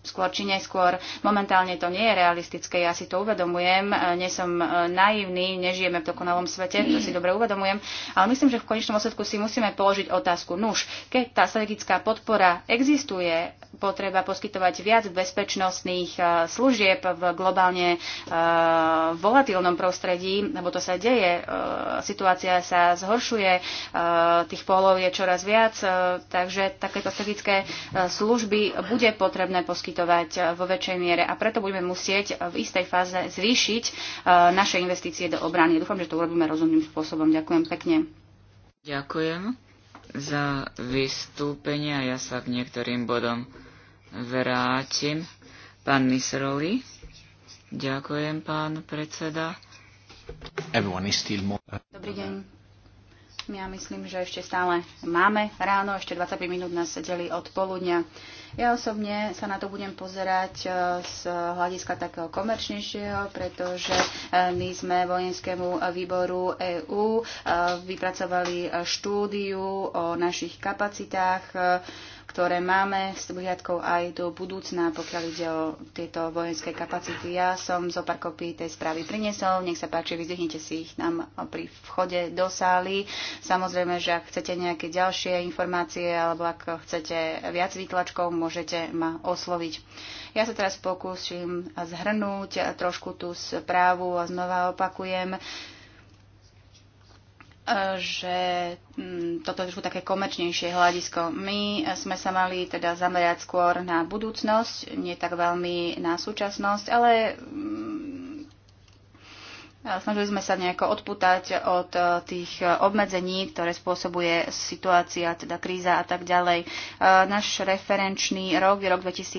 skôr či neskôr. Momentálne to nie je realistické, ja si to uvedomujem, e, nie som e, naivný, nežijeme v dokonalom svete, to si dobre uvedomujem, ale myslím, že v konečnom osledku si musíme položiť otázku. Nuž, keď tá strategická podpora existuje, potreba poskytovať viac bezpečnostných e, služieb v globálne volatilnom prostredí, lebo to sa deje, situácia sa zhoršuje, tých polov je čoraz viac, takže takéto strategické služby bude potrebné poskytovať profitovať eh, vo väčšej miere a preto budeme musieť eh, v istej fáze zvýšiť eh, naše investície do obrany. Dúfam, že to urobíme rozumným spôsobom. Ďakujem pekne. Ďakujem za vystúpenie a ja sa k niektorým bodom vrátim. Pán Misroli. Ďakujem, pán predseda. Everyone is still more... Dobrý deň. Ja myslím, že ešte stále máme ráno, ešte 25 minút nás sedeli od poludňa. Ja osobne sa na to budem pozerať e, z hľadiska takého komerčnejšieho, pretože e, my sme vojenskému výboru EÚ e, vypracovali štúdiu o našich kapacitách ktoré máme s vyhľadkou aj do budúcna, pokiaľ ide o tieto vojenské kapacity. Ja som zo pár kopí tej správy priniesol, nech sa páči, vyzdvihnite si ich nám pri vchode do sály. Samozrejme, že ak chcete nejaké ďalšie informácie alebo ak chcete viac výtlačkov, môžete ma osloviť. Ja sa teraz pokúsim zhrnúť trošku tú správu a znova opakujem, že mm, toto je také komerčnejšie hľadisko. My sme sa mali teda zamerať skôr na budúcnosť, nie tak veľmi na súčasnosť, ale mm, snažili sme sa nejako odputať od e, tých obmedzení, ktoré spôsobuje situácia, teda kríza a tak ďalej. E, náš referenčný rok je rok 2025. E,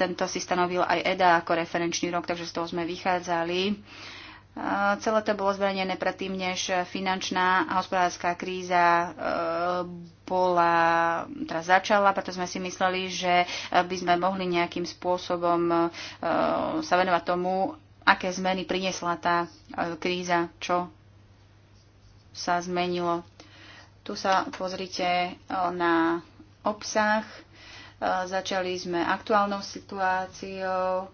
tento si stanovil aj EDA ako referenčný rok, takže z toho sme vychádzali Celé to bolo zverejnené predtým, než finančná a hospodárska kríza e, bola, teda začala, preto sme si mysleli, že by sme mohli nejakým spôsobom e, sa venovať tomu, aké zmeny priniesla tá e, kríza, čo sa zmenilo. Tu sa pozrite na obsah. Začali sme aktuálnou situáciou,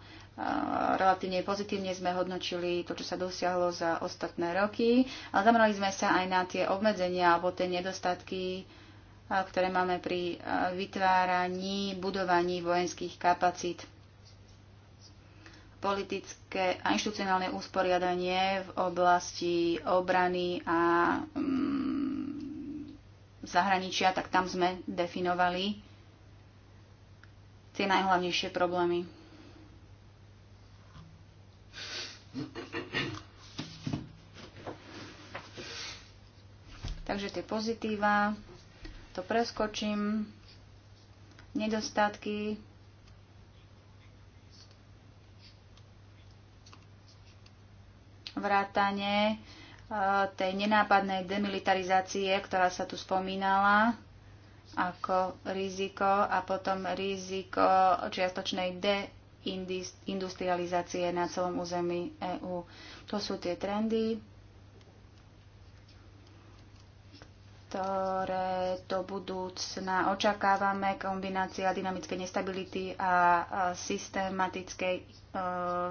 relatívne pozitívne sme hodnočili to, čo sa dosiahlo za ostatné roky, ale zamerali sme sa aj na tie obmedzenia alebo tie nedostatky, ktoré máme pri vytváraní, budovaní vojenských kapacít. Politické a inštitucionálne usporiadanie v oblasti obrany a mm, zahraničia, tak tam sme definovali tie najhlavnejšie problémy. Takže tie pozitíva, to preskočím, nedostatky, vrátanie e, tej nenápadnej demilitarizácie, ktorá sa tu spomínala ako riziko a potom riziko čiastočnej de industrializácie na celom území EÚ. To sú tie trendy, ktoré do budúcna očakávame, kombinácia dynamickej nestability a systematickej e,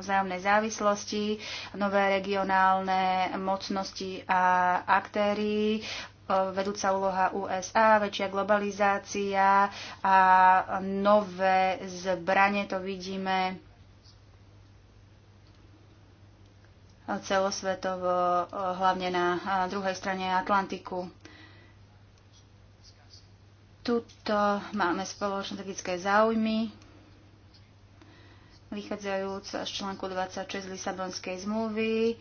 vzájomnej závislosti, nové regionálne mocnosti a aktéry, vedúca úloha USA, väčšia globalizácia a nové zbranie, to vidíme celosvetovo, hlavne na druhej strane Atlantiku. Tuto máme spoločné strategické záujmy, vychádzajúc z článku 26 Lisabonskej zmluvy,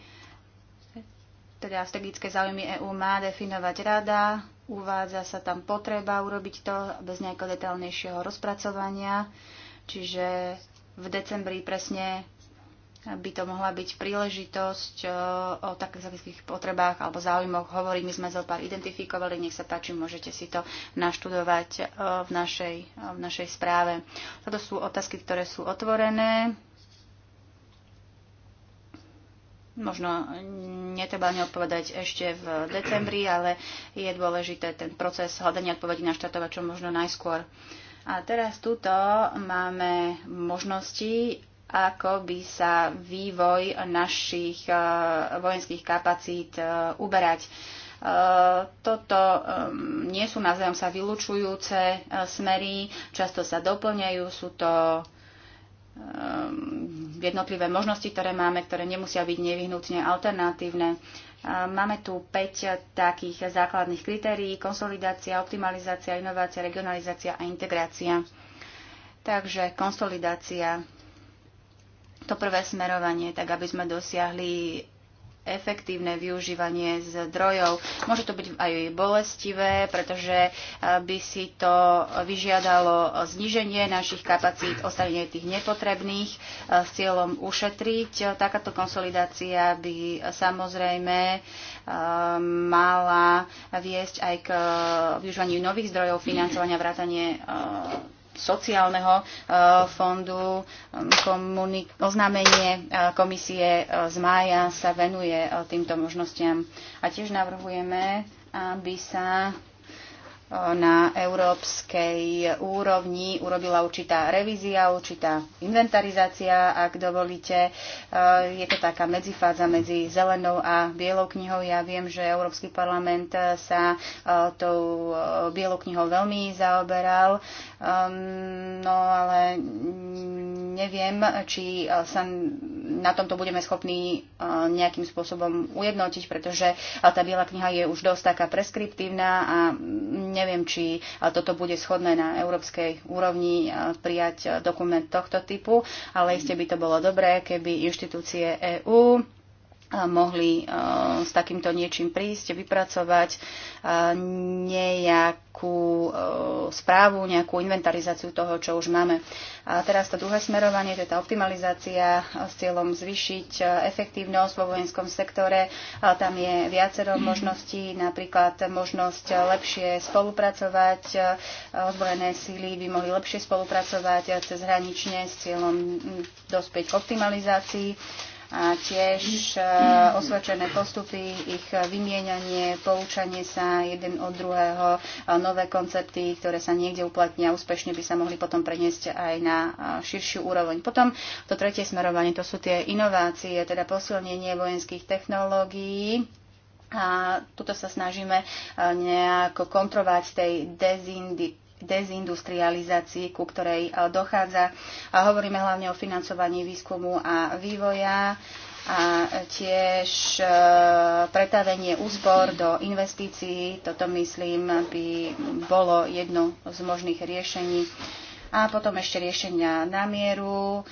teda strategické záujmy EÚ má definovať rada, uvádza sa tam potreba urobiť to bez nejakého detailnejšieho rozpracovania, čiže v decembri presne by to mohla byť príležitosť e, o takých potrebách alebo záujmoch hovoriť. My sme zo pár identifikovali, nech sa páči, môžete si to naštudovať e, v našej, e, v našej správe. Toto sú otázky, ktoré sú otvorené Možno netreba neodpovedať ešte v decembri, ale je dôležité ten proces hľadania odpovedí naštartovať čo možno najskôr. A teraz tuto máme možnosti, ako by sa vývoj našich e, vojenských kapacít e, uberať. E, toto nie sú navzájom sa vylúčujúce smery, často sa doplňajú, sú to Ehm, jednotlivé možnosti, ktoré máme, ktoré nemusia byť nevyhnutne alternatívne. Ehm, máme tu 5 takých základných kritérií. Konsolidácia, optimalizácia, inovácia, regionalizácia a integrácia. Takže konsolidácia, to prvé smerovanie, tak aby sme dosiahli efektívne využívanie zdrojov. Môže to byť aj bolestivé, pretože eh, by si to vyžiadalo zníženie našich kapacít, ostavenie tých nepotrebných eh, s cieľom ušetriť. Takáto konsolidácia by samozrejme eh, mala viesť aj k využívaniu nových zdrojov financovania, vrátanie sociálneho e, fondu. E, komunik- oznámenie e, komisie z mája sa venuje týmto možnostiam. A tiež navrhujeme, aby sa na európskej úrovni urobila určitá revízia, určitá inventarizácia, ak dovolíte. E, je to taká medzifáza medzi zelenou a bielou knihou. Ja viem, že Európsky parlament sa e, tou e, bielou knihou veľmi zaoberal, ehm, no ale neviem, či sa na tomto budeme schopní nejakým spôsobom ujednotiť, pretože tá biela kniha je už dosť taká preskriptívna a Neviem, či toto bude schodné na európskej úrovni prijať dokument tohto typu, ale iste by to bolo dobré, keby inštitúcie EÚ mohli e, s takýmto niečím prísť, vypracovať e, nejakú e, správu, nejakú inventarizáciu toho, čo už máme. A teraz to druhé smerovanie, to je tá optimalizácia s cieľom zvyšiť efektívnosť vo vojenskom sektore. Tam je viacero možností, napríklad možnosť lepšie spolupracovať. Ozbrojené síly by mohli lepšie spolupracovať cezhranične s cieľom dospieť k optimalizácii a tiež e, osvedčené postupy, ich vymienanie, poučanie sa jeden od druhého, nové koncepty, ktoré sa niekde uplatnia úspešne, by sa mohli potom preniesť aj na širšiu úroveň. Potom to tretie smerovanie, to sú tie inovácie, teda posilnenie vojenských technológií. A tuto sa snažíme nejako kontrovať tej dezindy dezindustrializácii, ku ktorej e, dochádza. A hovoríme hlavne o financovaní výskumu a vývoja a tiež e, pretavenie úzbor do investícií. Toto, myslím, by bolo jedno z možných riešení. A potom ešte riešenia na mieru, um,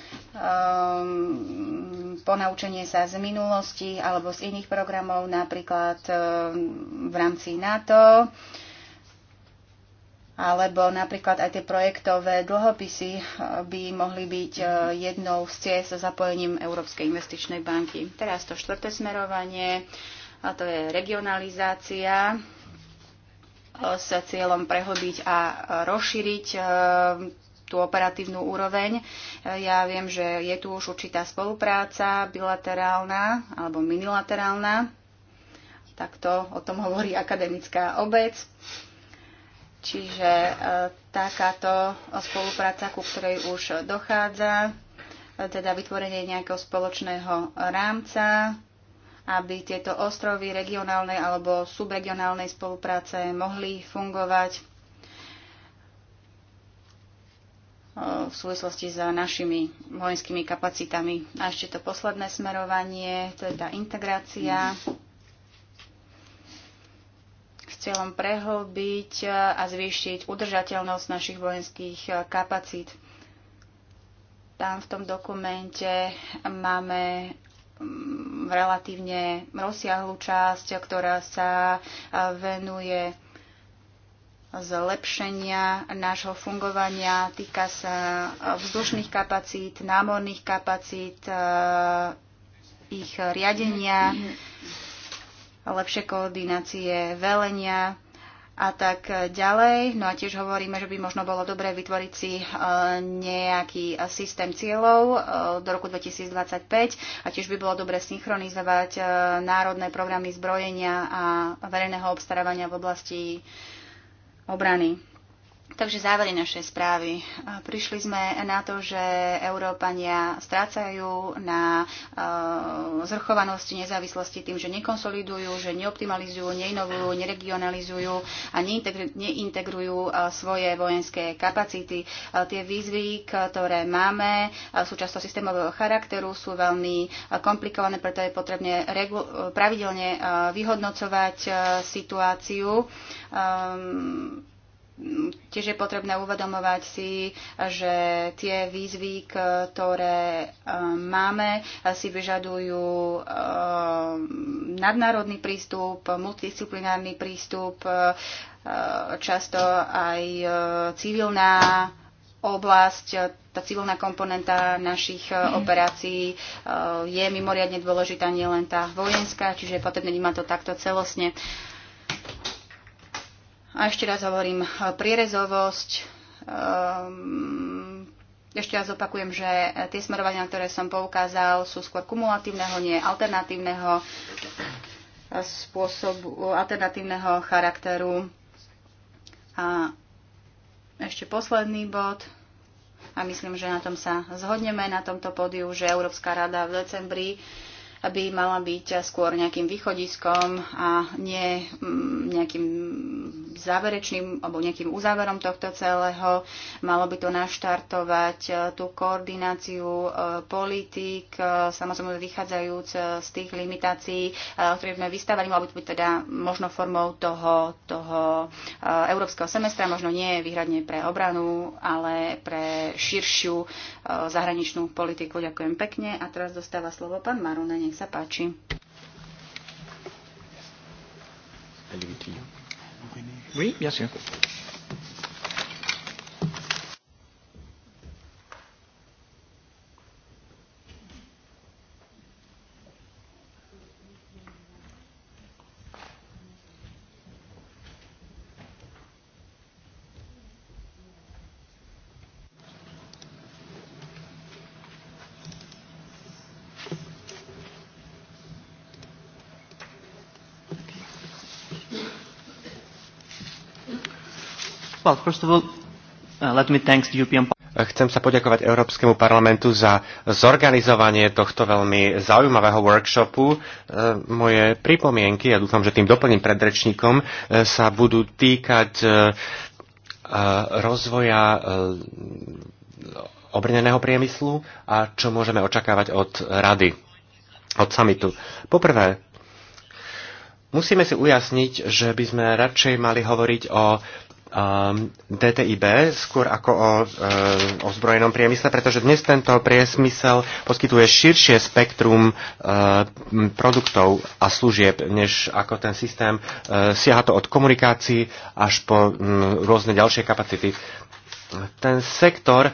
ponaučenie sa z minulosti alebo z iných programov, napríklad um, v rámci NATO. Um, alebo napríklad aj tie projektové dlhopisy eh, by mohli byť eh, jednou z ciest so zapojením Európskej investičnej banky. Teraz to štvrté smerovanie, a to je regionalizácia eh, s cieľom prehlbiť a rozšíriť tú operatívnu úroveň. Ja viem, že je tu už určitá spolupráca bilaterálna alebo minilaterálna. Takto o tom hovorí akademická obec. Čiže e, takáto spolupráca, ku ktorej už dochádza, e, teda vytvorenie nejakého spoločného rámca, aby tieto ostrovy regionálnej alebo subregionálnej spolupráce mohli fungovať e, v súvislosti s našimi vojenskými kapacitami. A ešte to posledné smerovanie, to je tá integrácia. Mm cieľom prehlbiť a zvýšiť udržateľnosť našich vojenských eh, kapacít. Tam v tom dokumente máme mm, relatívne rozsiahlu časť, ktorá sa eh, venuje zlepšenia nášho fungovania. Týka sa eh, vzdušných kapacít, námorných kapacít, ich riadenia lepšie koordinácie velenia a tak ďalej. No a tiež hovoríme, že by možno bolo dobré vytvoriť si e, nejaký systém cieľov e, do roku 2025 a tiež by bolo dobré synchronizovať e, národné programy zbrojenia a verejného obstarávania v oblasti obrany. Takže závery našej správy. Prišli sme na to, že Európania strácajú na e, zrchovanosti, nezávislosti tým, že nekonsolidujú, že neoptimalizujú, neinovujú, neregionalizujú a neintegrujú e, svoje vojenské kapacity. E, tie výzvy, ktoré máme, sú často systémového charakteru, sú veľmi komplikované, preto je potrebné pravidelne vyhodnocovať situáciu ehm, Tiež je potrebné uvedomovať si, že tie výzvy, ktoré e, máme, si vyžadujú e, nadnárodný prístup, multidisciplinárny prístup, e, často aj civilná oblasť, tá civilná komponenta našich mhm. operácií je mimoriadne dôležitá, nielen tá vojenská, čiže je potrebné vnímať to takto celosne. Uh, a ešte raz hovorím, e, prierezovosť, e, ešte raz opakujem, že tie smerovania, ktoré som poukázal, sú skôr kumulatívneho, nie alternatívneho e, spôsobu, alternatívneho charakteru. A ešte posledný bod, a myslím, že na tom sa zhodneme, na tomto pódiu, že Európska rada v decembri uh, by mala byť skôr nejakým východiskom a nie mm, nejakým záverečným alebo nejakým uzáverom tohto celého. Malo by to naštartovať e, tú koordináciu e, politík, e, samozrejme vychádzajúc z tých limitácií, ktoré sme vystavali. Malo by to byť teda možno formou toho, toho európskeho semestra, možno nie výhradne pre obranu, ale pre širšiu zahraničnú politiku. Ďakujem pekne. A teraz dostáva slovo pán Marunene. Nech sa páči. Oui, bien sûr. Well, first of all, uh, let me thank the European uh, Chcem sa poďakovať Európskemu parlamentu za zorganizovanie tohto veľmi zaujímavého workshopu. Uh, moje pripomienky, ja dúfam, že tým doplním predrečníkom, uh, sa budú týkať rozvoja obrneného priemyslu a čo môžeme očakávať od rady, od samitu. Poprvé, musíme si ujasniť, že by sme radšej mali hovoriť o Ehm, DTIB skôr ako o ehm, ozbrojenom priemysle, pretože dnes tento priemysel poskytuje širšie spektrum ehm, produktov a služieb, než ako ten systém siaha to od komunikácií až po mm, rôzne ďalšie kapacity. Ten sektor e,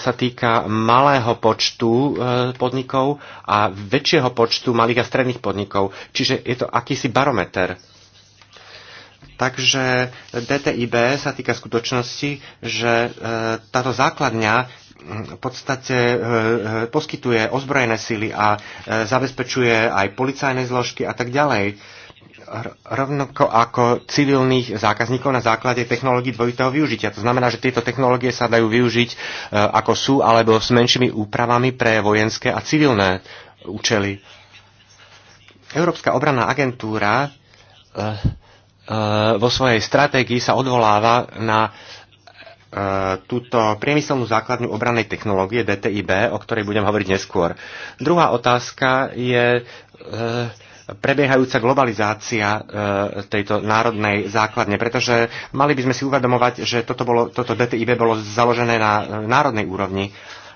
sa týka malého počtu e, podnikov a väčšieho počtu malých a stredných podnikov, čiže je to akýsi barometer. Takže DTIB sa týka skutočnosti, že e, táto základňa v podstate e, e, poskytuje ozbrojené sily a zabezpečuje aj policajné zložky a tak ďalej rovnako ako civilných zákazníkov na základe technológií dvojitého využitia. To znamená, že tieto technológie sa dajú využiť ako sú alebo s menšími úpravami pre vojenské a civilné účely. Európska obranná agentúra Eh, vo svojej stratégii sa odvoláva na eh, túto priemyselnú základňu obranej technológie DTIB, o ktorej budem hovoriť neskôr. Druhá otázka je eh, prebiehajúca globalizácia tejto národnej základne, pretože mali by sme si uvedomovať, že toto, bolo, toto DTIB bolo založené na národnej úrovni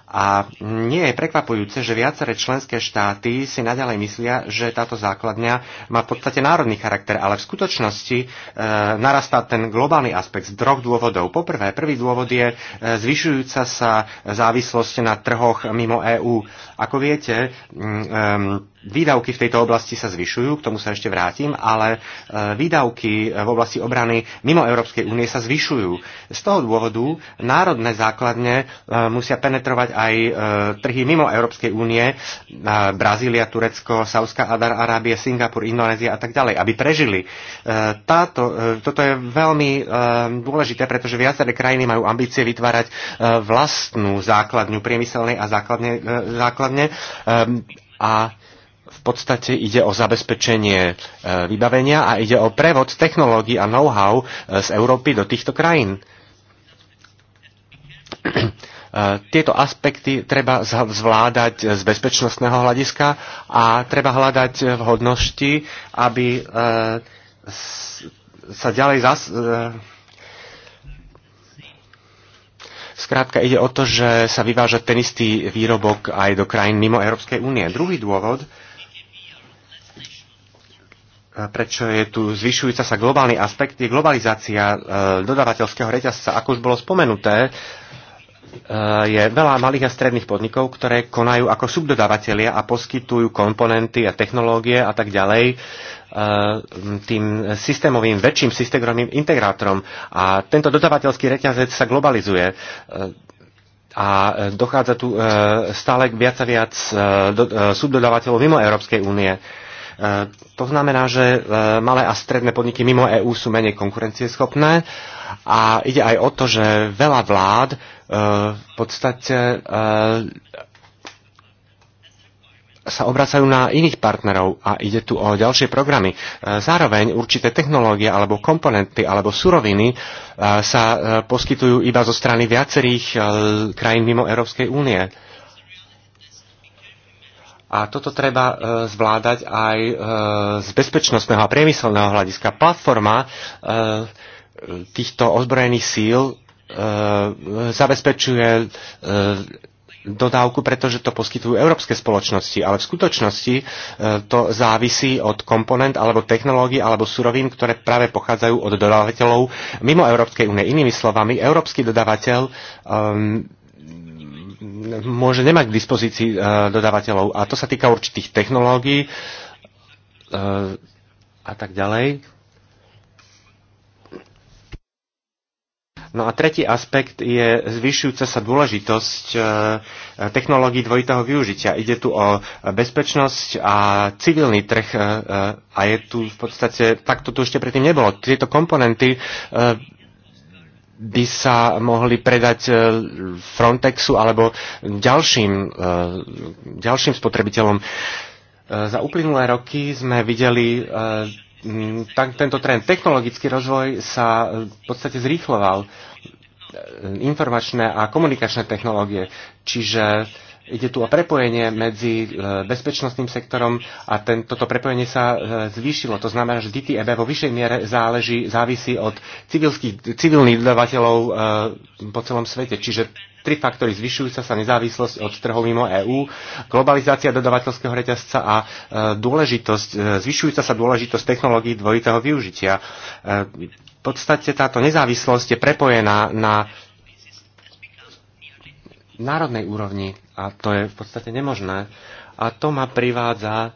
a nie je prekvapujúce, že viaceré členské štáty si naďalej myslia, že táto základňa má v podstate národný charakter, ale v skutočnosti e, narastá ten globálny aspekt z troch dôvodov. Poprvé, prvý dôvod je e, zvyšujúca sa závislosť na trhoch mimo EÚ. Ako viete, mm, výdavky v tejto oblasti sa zvyšujú, k tomu sa ešte vrátim, ale e, výdavky v oblasti obrany mimo Európskej únie sa zvyšujú. Z toho dôvodu národné základne e, musia penetrovať aj e, trhy mimo Európskej únie, Brazília, Turecko, Adar, Arábie, Singapur, Indonézia a tak ďalej, aby prežili. Táto, toto je veľmi dôležité, pretože viaceré krajiny majú ambície vytvárať vlastnú základňu priemyselnej a základne, základne um, A v podstate ide o zabezpečenie e, vybavenia a ide o prevod technológií a know-how e, z Európy do týchto krajín. <clears throat> E, tieto aspekty treba zvládať z bezpečnostného hľadiska a treba hľadať vhodnosti, aby sa ďalej zas, Skrátka ide o to, že sa vyváža ten istý výrobok aj do krajín mimo Európskej únie. Druhý dôvod, prečo je tu zvyšujúca sa globálny aspekt, je globalizácia e, dodavateľského reťazca. Ako už bolo spomenuté, e, je veľa malých a stredných podnikov, ktoré konajú ako subdodávateľia a poskytujú komponenty a technológie a tak ďalej E, tým systémovým, väčším systémovým integrátorom. A tento dodavateľský reťazec sa globalizuje e, a dochádza tu e, stále viac a viac subdodavateľov mimo Európskej únie. To znamená, že malé a stredné podniky mimo EÚ sú menej konkurencieschopné a ide aj o to, že veľa vlád v podstate sa obracajú na iných partnerov a ide tu o ďalšie programy. E, zároveň určité technológie alebo komponenty alebo suroviny e, sa e, poskytujú iba zo strany viacerých krajín mimo Európskej únie. A toto treba zvládať aj z bezpečnostného a priemyselného hľadiska. Platforma týchto ozbrojených síl zabezpečuje dodávku, pretože to poskytujú európske spoločnosti, ale v skutočnosti e, to závisí od komponent alebo technológií alebo surovín, ktoré práve pochádzajú od dodávateľov mimo Európskej únie. Inými slovami, európsky dodávateľ um, ehm, môže nemať k dispozícii uh, e, dodávateľov a to sa týka určitých technológií uh, a tak ďalej No a tretí aspekt je zvyšujúca sa dôležitosť e, technológií dvojitého využitia. Ide tu o bezpečnosť a civilný trh e, e, a je tu v podstate, takto tu ešte predtým nebolo. Tieto komponenty by sa mohli predať Frontexu alebo ďalším, ďalším spotrebiteľom. Za uplynulé roky sme videli Mm, tak tento trend. Technologický rozvoj sa v podstate zrýchloval informačné a komunikačné technológie. Čiže Ide tu o prepojenie medzi e, bezpečnostným sektorom a ten, toto prepojenie sa e, zvýšilo. To znamená, že DTEB vo vyššej miere záleží, závisí od civilných dodavateľov e, po celom svete. Čiže tri faktory zvyšujúca sa nezávislosť od trhov mimo EÚ, globalizácia dodavateľského reťazca a dôležitosť, zvyšujúca sa dôležitosť technológií dvojitého využitia. V podstate táto nezávislosť je prepojená na národnej úrovni a to je v podstate nemožné. A to ma privádza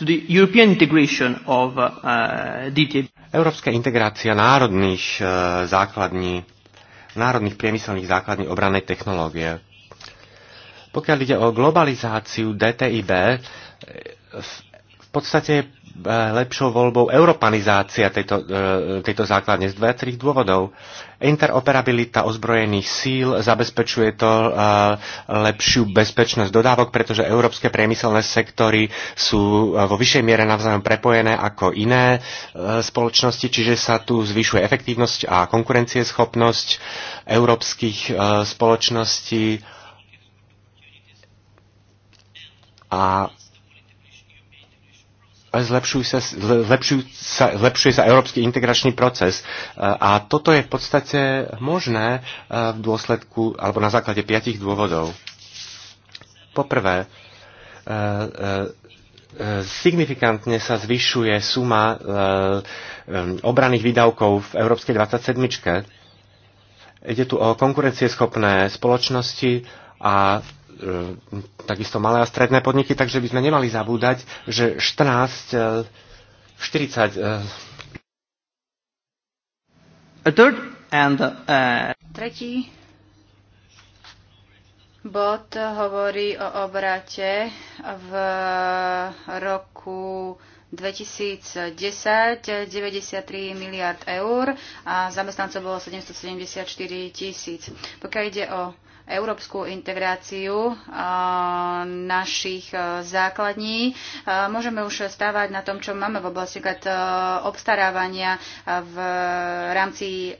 to the European integration of uh, Európska integrácia národných uh, základní, národných priemyselných základní obranej technológie. Pokiaľ ide o globalizáciu DTIB, v podstate je E, lepšou voľbou europanizácia tejto, e, tejto základne z viacerých dôvodov. Interoperabilita ozbrojených síl zabezpečuje to e, lepšiu bezpečnosť dodávok, pretože európske priemyselné sektory sú vo vyššej miere navzájom prepojené ako iné spoločnosti, čiže sa tu zvyšuje efektívnosť a konkurencieschopnosť európskych spoločností. A zlepšuje sa, zlepšujú sa, zlepšuje sa európsky integračný proces. E, a toto je v podstate možné e, v dôsledku alebo na základe piatich dôvodov. Poprvé, e, signifikantne sa zvyšuje suma obranných výdavkov v Európskej 27. Ide tu o konkurencieschopné spoločnosti a E, takisto malé a stredné podniky, takže by sme nemali zabúdať, že 14, 40... E, e, a third and, uh... Tretí bod hovorí o obrate v roku 2010 93 miliard eur a zamestnancov bolo 774 tisíc. Pokiaľ ide o európsku integráciu našich e, základní. E, môžeme už stávať na tom, čo máme v oblasti e, obstarávania v rámci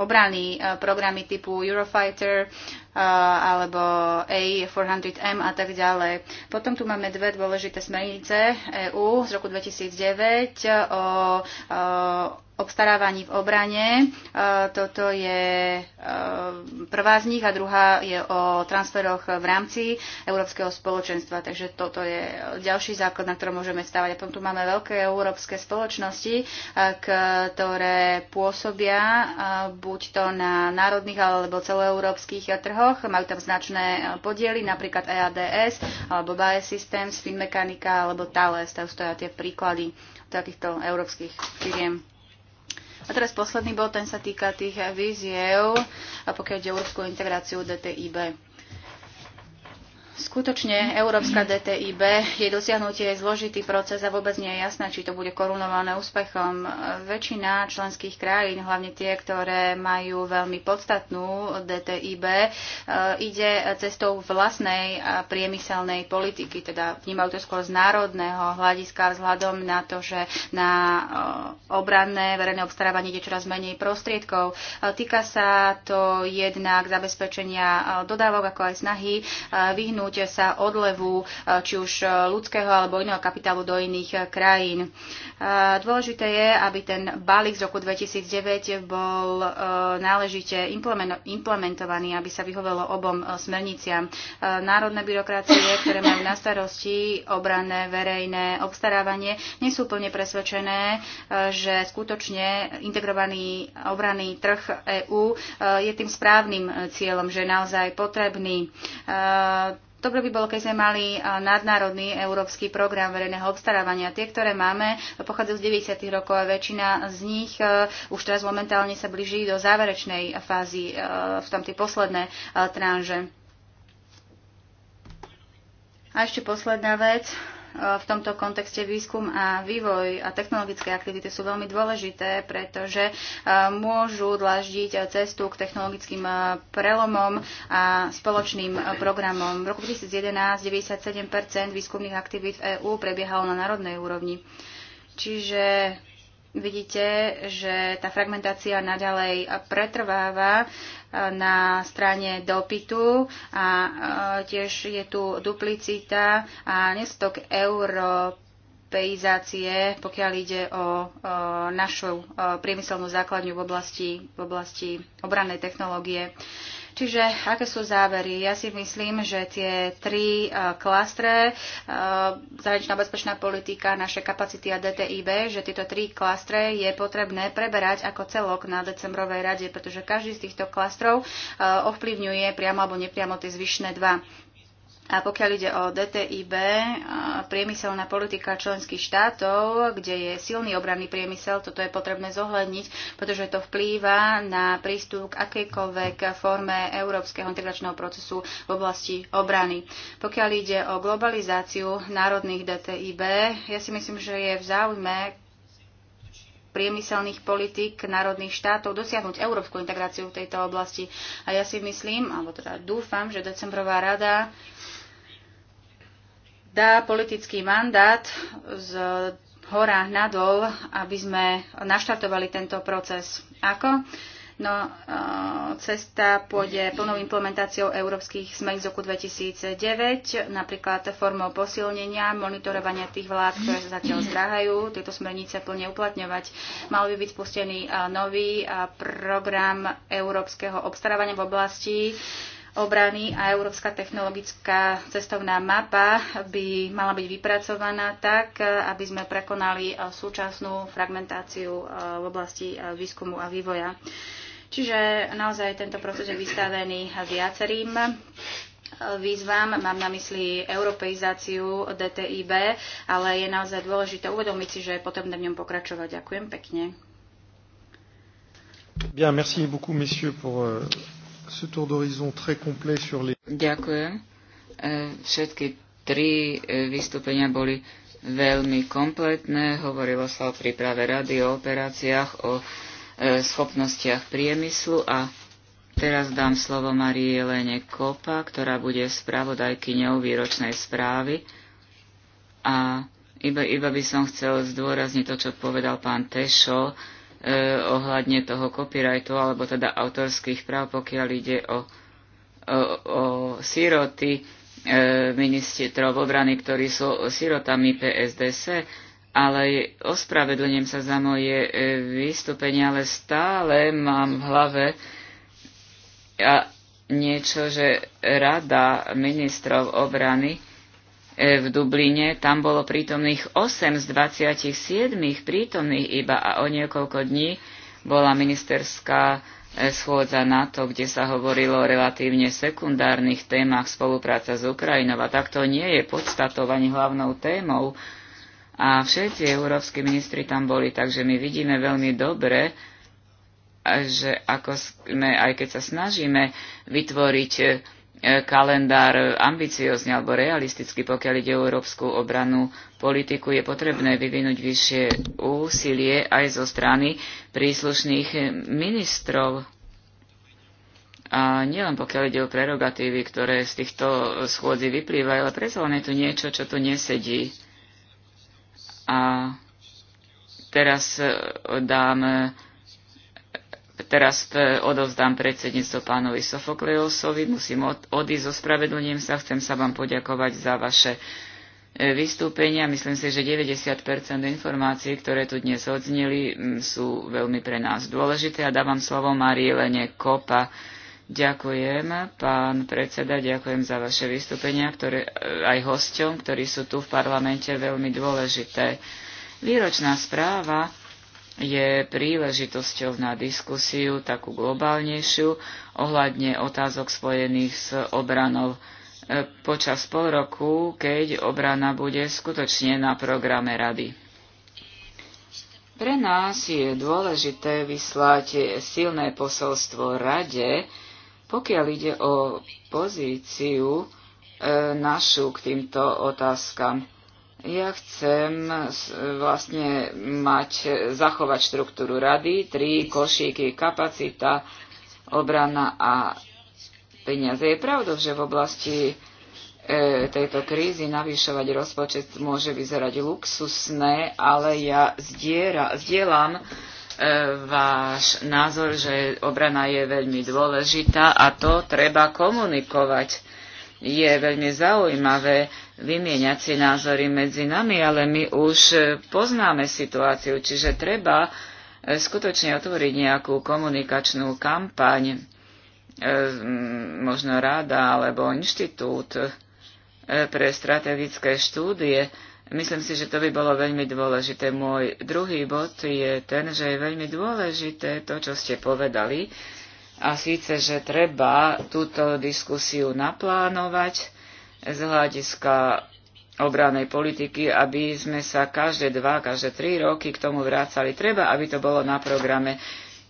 obrany programy typu Eurofighter, alebo A400M a tak ďalej. Potom tu máme dve dôležité smernice EÚ z roku 2009 o obstarávaní v obrane. E, toto je e, prvá z nich a druhá je o transferoch v rámci Európskeho spoločenstva. Takže toto je ďalší základ, na ktorom môžeme stávať. A potom tu máme veľké európske spoločnosti, e, ktoré pôsobia buď to na národných alebo celoeurópskych trhoch trhoch, majú tam značné e, podiely, napríklad EADS, alebo Bae Systems, Finmechanika, alebo Thales, tam stojí tie príklady takýchto európskych firiem. A teraz posledný bod, ten sa týka tých víziev, pokiaľ ide európsku integráciu DTIB. Skutočne Európska DTIB, jej dosiahnutie je zložitý proces a vôbec nie je jasné, či to bude korunované úspechom. Väčšina členských krajín, hlavne tie, ktoré majú veľmi podstatnú DTIB, e, ide cestou vlastnej priemyselnej politiky, teda vnímajú to skôr z národného hľadiska vzhľadom na to, že na e, obranné verejné obstarávanie ide čoraz menej prostriedkov. E, týka sa to jednak zabezpečenia dodávok, ako aj snahy vyhnúť vyhnúť sa odlevu e, či už e, ľudského alebo iného kapitálu do iných e, krajín. Dôležité je, aby ten balík z roku 2009 bol náležite implementovaný, aby sa vyhovelo obom smerniciam. Národné byrokracie, ktoré majú na starosti obrané verejné obstarávanie, nie sú plne presvedčené, že skutočne integrovaný obranný trh EÚ je tým správnym cieľom, že je naozaj potrebný. Dobre by bolo, keď sme mali nadnárodný európsky program verejného obstarávania. Tie, ktoré máme, pochádzajú z 90. rokov a väčšina z nich e, už teraz momentálne sa blíži do záverečnej fázy, e, v tam tie posledné e, tranže. A ešte posledná vec v tomto kontexte výskum a vývoj a technologické aktivity sú veľmi dôležité, pretože e, môžu dlaždiť cestu k technologickým e, prelomom a spoločným e, programom. V roku 2011 97 výskumných aktivít v EÚ prebiehalo na národnej úrovni. Čiže vidíte, že tá fragmentácia naďalej pretrváva e, na strane dopytu a e, tiež je tu duplicita a nestok europeizácie, pokiaľ ide o e, našu priemyselnú základňu v oblasti, v oblasti obrannej technológie. Čiže aké sú závery? Ja si myslím, že tie tri eh, klastre, eh, zahraničná bezpečná politika, naše kapacity a DTIB, že tieto tri klastre je potrebné preberať ako celok na decembrovej rade, pretože každý z týchto klastrov eh, ovplyvňuje priamo alebo nepriamo tie zvyšné dva. A pokiaľ ide o DTIB, priemyselná politika členských štátov, kde je silný obranný priemysel, toto je potrebné zohľadniť, pretože to vplýva na prístup k akejkoľvek forme európskeho integračného procesu v oblasti obrany. Pokiaľ ide o globalizáciu národných DTIB, ja si myslím, že je v záujme priemyselných politík národných štátov dosiahnuť európsku integráciu v tejto oblasti. A ja si myslím, alebo teda dúfam, že decembrová rada dá politický mandát z hora nadol, aby sme naštartovali tento proces. Ako? No, cesta pôjde plnou implementáciou európskych zmen z roku 2009, napríklad formou posilnenia, monitorovania tých vlád, ktoré sa zatiaľ zdráhajú, tieto smernice plne uplatňovať. Mal by byť spustený nový program európskeho obstarávania v oblasti obrany a Európska technologická cestovná mapa by mala byť vypracovaná tak, aby sme prekonali súčasnú fragmentáciu v oblasti výskumu a vývoja. Čiže naozaj tento proces je vystavený viacerým výzvam, mám na mysli europeizáciu DTIB, ale je naozaj dôležité uvedomiť si, že je potrebné v ňom pokračovať. Ďakujem pekne. Bien, merci beaucoup, messieurs, pour euh, ce tour d'horizon très complet sur les... Ďakujem. E, všetky tri e, vystúpenia boli veľmi kompletné. Hovorilo sa o príprave rady, o operáciách, o E, schopnostiach priemyslu a teraz dám slovo Marii Elene Kopa, ktorá bude spravodajkyňou výročnej správy a iba, iba by som chcel zdôrazniť to, čo povedal pán Tešo eh, ohľadne toho copyrightu alebo teda autorských práv, pokiaľ ide o, o, o síroty eh, ministrov obrany, ktorí sú sirotami PSDC ale ospravedlňujem sa za moje e, vystúpenie, ale stále mám v hlave a niečo, že Rada ministrov obrany e, v Dubline, tam bolo prítomných 8 z 27 prítomných iba a o niekoľko dní bola ministerská e, schôdza na to, kde sa hovorilo o relatívne sekundárnych témach spolupráca s Ukrajinou a takto nie je podstatou hlavnou témou a všetci európsky ministri tam boli, takže my vidíme veľmi dobre, že ako sme, aj keď sa snažíme vytvoriť e, kalendár ambiciozne alebo realisticky, pokiaľ ide o európsku obranú politiku, je potrebné vyvinúť vyššie úsilie aj zo strany príslušných ministrov. A nielen pokiaľ ide o prerogatívy, ktoré z týchto schôdzi vyplývajú, ale predsa len je tu niečo, čo tu nesedí. A teraz e, dám e, teraz e, odovzdám predsedníctvo pánovi Sofokleosovi. Musím odísť, ospravedlňujem sa. Chcem sa vám poďakovať za vaše vystúpenia. Myslím si, že 90 informácií, ktoré tu dnes odzneli, sú veľmi pre nás dôležité. A dávam slovo Lene Kopa, Ďakujem, pán predseda, ďakujem za vaše vystúpenia, ktoré, e, aj hosťom, ktorí sú tu v parlamente veľmi dôležité. Výročná správa je príležitosťou na diskusiu, takú globálnejšiu, ohľadne otázok spojených s obranou e, počas pol roku, keď obrana bude skutočne na programe rady. Pre nás je dôležité vyslať silné posolstvo rade, pokiaľ ide o pozíciu e, našu k týmto otázkam, ja chcem vlastne mať, zachovať štruktúru rady, tri košíky, kapacita, obrana a peniaze. Je pravdou, že v oblasti e, tejto krízy navýšovať rozpočet môže vyzerať luxusné, ale ja zdiera, zdieľam E, váš názor, že obrana je veľmi dôležitá a to treba komunikovať. Je veľmi zaujímavé vymieňať si názory medzi nami, ale my už e, poznáme situáciu, čiže treba e, skutočne otvoriť nejakú komunikačnú kampaň, možno rada alebo inštitút pre strategické štúdie, Myslím si, že to by bolo veľmi dôležité. Môj druhý bod je ten, že je veľmi dôležité to, čo ste povedali, a síce, že treba túto diskusiu naplánovať z hľadiska obranej politiky, aby sme sa každé dva, každé tri roky k tomu vrácali. Treba, aby to bolo na programe.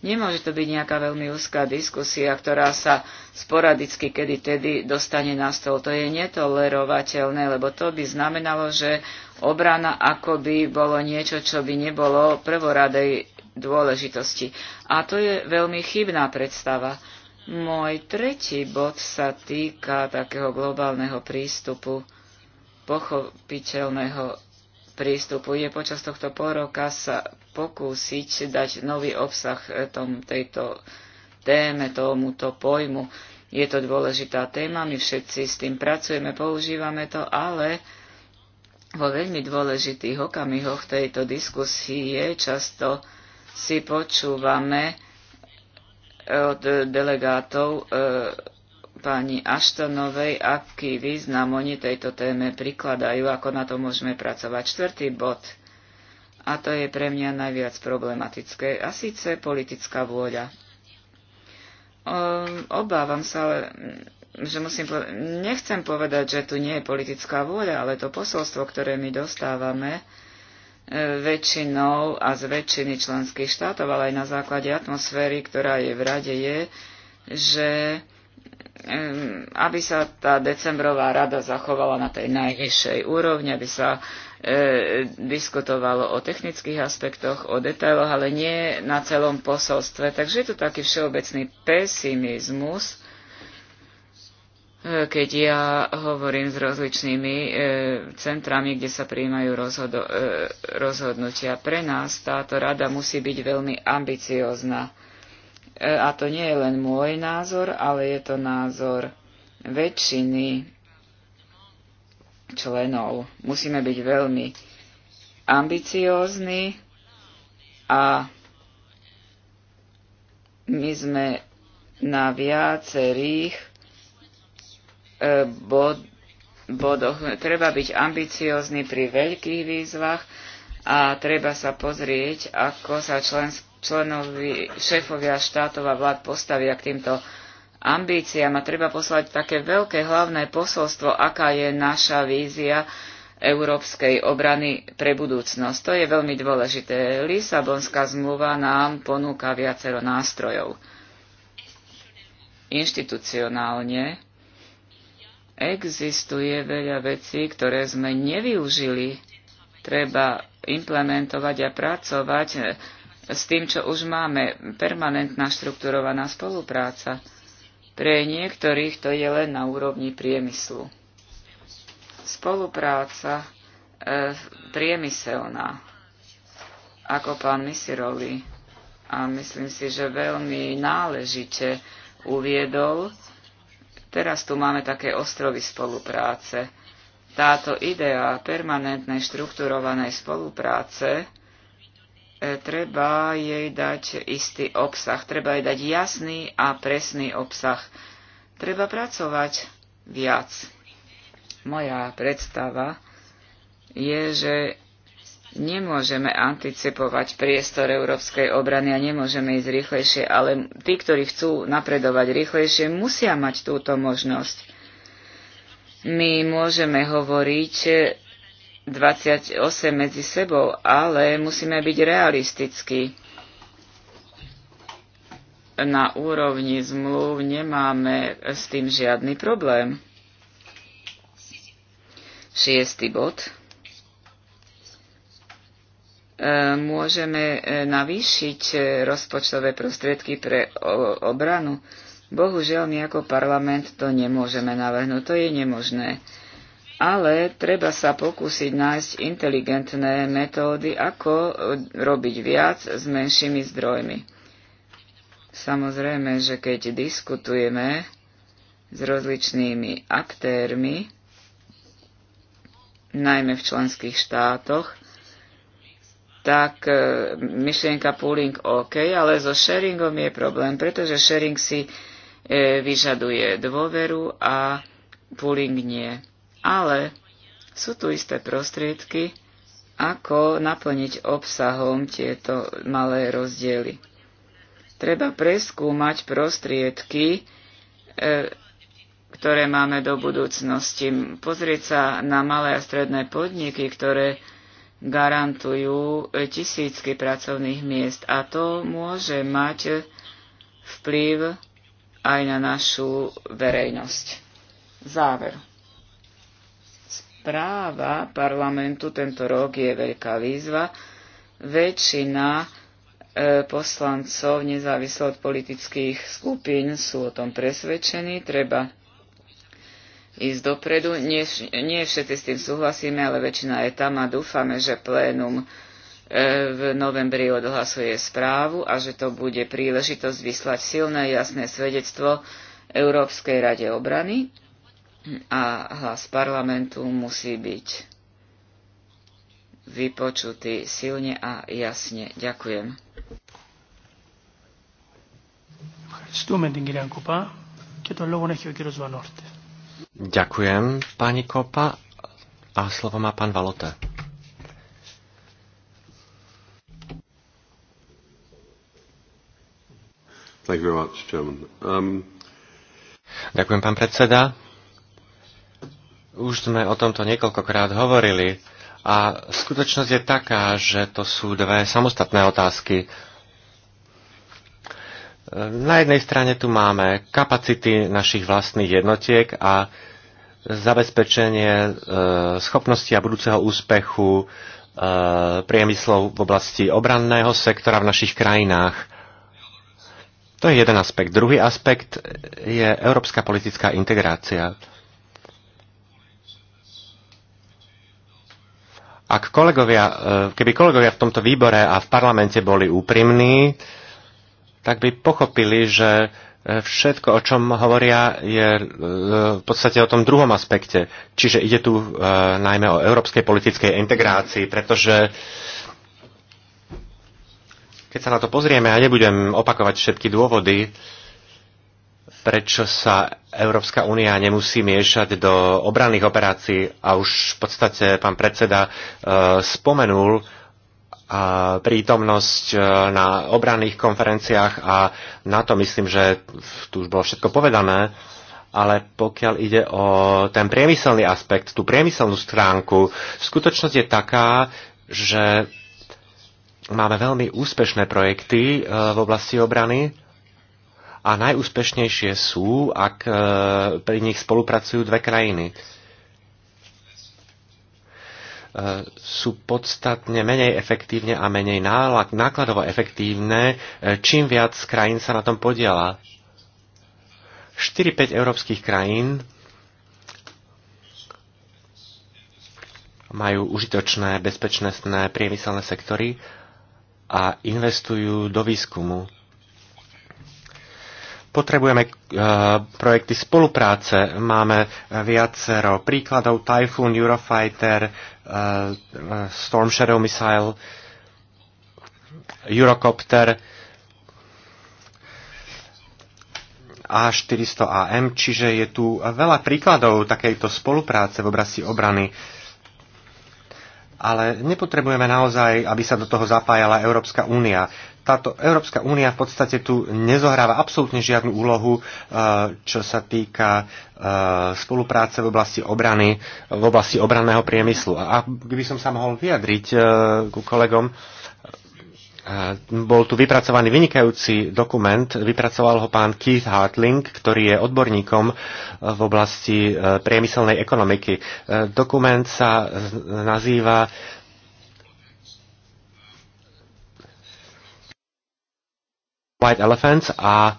Nemôže to byť nejaká veľmi úzká diskusia, ktorá sa sporadicky kedy tedy dostane na stôl. To je netolerovateľné, lebo to by znamenalo, že obrana akoby bolo niečo, čo by nebolo prvoradej dôležitosti. A to je veľmi chybná predstava. Môj tretí bod sa týka takého globálneho prístupu pochopiteľného prístupu. počas tohto pol roka sa pokúsiť dať nový obsah eh, tom, tejto téme, tomuto pojmu. Je to dôležitá téma, my všetci s tým pracujeme, používame to, ale vo veľmi dôležitých okamihoch tejto diskusie často si počúvame eh, od delegátov e, pani Aštonovej, aký význam oni tejto téme prikladajú, ako na to môžeme pracovať. Čtvrtý bod, a to je pre mňa najviac problematické, a síce politická vôľa. Ehm, obávam sa, ale mm, že musím povedať, nechcem povedať, že tu nie je politická vôľa, ale to posolstvo, ktoré my dostávame e, väčšinou a z väčšiny členských štátov, ale aj na základe atmosféry, ktorá je v rade, je, že aby sa tá decembrová rada zachovala na tej najnižšej úrovni, aby sa e, diskutovalo o technických aspektoch, o detailoch, ale nie na celom posolstve. Takže je tu taký všeobecný pesimizmus, e, keď ja hovorím s rozličnými e, centrami, kde sa prijímajú rozhodo, e, rozhodnutia. Pre nás táto rada musí byť veľmi ambiciozná. E, E, a to nie je len môj názor, ale je to názor väčšiny členov. Musíme byť veľmi ambiciózni a my sme na viacerých e, bod, bodoch. Treba byť ambiciózny pri veľkých výzvach a treba sa pozrieť, ako sa členské členovi, šéfovia štátov a vlád postavia k týmto ambíciám a treba poslať také veľké hlavné posolstvo, aká je naša vízia európskej obrany pre budúcnosť. To je veľmi dôležité. Lisabonská zmluva nám ponúka viacero nástrojov. Inštitucionálne existuje veľa vecí, ktoré sme nevyužili. Treba implementovať a pracovať s tým, čo už máme, permanentná štrukturovaná spolupráca. Pre niektorých to je len na úrovni priemyslu. Spolupráca e, priemyselná, ako pán Misiroli. A myslím si, že veľmi náležite uviedol. Teraz tu máme také ostrovy spolupráce. Táto idea permanentnej štrukturovanej spolupráce E, treba jej dať istý obsah, treba jej dať jasný a presný obsah. Treba pracovať viac. Moja predstava je, že nemôžeme anticipovať priestor európskej obrany a nemôžeme ísť rýchlejšie, ale tí, ktorí chcú napredovať rýchlejšie, musia mať túto možnosť. My môžeme hovoriť 28 medzi sebou, ale musíme byť realistickí. Na úrovni zmluv nemáme s tým žiadny problém. Šiestý bod. E, môžeme e, navýšiť e, rozpočtové prostriedky pre obranu. Bohužiaľ, my ako parlament to nemôžeme navrhnúť. To je nemožné ale treba sa pokúsiť nájsť inteligentné metódy, ako e, robiť viac s menšími zdrojmi. Samozrejme, že keď diskutujeme s rozličnými aktérmi, najmä v členských štátoch, tak e, myšlienka pooling OK, ale so sharingom je problém, pretože sharing si e, vyžaduje dôveru a pooling nie ale sú tu isté prostriedky, ako naplniť obsahom tieto malé rozdiely. Treba preskúmať prostriedky, e, ktoré máme do budúcnosti. Pozrieť sa na malé a stredné podniky, ktoré garantujú tisícky pracovných miest. A to môže mať vplyv aj na našu verejnosť. Záver práva parlamentu tento rok je veľká výzva. Väčšina e, poslancov, nezávisle od politických skupín, sú o tom presvedčení. Treba ísť dopredu. Nie, nie všetci s tým súhlasíme, ale väčšina je tam a dúfame, že plénum e, v novembri odhlasuje správu a že to bude príležitosť vyslať silné, jasné svedectvo Európskej rade obrany a hlas parlamentu musí byť vypočutý silne a jasne. Ďakujem. Ďakujem, pani Kopa. A slovo má pán Valote. Thank you very much, Um... Ďakujem, pán predseda. Už sme o tomto niekoľkokrát hovorili a skutočnosť je taká, že to sú dve samostatné otázky. Na jednej strane tu máme kapacity našich vlastných jednotiek a zabezpečenie e, schopnosti a budúceho úspechu e, priemyslov v oblasti obranného sektora v našich krajinách. To je jeden aspekt. Druhý aspekt je európska politická integrácia. Ak kolegovia, e, keby kolegovia v tomto výbore a v parlamente boli úprimní, tak by pochopili, že e, všetko, o čom hovoria, je e, v podstate o tom druhom aspekte. Čiže ide tu najmä o európskej politickej integrácii, pretože keď sa na to pozrieme, ja nebudem opakovať všetky dôvody, prečo sa Európska únia nemusí miešať do obranných operácií a už v podstate pán predseda e, spomenul e, prítomnosť e, na obranných konferenciách a na to myslím, že tu už bolo všetko povedané, ale pokiaľ ide o ten priemyselný aspekt, tú priemyselnú stránku, skutočnosť je taká, že máme veľmi úspešné projekty v oblasti obrany, a najúspešnejšie sú, ak e, pri nich spolupracujú dve krajiny e, sú podstatne menej efektívne a menej nákladovo efektívne, e, čím viac krajín sa na tom podiela. 4-5 európskych krajín majú užitočné, bezpečnostné priemyselné sektory a investujú do výskumu. Potrebujeme eh, projekty spolupráce. Máme eh, viacero príkladov. Typhoon, Eurofighter, eh, Storm Shadow Missile, Eurocopter A400AM, čiže je tu veľa príkladov takejto spolupráce v oblasti obrany. Ale nepotrebujeme naozaj, aby sa do toho zapájala Európska únia táto Európska únia v podstate tu nezohráva absolútne žiadnu úlohu, e, čo sa týka e, spolupráce v oblasti obrany, v oblasti obranného priemyslu. A keby som sa mohol vyjadriť e, ku kolegom, bol tu vypracovaný vynikajúci dokument, vypracoval ho pán Keith Hartling, ktorý je odborníkom v oblasti priemyselnej ekonomiky. Dokument sa nazýva White Elephants a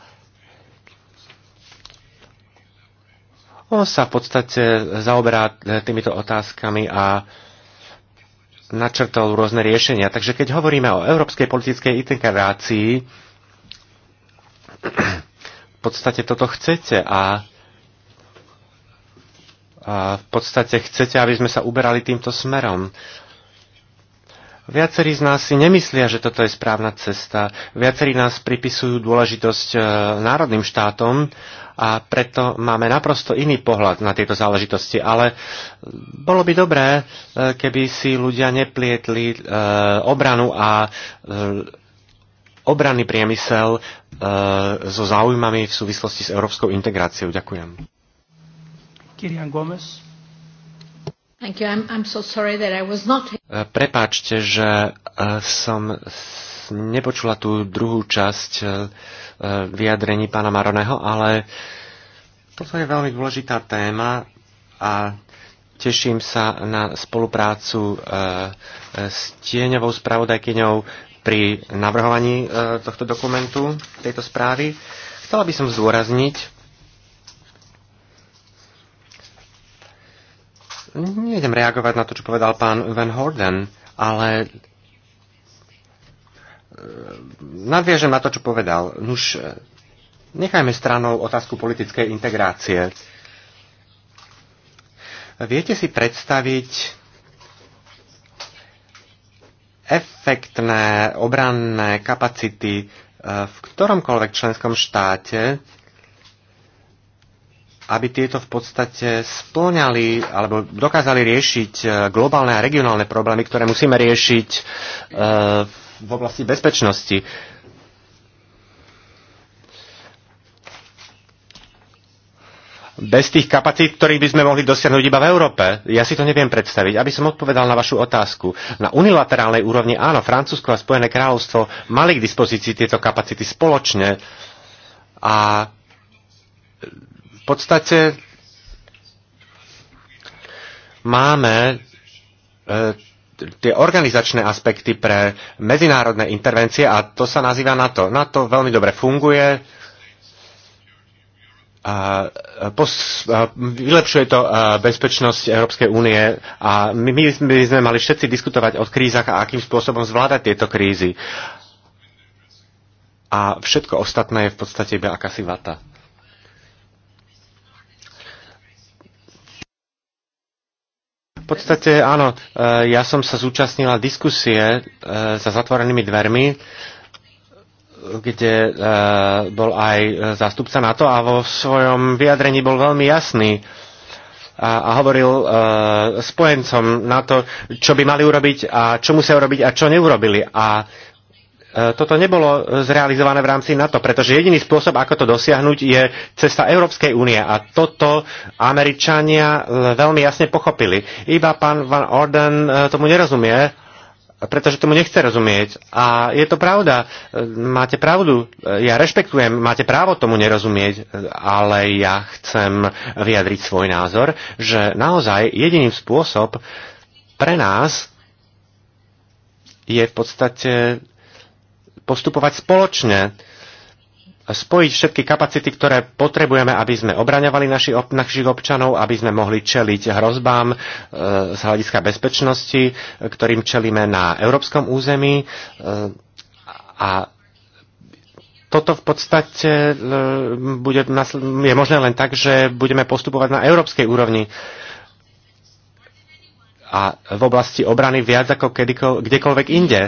on sa v podstate zaoberá eh, týmito otázkami a načrtol rôzne riešenia. Takže keď hovoríme o európskej politickej integrácii, v podstate toto chcete a, a v podstate chcete, aby sme sa uberali týmto smerom. Viacerí z nás si nemyslia, že toto je správna cesta. Viacerí nás pripisujú dôležitosť e, národným štátom a preto máme naprosto iný pohľad na tieto záležitosti. Ale bolo by dobré, e, keby si ľudia neplietli e, obranu a obranný priemysel so záujmami v súvislosti s európskou integráciou. Ďakujem. Kirian Gomez. E, prepáčte, že e, som nepočula tú druhú časť e, vyjadrení pána Maroneho, ale toto je veľmi dôležitá téma a teším sa na spoluprácu s tieňovou spravodajkyňou pri navrhovaní tohto dokumentu, tejto správy. Chcela by som zdôrazniť, Nejdem reagovať na to, čo povedal pán Van Horden, ale eh, nadviežem na to, čo povedal. Nuž, eh, nechajme stranou otázku politickej integrácie. Viete si predstaviť efektné obranné kapacity eh, v ktoromkoľvek členskom štáte, aby tieto v podstate splňali alebo dokázali riešiť e, globálne a regionálne problémy, ktoré musíme riešiť e, v oblasti bezpečnosti. Bez tých kapacít, ktorých by sme mohli dosiahnuť iba v Európe, ja si to neviem predstaviť. Aby som odpovedal na vašu otázku, na unilaterálnej úrovni áno, Francúzsko a Spojené kráľovstvo mali k dispozícii tieto kapacity spoločne a podstate máme e, tie organizačné aspekty pre medzinárodné intervencie a to sa nazýva NATO. NATO veľmi dobre funguje, a e, pos, a e, vylepšuje to bezpečnosť Európskej únie a my, my by sme mali všetci diskutovať o krízach a akým spôsobom zvládať tieto krízy. A všetko ostatné je v podstate iba akási vata. V podstate áno, e, ja som sa zúčastnila diskusie e, za zatvorenými dvermi, kde e, bol aj zástupca NATO a vo svojom vyjadrení bol veľmi jasný a, a hovoril uh, spojencom na to, čo by mali urobiť a čo musia urobiť a čo neurobili. A E, toto nebolo zrealizované v rámci NATO, pretože jediný spôsob, ako to dosiahnuť, je cesta Európskej únie a toto Američania e, veľmi jasne pochopili. Iba pán Van Orden e, tomu nerozumie, pretože tomu nechce rozumieť. A je to pravda. Máte pravdu. Ja rešpektujem, máte právo tomu nerozumieť, ale ja chcem vyjadriť svoj názor, že naozaj jediný spôsob pre nás je v podstate postupovať spoločne, spojiť všetky kapacity, ktoré potrebujeme, aby sme obraňovali naši, našich občanov, aby sme mohli čeliť hrozbám e, z hľadiska bezpečnosti, e, ktorým čelíme na európskom území. E, a toto v podstate e, bude, je možné len tak, že budeme postupovať na európskej úrovni a v oblasti obrany viac ako kedyko, kdekoľvek inde.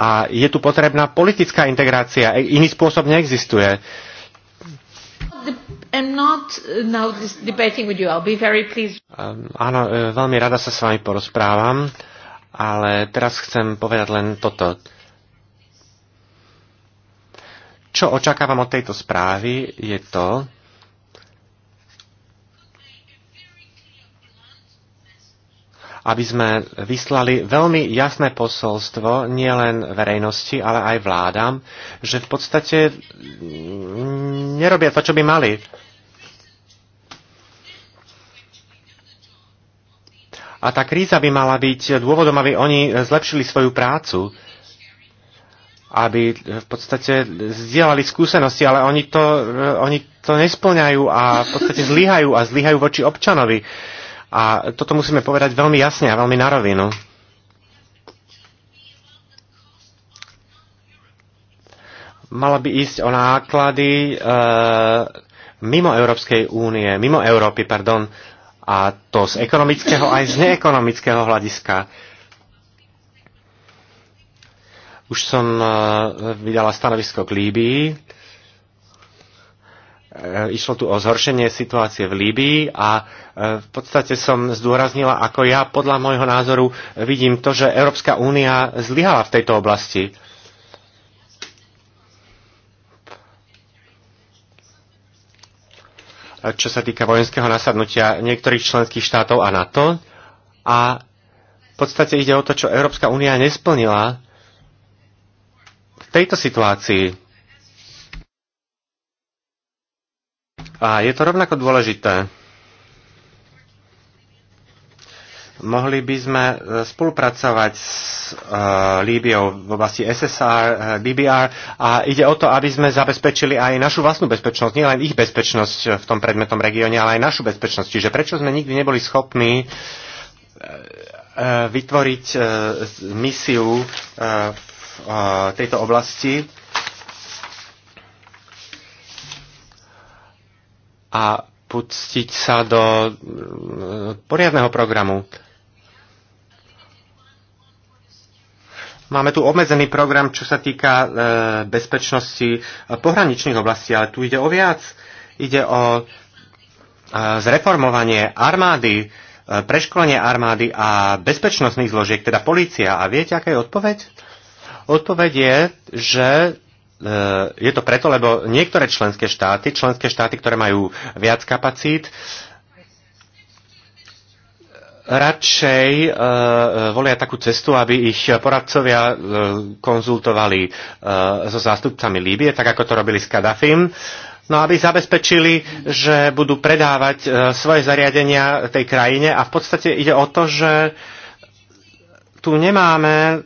A je tu potrebná politická integrácia. E, iný spôsob neexistuje. Áno, veľmi rada sa s vami porozprávam, ale teraz chcem povedať len toto čo očakávam od tejto správy, je to, aby sme vyslali veľmi jasné posolstvo nielen verejnosti, ale aj vládam, že v podstate nerobia to, čo by mali. A tá kríza by mala byť dôvodom, aby oni zlepšili svoju prácu, aby v podstate zdieľali skúsenosti, ale oni to, oni to nesplňajú a v podstate zlyhajú a zlyhajú voči občanovi a toto musíme povedať veľmi jasne a veľmi na rovinu. Mala by ísť o náklady e, mimo Európskej únie, mimo Európy, pardon, a to z ekonomického aj z neekonomického hľadiska. Už som e, vydala stanovisko k Líbii. E, išlo tu o zhoršenie situácie v Líbii a E, v podstate som zdôraznila, ako ja podľa môjho názoru vidím to, že Európska únia zlyhala v tejto oblasti. E, čo sa týka vojenského nasadnutia niektorých členských štátov a NATO. A v podstate ide o to, čo Európska únia nesplnila v tejto situácii. A je to rovnako dôležité. Mohli by sme e, spolupracovať s e, Líbiou v oblasti SSR, e, BBR a ide o to, aby sme zabezpečili aj našu vlastnú bezpečnosť, nielen ich bezpečnosť v tom predmetom regióne, ale aj našu bezpečnosť. Čiže prečo sme nikdy neboli schopní vytvoriť misiu v tejto oblasti a pustiť sa do poriadného programu. Máme tu obmedzený program, čo sa týka e, bezpečnosti e, pohraničných oblastí, ale tu ide o viac. Ide o e, zreformovanie armády, preškolenie armády a bezpečnostných zložiek, teda policia. A viete, aká je odpoveď? Odpoveď je, že je to preto, lebo niektoré členské štáty, členské štáty, ktoré majú viac kapacít, radšej eh, eh, volia takú cestu, aby ich poradcovia eh, konzultovali so zástupcami Líbie, tak ako to robili s Kadafim, no aby zabezpečili, že budú predávať svoje zariadenia tej krajine a v podstate ide o to, že tu nemáme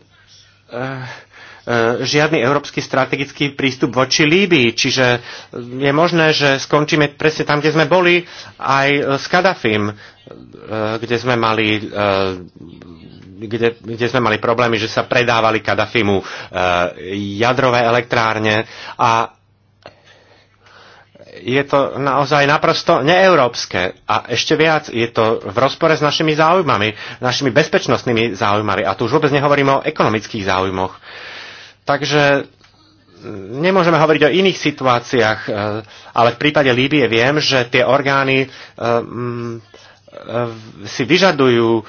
E, žiadny európsky strategický prístup voči Líbii. Čiže je možné, že skončíme presne tam, kde sme boli, aj s Kadafim, e, kde sme mali e, kde, kde sme mali problémy, že sa predávali Kadafimu jadrové elektrárne a je to naozaj naprosto neeurópske a ešte viac je to v rozpore s našimi záujmami, našimi bezpečnostnými záujmami a tu už vôbec nehovorím o ekonomických záujmoch. Uh, Takže e, nemôžeme hovoriť o iných situáciách, e, ale v prípade Líbie viem, že tie orgány e, si vyžadujú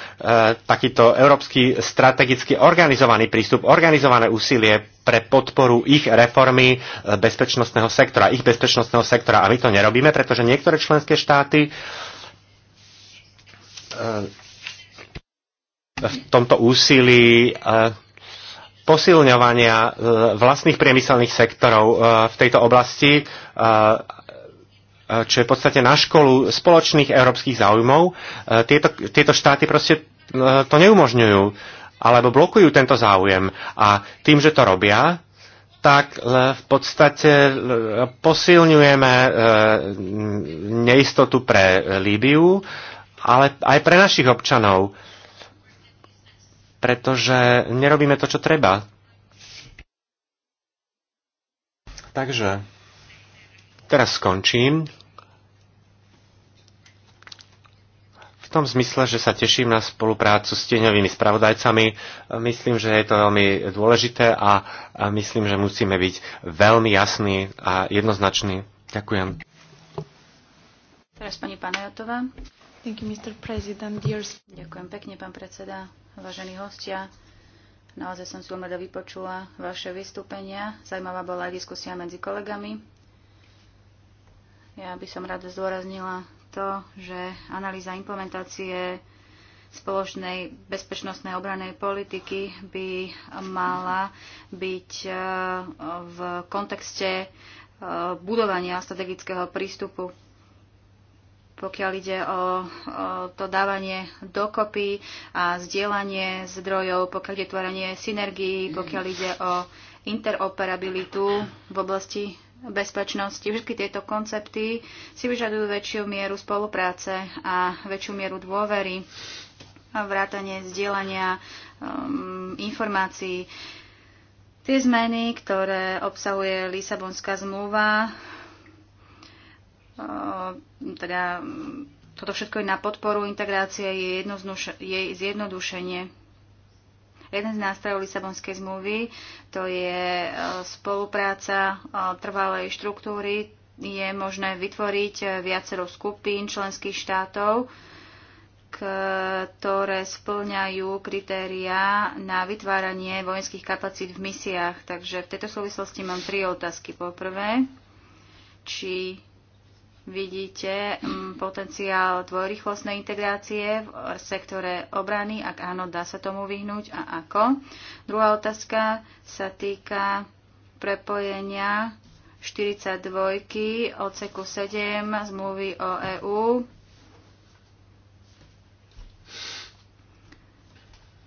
takýto európsky strategicky organizovaný prístup, organizované úsilie pre podporu ich reformy bezpečnostného sektora, ich bezpečnostného sektora. A my to nerobíme, pretože niektoré členské štáty v tomto úsilí posilňovania e, vlastných priemyselných sektorov e, v tejto oblasti, e, čo je v podstate na školu spoločných európskych záujmov. Tieto, tieto štáty proste to neumožňujú alebo blokujú tento záujem. A tým, že to robia, tak v podstate posilňujeme neistotu pre Líbiu, ale aj pre našich občanov pretože nerobíme to, čo treba. Takže teraz skončím. V tom zmysle, že sa teším na spoluprácu s tieňovými spravodajcami. Myslím, že je to veľmi dôležité a myslím, že musíme byť veľmi jasní a jednoznační. Ďakujem. Teraz pani Panajotová. Thank you, Mr. President. Ďakujem pekne, pán predseda vážení hostia. Naozaj som si veľmi vypočula vaše vystúpenia. Zajímavá bola aj diskusia medzi kolegami. Ja by som rada zdôraznila to, že analýza implementácie spoločnej bezpečnostnej obranej politiky by mala byť e, v kontexte e, budovania strategického prístupu pokiaľ ide o, o to dávanie dokopy a zdieľanie zdrojov, pokiaľ ide tvorenie synergií, pokiaľ ide o interoperabilitu v oblasti bezpečnosti. Všetky tieto koncepty si vyžadujú väčšiu mieru spolupráce a väčšiu mieru dôvery a vrátanie zdieľania um, informácií. Tie zmeny, ktoré obsahuje Lisabonská zmluva, Ehm, teda mm, toto všetko je na podporu integrácie, je jej zjednodušenie. Jeden z nástrojov Lisabonskej zmluvy to je e, spolupráca e, trvalej štruktúry. Je možné vytvoriť e, viacero skupín členských štátov, ktoré splňajú kritériá na vytváranie vojenských kapacít v misiách. Takže v tejto súvislosti mám tri otázky. Poprvé, či vidíte mm, potenciál dvojrychlostnej integrácie v sektore obrany? Ak áno, dá sa tomu vyhnúť a ako? Druhá otázka sa týka prepojenia 42 odseku 7 zmluvy o EÚ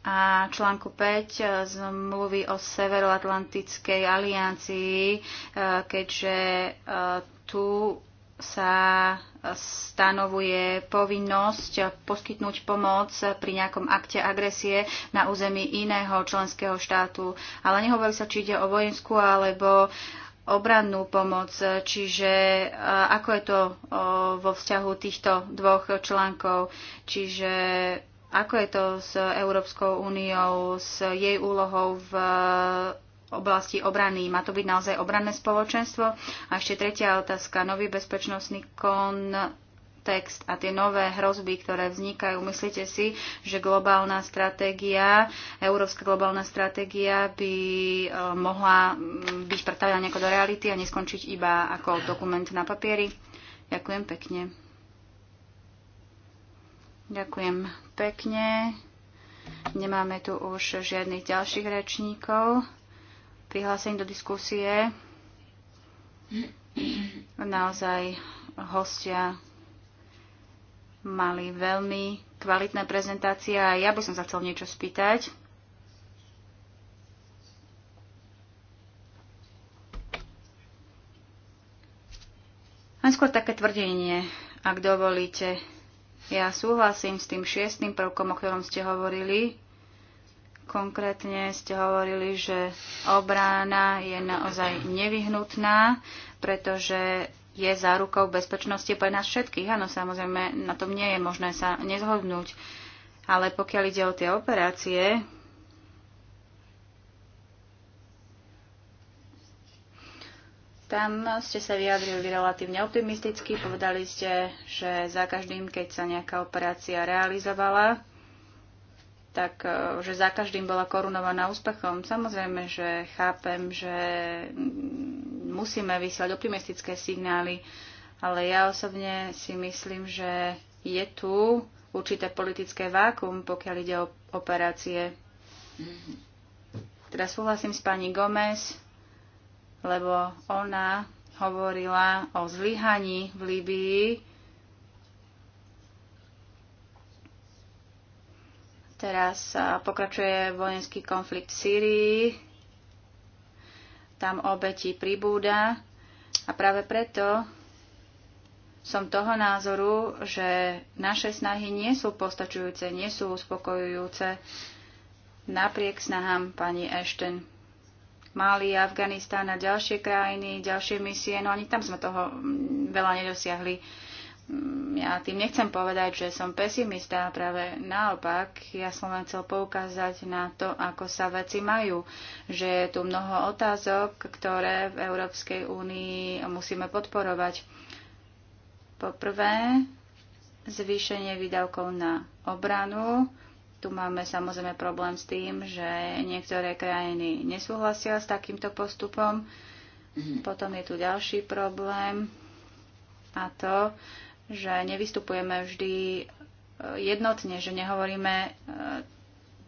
a článku 5 zmluvy o Severoatlantickej aliancii, e, keďže e, tu sa stanovuje povinnosť poskytnúť pomoc pri nejakom akte agresie na území iného členského štátu. Ale nehovorí sa, či ide o vojenskú alebo obrannú pomoc, čiže ako je to vo vzťahu týchto dvoch článkov, čiže ako je to s Európskou úniou, s jej úlohou v oblasti obrany. Má to byť naozaj obranné spoločenstvo? A ešte tretia otázka. Nový bezpečnostný kon text a tie nové hrozby, ktoré vznikajú. Myslíte si, že globálna stratégia, európska globálna stratégia by e, mohla byť pretavená nejako do reality a neskončiť iba ako dokument na papieri? Ďakujem pekne. Ďakujem pekne. Nemáme tu už žiadnych ďalších rečníkov prihlásení do diskusie. Naozaj hostia mali veľmi kvalitné prezentácie a ja by som sa chcel niečo spýtať. Len skôr také tvrdenie, ak dovolíte. Ja súhlasím s tým šiestým prvkom, o ktorom ste hovorili, Konkrétne ste hovorili, že obrana je naozaj nevyhnutná, pretože je zárukou bezpečnosti pre nás všetkých. Áno, samozrejme, na tom nie je možné sa nezhodnúť. Ale pokiaľ ide o tie operácie, Tam ste sa vyjadrili relatívne optimisticky, povedali ste, že za každým, keď sa nejaká operácia realizovala, tak e, že za každým bola korunovaná úspechom. Samozrejme, že chápem, že musíme vysielať optimistické signály, ale ja osobne si myslím, že je tu určité politické vákum, pokiaľ ide o operácie. Teda súhlasím s pani Gomez, lebo ona hovorila o zlyhaní v Líbii Teraz pokračuje vojenský konflikt v Sýrii. Tam obeti pribúda. A práve preto som toho názoru, že naše snahy nie sú postačujúce, nie sú uspokojujúce napriek snahám pani Ashton. Mali, Afganistán a ďalšie krajiny, ďalšie misie, no ani tam sme toho mm, veľa nedosiahli. Mm, ja tým nechcem povedať, že som pesimista, práve naopak, ja som len chcel poukázať na to, ako sa veci majú, že je tu mnoho otázok, ktoré v Európskej únii musíme podporovať. Poprvé, zvýšenie výdavkov na obranu. Tu máme samozrejme problém s tým, že niektoré krajiny nesúhlasia s takýmto postupom. Potom je tu ďalší problém a to, že nevystupujeme vždy eh, jednotne, že nehovoríme eh,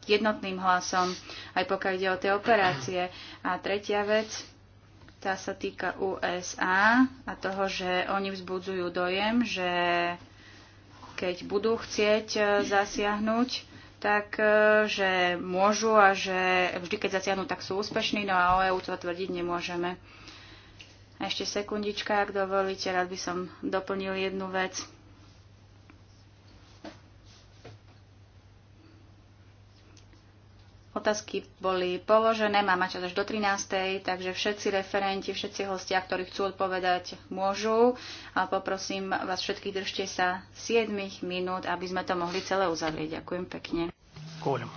jednotným hlasom, aj pokiaľ ide o tie operácie. A tretia vec, tá sa týka USA a toho, že oni vzbudzujú dojem, že keď budú chcieť eh, zasiahnuť, tak že môžu a že vždy, keď zasiahnu, tak sú úspešní, no a o EU to tvrdiť nemôžeme. Ešte sekundička, ak dovolíte, rád by som doplnil jednu vec. Otázky boli položené, máme čas až do 13. Takže všetci referenti, všetci hostia, ktorí chcú odpovedať, môžu. A poprosím vás všetkých, držte sa 7 minút, aby sme to mohli celé uzavrieť. Ďakujem pekne. Kúrim.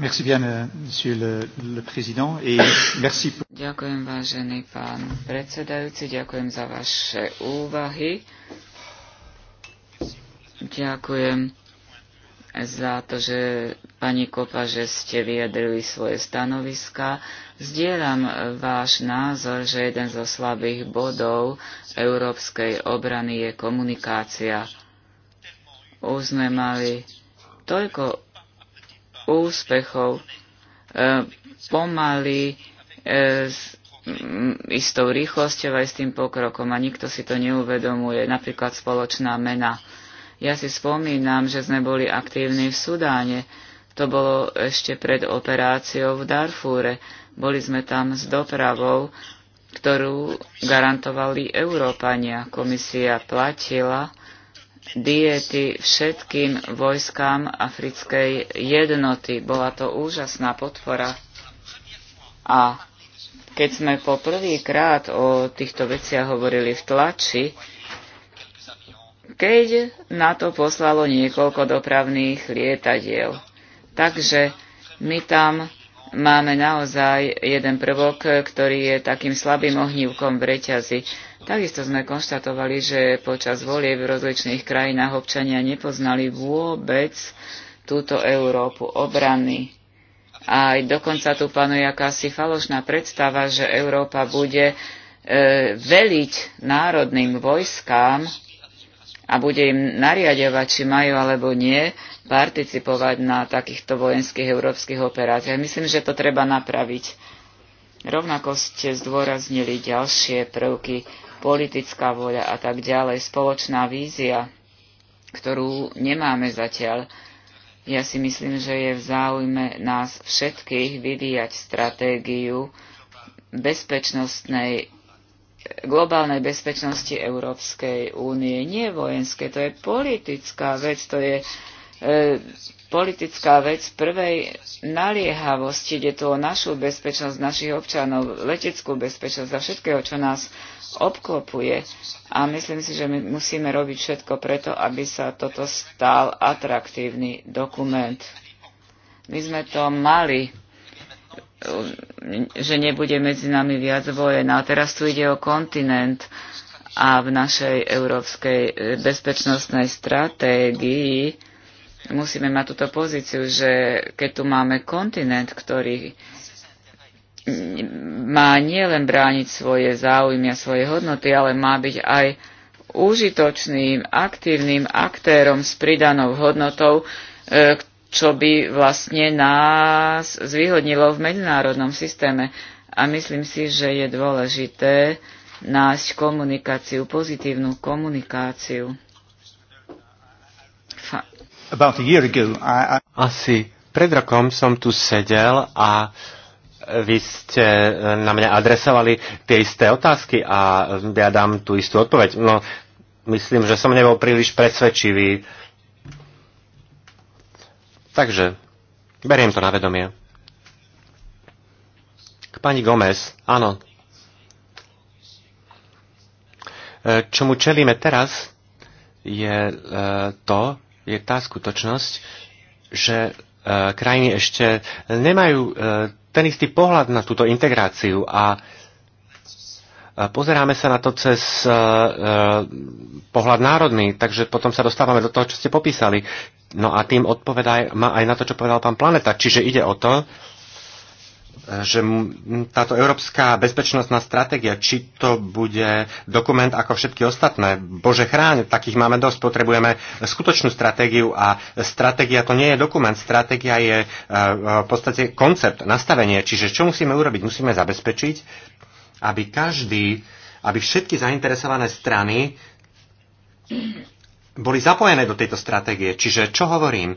Merci bien, euh, monsieur le, le président, et merci pour... Ďakujem, vážený pán predsedajúci, ďakujem za vaše úvahy. Ďakujem za to, že pani Kopa, že ste vyjadrili svoje stanoviska. Zdieľam e, váš názor, že jeden zo slabých bodov európskej obrany je komunikácia. Už sme mali toľko úspechov. E, pomaly, e, s istou rýchlosťou aj s tým pokrokom a nikto si to neuvedomuje. Napríklad spoločná mena. Ja si spomínam, že sme boli aktívni v Sudáne. To bolo ešte pred operáciou v Darfúre. Boli sme tam s dopravou, ktorú garantovali Európania. Komisia platila diety všetkým vojskám africkej jednoty. Bola to úžasná podpora. A keď sme poprvýkrát o týchto veciach hovorili v tlači, keď na to poslalo niekoľko dopravných lietadiel. Takže my tam máme naozaj jeden prvok, ktorý je takým slabým ohnívkom v reťazi. Takisto sme konštatovali, že počas volie v rozličných krajinách občania nepoznali vôbec túto Európu obrany. A aj dokonca tu panuje akási falošná predstava, že Európa bude e, veliť národným vojskám, a bude im nariadovať, či majú alebo nie participovať na takýchto vojenských európskych operáciách. Myslím, že to treba napraviť. Rovnako ste zdôraznili ďalšie prvky, politická voľa a tak ďalej, spoločná vízia, ktorú nemáme zatiaľ. Ja si myslím, že je v záujme nás všetkých vyvíjať stratégiu bezpečnostnej globálnej bezpečnosti Európskej únie. Nie vojenské, to je politická vec, to je e, politická vec prvej naliehavosti. Ide tu o našu bezpečnosť, našich občanov, leteckú bezpečnosť a všetkého, čo nás obklopuje. A myslím si, že my musíme robiť všetko preto, aby sa toto stal atraktívny dokument. My sme to mali že nebude medzi nami viac vojen. A teraz tu ide o kontinent a v našej európskej e, bezpečnostnej stratégii musíme mať túto pozíciu, že keď tu máme kontinent, ktorý má nielen brániť svoje záujmy a svoje hodnoty, ale má byť aj užitočným, aktívnym aktérom s pridanou hodnotou, e, čo by vlastne nás zvýhodnilo v medzinárodnom systéme. A myslím si, že je dôležité nájsť komunikáciu, pozitívnu komunikáciu. Asi pred rokom som tu sedel a vy ste eh, na mňa adresovali tie isté otázky a ja dám tú istú odpoveď. No, myslím, že som nebol príliš presvedčivý Takže beriem to na vedomie. K pani Gomez, áno. E, čomu čelíme teraz, je e, to, je tá skutočnosť, že e, krajiny ešte nemajú ten istý pohľad na túto integráciu a pozeráme sa na to cez pohľad národný, takže potom sa dostávame do toho, čo ste popísali. No a tým odpovedá aj na to, čo povedal pán Planeta. Čiže ide o to, že táto európska bezpečnostná stratégia, či to bude dokument ako všetky ostatné, bože chráň, takých máme dosť, potrebujeme skutočnú stratégiu a stratégia to nie je dokument, stratégia je e, e, v podstate koncept, nastavenie, čiže čo musíme urobiť? Musíme zabezpečiť, aby každý, aby všetky zainteresované strany boli zapojené do tejto stratégie. Čiže čo hovorím?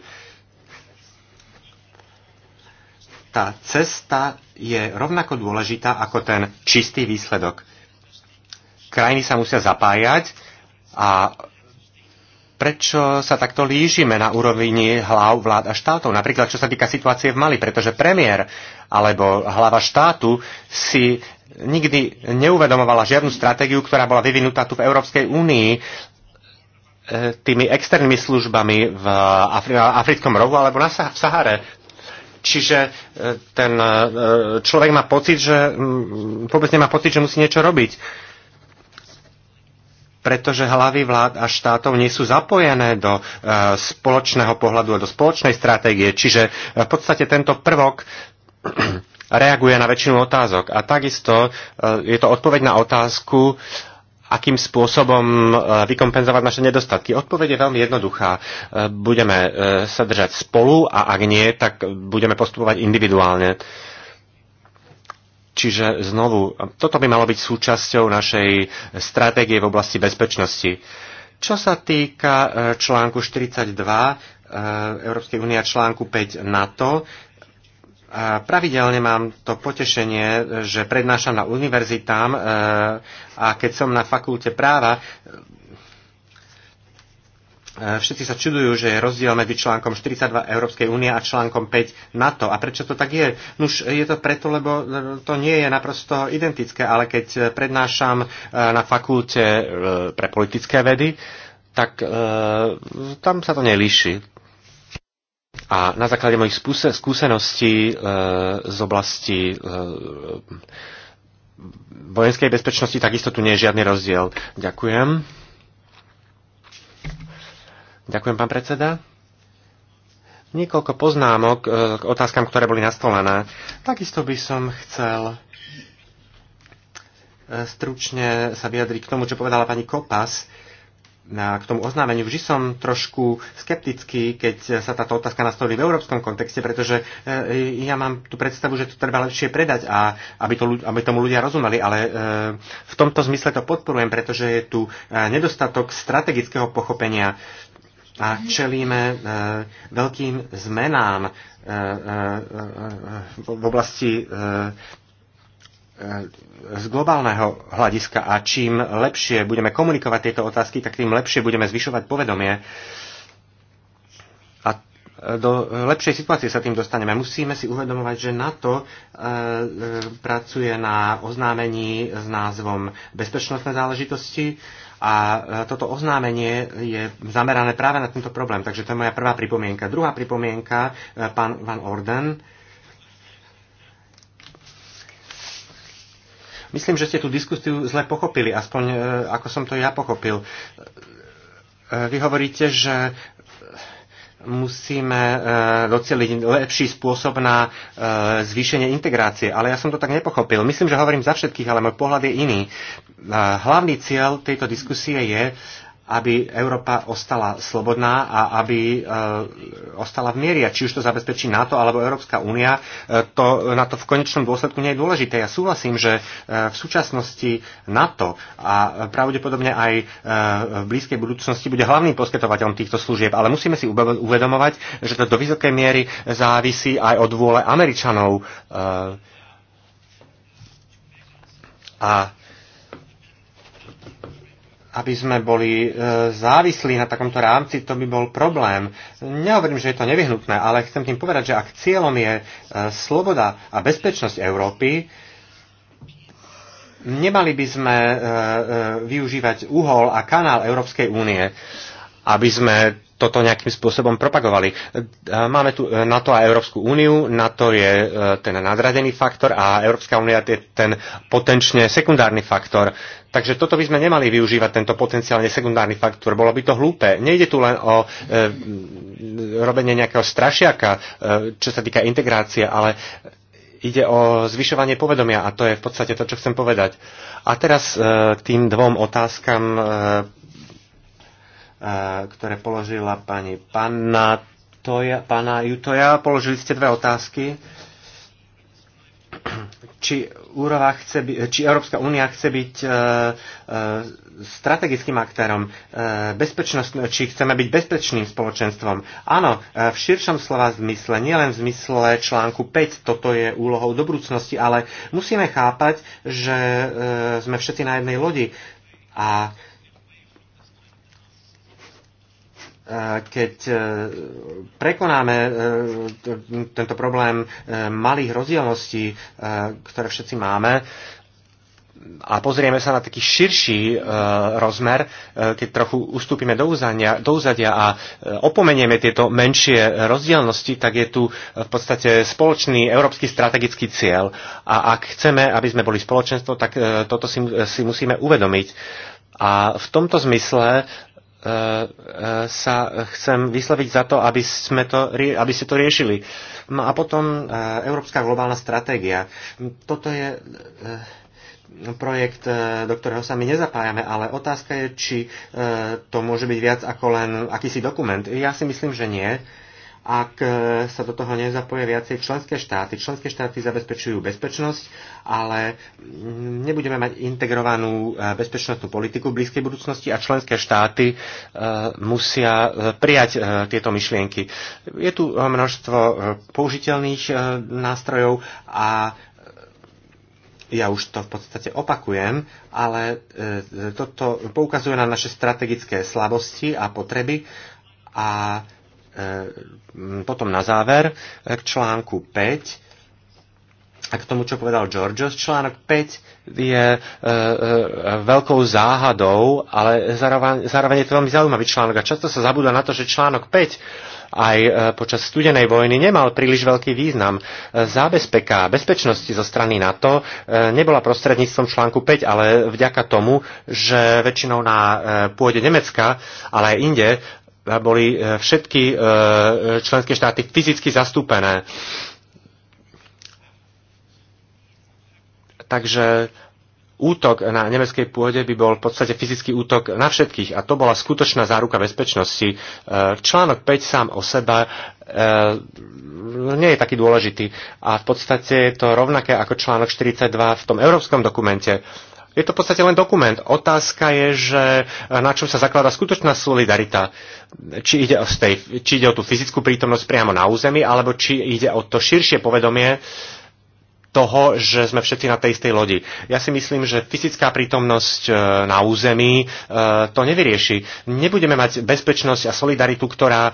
Tá cesta je rovnako dôležitá ako ten čistý výsledok. Krajiny sa musia zapájať a prečo sa takto lížime na úrovni hlav vlád a štátov. Napríklad, čo sa týka situácie v Mali, pretože premiér alebo hlava štátu si nikdy neuvedomovala žiadnu stratégiu, ktorá bola vyvinutá tu v Európskej únii tými externými službami v Afri- africkom rohu alebo na Sah- v Sahare. Čiže e, ten e, človek má pocit, že mm, vôbec nemá pocit, že musí niečo robiť. Pretože hlavy vlád a štátov nie sú zapojené do e, spoločného pohľadu a do spoločnej stratégie. Čiže v podstate tento prvok <clears throat> reaguje na väčšinu otázok. A takisto je to odpoveď na otázku, akým spôsobom eh, vykompenzovať naše nedostatky. Odpoveď je veľmi jednoduchá. Eh, budeme eh, sa držať spolu a ak nie, tak budeme postupovať individuálne. Čiže znovu, toto by malo byť súčasťou našej stratégie v oblasti bezpečnosti. Čo sa týka článku 42 Európskej únie a článku 5 NATO, Pravidelne mám to potešenie, že prednášam na univerzitám e, a keď som na fakulte práva, e, Všetci sa čudujú, že je rozdiel medzi článkom 42 Európskej únie a článkom 5 NATO. A prečo to tak je? Nuž je to preto, lebo e, to nie je naprosto identické, ale keď prednášam na fakulte pre politické vedy, tak e, tam sa to nelíši. A na základe mojich skúseností e, z oblasti e, vojenskej bezpečnosti takisto tu nie je žiadny rozdiel. Ďakujem. Ďakujem, pán predseda. Niekoľko poznámok e, k otázkam, ktoré boli nastolené. Takisto by som chcel stručne sa vyjadriť k tomu, čo povedala pani Kopas na, k tomu oznámeniu. Vždy som trošku skeptický, keď sa táto otázka nastolí v európskom kontexte, pretože e, ja mám tú predstavu, že to treba lepšie predať, a aby, to, aby tomu ľudia rozumeli, ale e, v tomto zmysle to podporujem, pretože je tu e, nedostatok strategického pochopenia a mhm. čelíme e, veľkým zmenám e, v oblasti z globálneho hľadiska a čím lepšie budeme komunikovať tieto otázky, tak tým lepšie budeme zvyšovať povedomie a do lepšej situácie sa tým dostaneme. Musíme si uvedomovať, že NATO e, e, pracuje na oznámení s názvom Bezpečnostné záležitosti a e, toto oznámenie je zamerané práve na tento problém. Takže to je moja prvá pripomienka. Druhá pripomienka, pán Van Orden, Myslím, že ste tú diskusiu zle pochopili, aspoň e, ako som to ja pochopil. E, vy hovoríte, že musíme e, doceliť lepší spôsob na zvýšenie integrácie. Ale ja som to tak nepochopil. Myslím, že hovorím za všetkých, ale môj pohľad je iný. Hlavný cieľ tejto diskusie je, aby Európa ostala slobodná a aby e, ostala v mieria. Či už to zabezpečí NATO alebo Európska únia, e, to na to v konečnom dôsledku nie je dôležité. Ja súhlasím, že e, v súčasnosti NATO a pravdepodobne aj v blízkej budúcnosti bude hlavným poskytovateľom týchto služieb, ale musíme si uvedomovať, že to do vysokej miery závisí aj od vôle Američanov. A aby sme boli e, závislí na takomto rámci, to by bol problém. Nehovorím, že je to nevyhnutné, ale chcem tým povedať, že ak cieľom je e, sloboda a bezpečnosť Európy, nemali by sme e, využívať uhol a kanál Európskej únie, aby sme toto nejakým spôsobom propagovali. E, máme tu e, NATO a Európsku úniu, NATO je e, ten nadradený faktor a Európska únia je ten potenčne sekundárny faktor. Takže toto by sme nemali využívať, tento potenciálne sekundárny faktor. Bolo by to hlúpe. Nejde tu len o e, robenie nejakého strašiaka, e, čo sa týka integrácie, ale ide o zvyšovanie povedomia a to je v podstate to, čo chcem povedať. A teraz e, tým dvom otázkam e, ktoré položila pani Panna Toja, pana Jutoja. Položili ste dve otázky. Či, chce by, či Európska únia chce byť e, e, strategickým aktérom, e, či chceme byť bezpečným spoločenstvom. Áno, e, v širšom slova zmysle, nielen v zmysle článku 5, toto je úlohou do budúcnosti, ale musíme chápať, že e, sme všetci na jednej lodi. A e, keď e, prekonáme e, tento problém e, malých rozdielností, ktoré všetci máme, a pozrieme sa na taký širší rozmer, keď trochu ustúpime do, uzania, do uzadia a e, opomenieme tieto menšie rozdielnosti, tak je tu v podstate spoločný európsky strategický cieľ. A ak chceme, aby sme boli spoločenstvo, tak toto si, si musíme uvedomiť. A v tomto zmysle E, e, sa chcem vysloviť za to, aby, sme to, aby ste to riešili. No a potom e, Európska globálna stratégia. Toto je projekt, do ktorého sa my nezapájame, ale otázka je, či to môže byť viac ako len akýsi dokument. Ja si myslím, že nie ak e, sa do toho nezapoje viacej členské štáty. Členské štáty zabezpečujú bezpečnosť, ale mm, nebudeme mať integrovanú e, bezpečnostnú politiku v blízkej budúcnosti a členské štáty e, musia prijať tieto myšlienky. Je tu množstvo použiteľných nástrojov a ja už to v podstate opakujem, ale toto poukazuje na naše strategické slabosti a potreby a Ehm, potom na záver eh, k článku 5 a k tomu, čo povedal Georgios, článok 5 je e, e, veľkou záhadou, ale zároveň, zároveň je to veľmi zaujímavý článok a často sa zabúda na to, že článok 5 aj e, počas studenej vojny nemal príliš veľký význam. E, zábezpeka bezpečnosti zo strany NATO e, nebola prostredníctvom článku 5, ale vďaka tomu, že väčšinou na e, pôde Nemecka, ale aj inde, E, boli e, všetky e, členské štáty fyzicky zastúpené. Takže útok na nemeckej pôde by bol v podstate fyzický útok na všetkých a to bola skutočná záruka bezpečnosti. Článok 5 sám o seba nie je taký dôležitý a v podstate je to rovnaké ako článok 42 v tom európskom dokumente je to v podstate len dokument. Otázka je, že e, na čom sa zaklada skutočná solidarita. Či ide, o tej, či ide o tú fyzickú prítomnosť priamo na území, alebo či ide o to širšie povedomie toho, že sme všetci na tej istej lodi. Ja si myslím, že fyzická prítomnosť e, na území e, to nevyrieši. Nebudeme mať bezpečnosť a solidaritu, ktorá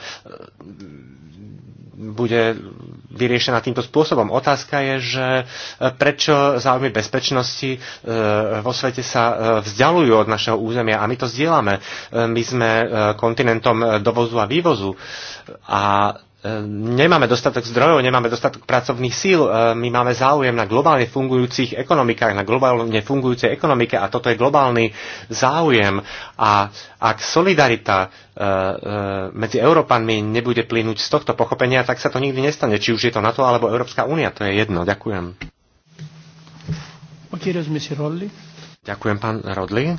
bude vyriešená týmto spôsobom. Otázka je, že e, prečo záujmy bezpečnosti e, vo svete sa e, vzdialujú od našeho územia a my to zdieľame. My sme kontinentom dovozu a vývozu a Ehm, nemáme dostatok zdrojov, nemáme dostatok pracovných síl, ehm, my máme záujem na globálne fungujúcich ekonomikách, na globálne fungujúcej ekonomike a toto je globálny záujem. A ak solidarita ehm, medzi Európanmi nebude plynúť z tohto pochopenia, tak sa to nikdy nestane, či už je to NATO alebo Európska únia, to je jedno. Ďakujem. Ďakujem, pán Rodli.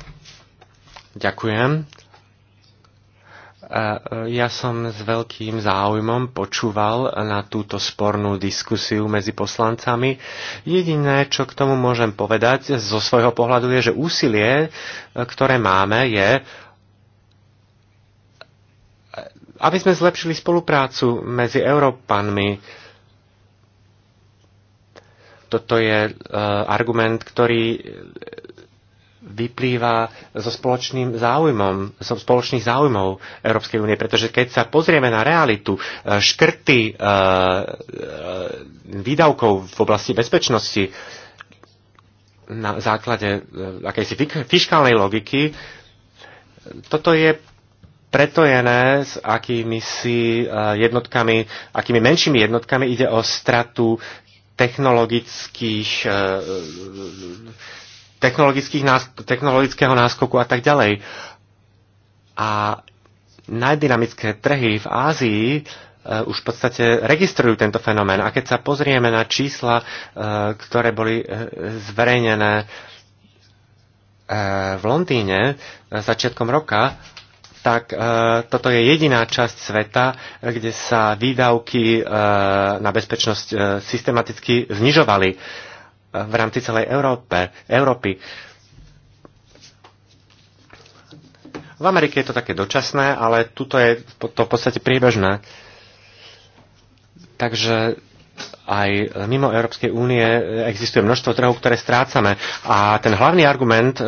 Ďakujem. E, ja som s veľkým záujmom počúval na túto spornú diskusiu medzi poslancami. Jediné, čo k tomu môžem povedať zo svojho pohľadu, je, že úsilie, e, ktoré máme, je, aby sme zlepšili spoluprácu medzi Európanmi. Toto je e, argument, ktorý vyplýva so spoločným záujmom, so spoločných záujmov Európskej únie, pretože keď sa pozrieme na realitu e, škrty e, e, výdavkov v oblasti bezpečnosti na základe akejsi fiskálnej logiky, toto je pretojené s akými si jednotkami, akými menšími jednotkami ide o stratu technologických technologického náskoku a tak ďalej. A najdynamické trhy v Ázii e, už v podstate registrujú tento fenomén. A keď sa pozrieme na čísla, e, ktoré boli e, zverejnené v Londýne začiatkom roka, tak toto je jediná časť sveta, kde sa výdavky na bezpečnosť systematicky znižovali v rámci celej Európe, Európy. V Amerike je to také dočasné, ale tuto je to v podstate príbežné. Takže aj mimo Európskej únie existuje množstvo trhov, ktoré strácame. A ten hlavný argument, e,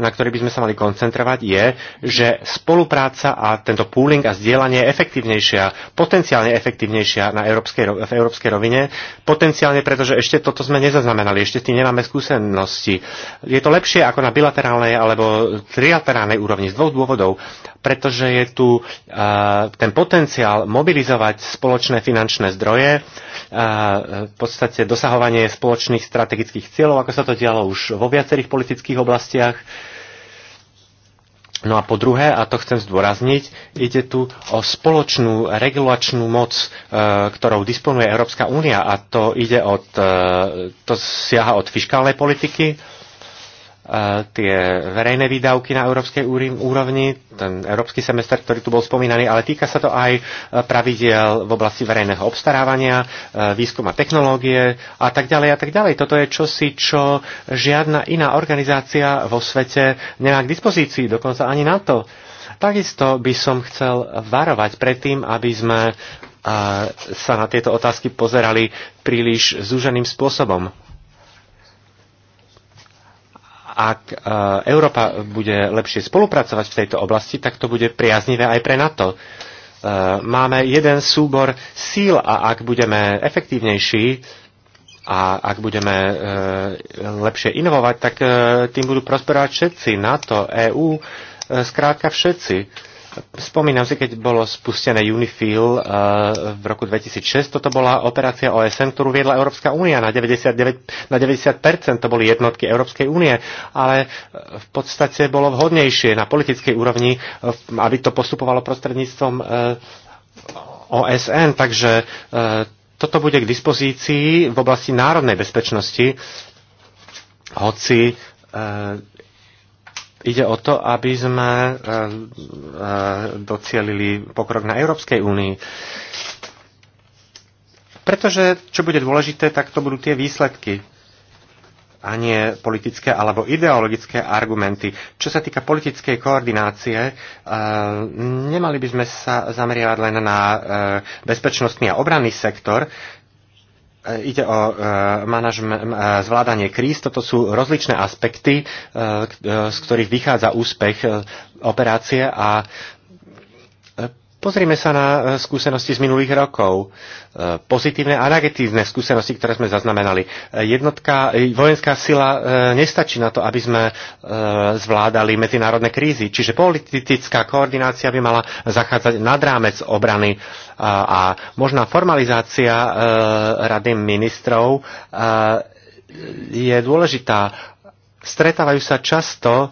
na ktorý by sme sa mali koncentrovať, je, že spolupráca a tento pooling a zdieľanie je efektívnejšia, potenciálne efektívnejšia na európskej, v európskej rovine, potenciálne, pretože ešte toto sme nezaznamenali, ešte s tým nemáme skúsenosti. Je to lepšie ako na bilaterálnej alebo trilaterálnej úrovni z dvoch dôvodov pretože je tu e, ten potenciál mobilizovať spoločné finančné zdroje, e, v podstate dosahovanie spoločných strategických cieľov, ako sa to dialo už vo viacerých politických oblastiach. No a po druhé, a to chcem zdôrazniť, ide tu o spoločnú regulačnú moc, e, ktorou disponuje Európska únia a to ide od, e, to siaha od fiskálnej politiky, tie verejné výdavky na európskej úrovni, ten európsky semester, ktorý tu bol spomínaný, ale týka sa to aj e, pravidiel v oblasti verejného obstarávania, e, výskuma technológie a tak ďalej a tak ďalej. Toto je čosi, čo žiadna iná organizácia vo svete nemá k dispozícii, dokonca ani na to. Takisto by som chcel varovať pred tým, aby sme e, sa na tieto otázky pozerali príliš zúženým spôsobom ak e, Európa bude lepšie spolupracovať v tejto oblasti, tak to bude priaznivé aj pre NATO. E, máme jeden súbor síl a ak budeme efektívnejší a ak budeme e, lepšie inovovať, tak tým budú prosperovať všetci, NATO, EÚ, zkrátka všetci Spomínam si, keď bolo spustené UNIFIL eh, v roku 2006, toto bola operácia OSN, ktorú viedla Európska únia na 99, na 90%, to boli jednotky Európskej únie, ale eh, v podstate bolo vhodnejšie na politickej úrovni, eh, aby to postupovalo prostredníctvom OSN, takže toto bude k dispozícii v oblasti národnej bezpečnosti, hoci Ide o to, aby sme e, e, docielili pokrok na Európskej únii. Pretože čo bude dôležité, tak to budú tie výsledky a nie politické alebo ideologické argumenty. Čo sa týka politickej koordinácie, e, nemali by sme sa zameriavať len na bezpečnostný a obranný sektor, E, ide o e, e, zvládanie kríz. Toto sú rozličné aspekty, z ktorých vychádza úspech operácie a Pozrime sa na eh, skúsenosti z minulých rokov. Eh, pozitívne a negatívne skúsenosti, ktoré sme zaznamenali. Eh, jednotka, vojenská sila nestačí na to, aby sme zvládali medzinárodné krízy. Čiže politická koordinácia by mala zachádzať nad rámec obrany a možná formalizácia rady ministrov je dôležitá. Stretávajú sa často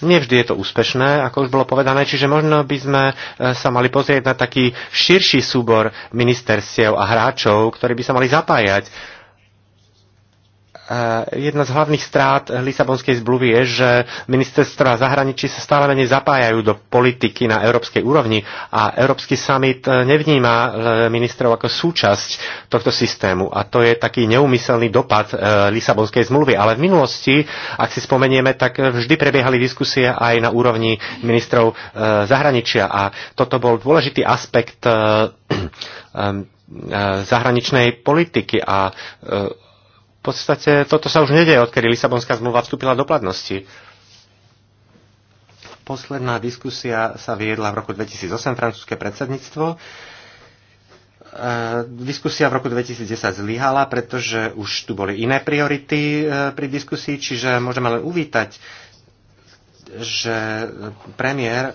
Nevždy je to úspešné, ako už bolo povedané, čiže možno by sme e, sa mali pozrieť na taký širší súbor ministerstiev a hráčov, ktorí by sa mali zapájať Eh, jedna z hlavných strát Lisabonskej zmluvy je, že ministerstva zahraničí sa stále menej zapájajú do politiky na európskej úrovni a Európsky summit eh, nevníma eh, ministrov ako súčasť tohto systému. A to je taký neumyselný dopad Lisabonskej zmluvy. Ale v minulosti, ak si spomenieme, tak vždy prebiehali diskusie aj na úrovni ministrov zahraničia. A toto bol dôležitý aspekt <clears throat> zahraničnej politiky a v podstate toto sa už nedeje, odkedy Lisabonská zmluva vstúpila do platnosti. Posledná diskusia sa viedla v roku 2008 francúzske predsedníctvo. E, diskusia v roku 2010 zlyhala, pretože už tu boli iné priority e, pri diskusii, čiže môžeme len uvítať, že premiér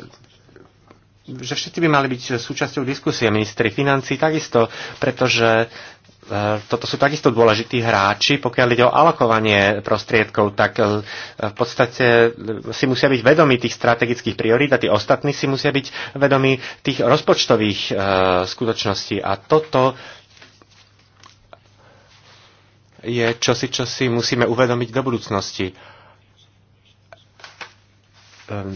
že všetci by mali byť súčasťou diskusie, ministri financí takisto, pretože E, toto sú takisto dôležití hráči, pokiaľ ide o alokovanie prostriedkov, tak e, v podstate e, si musia byť vedomí tých strategických priorít a tí ostatní si musia byť vedomí tých rozpočtových skutočností. A toto je čosi, čo si musíme uvedomiť do budúcnosti.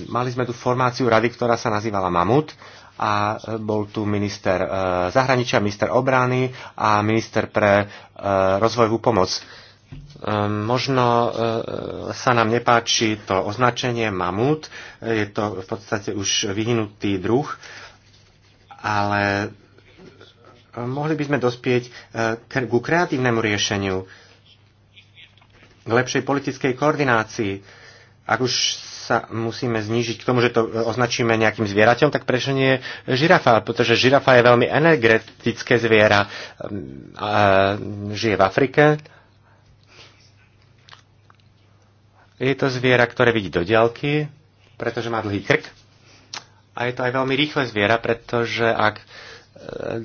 Mali sme tu formáciu rady, ktorá sa nazývala Mamut a bol tu minister e, zahraničia, minister obrany a minister pre e, rozvojovú pomoc. E, možno sa nám nepáči to označenie mamut, je to v podstate už vyhnutý druh, ale mohli by sme dospieť ku kreatívnemu riešeniu, k lepšej politickej koordinácii. Ak už sa musíme znížiť k tomu, že to e, označíme nejakým zvieraťom, tak prečo nie žirafa? Pretože žirafa je veľmi energetické zviera. Mm, žije v Afrike. Je to zviera, ktoré vidí do diaľky, pretože má dlhý krk. A je to aj veľmi rýchle zviera, pretože ak e,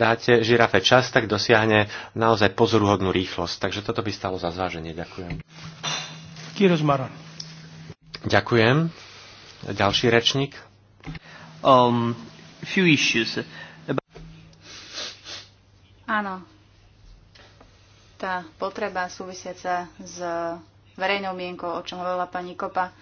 dáte žirafe čas, tak dosiahne naozaj pozoruhodnú rýchlosť. Takže toto by stalo za zváženie. Ďakujem. Kýros Ďakujem. Ďalší rečník. Um, few issues. Áno. Tá potreba súvisiaca s verejnou mienkou, o čom hovorila pani Kopa,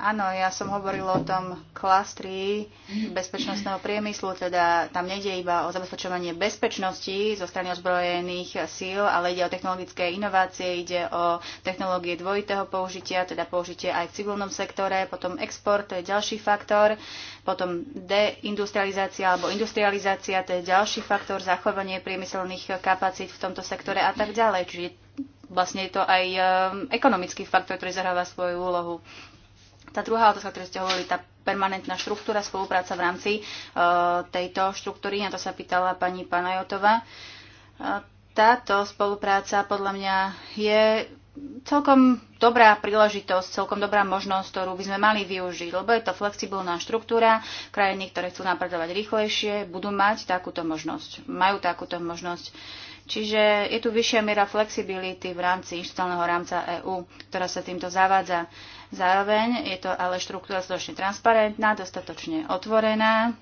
Áno, ja som hovoril o tom klastri bezpečnostného priemyslu, teda tam nejde iba o zabezpečovanie bezpečnosti zo strany ozbrojených síl, ale ide o technologické inovácie, ide o technológie dvojitého použitia, teda použitie aj v civilnom sektore, potom export, to je ďalší faktor, potom deindustrializácia alebo industrializácia, to je ďalší faktor, zachovanie priemyselných kapacít v tomto sektore a tak ďalej. Čiže vlastne je to aj ehm, ekonomický faktor, ktorý zahráva svoju úlohu. Tá druhá otázka, ktorú ste hovorili, tá permanentná štruktúra, spolupráca v rámci e, tejto štruktúry, na to sa pýtala pani Panajotová. E, táto spolupráca podľa mňa je celkom dobrá príležitosť, celkom dobrá možnosť, ktorú by sme mali využiť, lebo je to flexibilná štruktúra. Krajiny, ktoré chcú napredovať rýchlejšie, budú mať takúto možnosť. Majú takúto možnosť. Čiže je tu vyššia miera flexibility v rámci inštitálneho rámca EÚ, ktorá sa týmto zavádza. Zároveň je to ale štruktúra dostatočne transparentná, dostatočne otvorená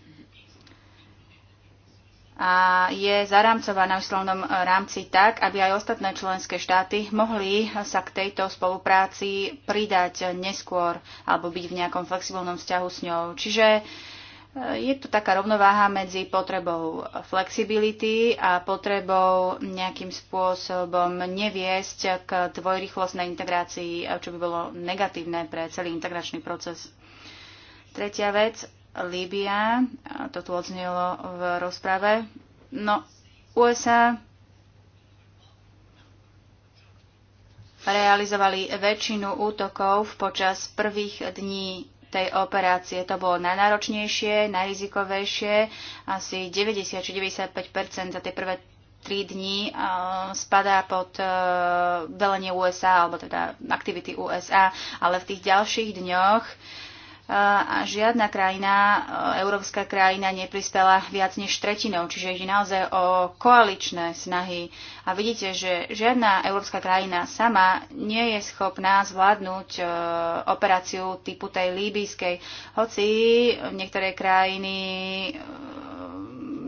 a je zarámcovaná v slovnom rámci tak, aby aj ostatné členské štáty mohli sa k tejto spolupráci pridať neskôr alebo byť v nejakom flexibilnom vzťahu s ňou. Čiže je to taká rovnováha medzi potrebou flexibility a potrebou nejakým spôsobom neviesť k dvojrychlostnej integrácii, čo by bolo negatívne pre celý integračný proces. Tretia vec, Líbia, to tu odznelo v rozprave. No, USA realizovali väčšinu útokov počas prvých dní tej operácie. To bolo najnáročnejšie, najrizikovejšie. Asi 90 95 za tie prvé tri dní eh, spadá pod eh, velenie USA, alebo teda aktivity USA, ale v tých ďalších dňoch a žiadna krajina, e, európska krajina nepristala viac než tretinou, čiže ide naozaj o koaličné snahy. A vidíte, že žiadna európska krajina sama nie je schopná zvládnuť e, operáciu typu tej líbyjskej, hoci niektoré krajiny e,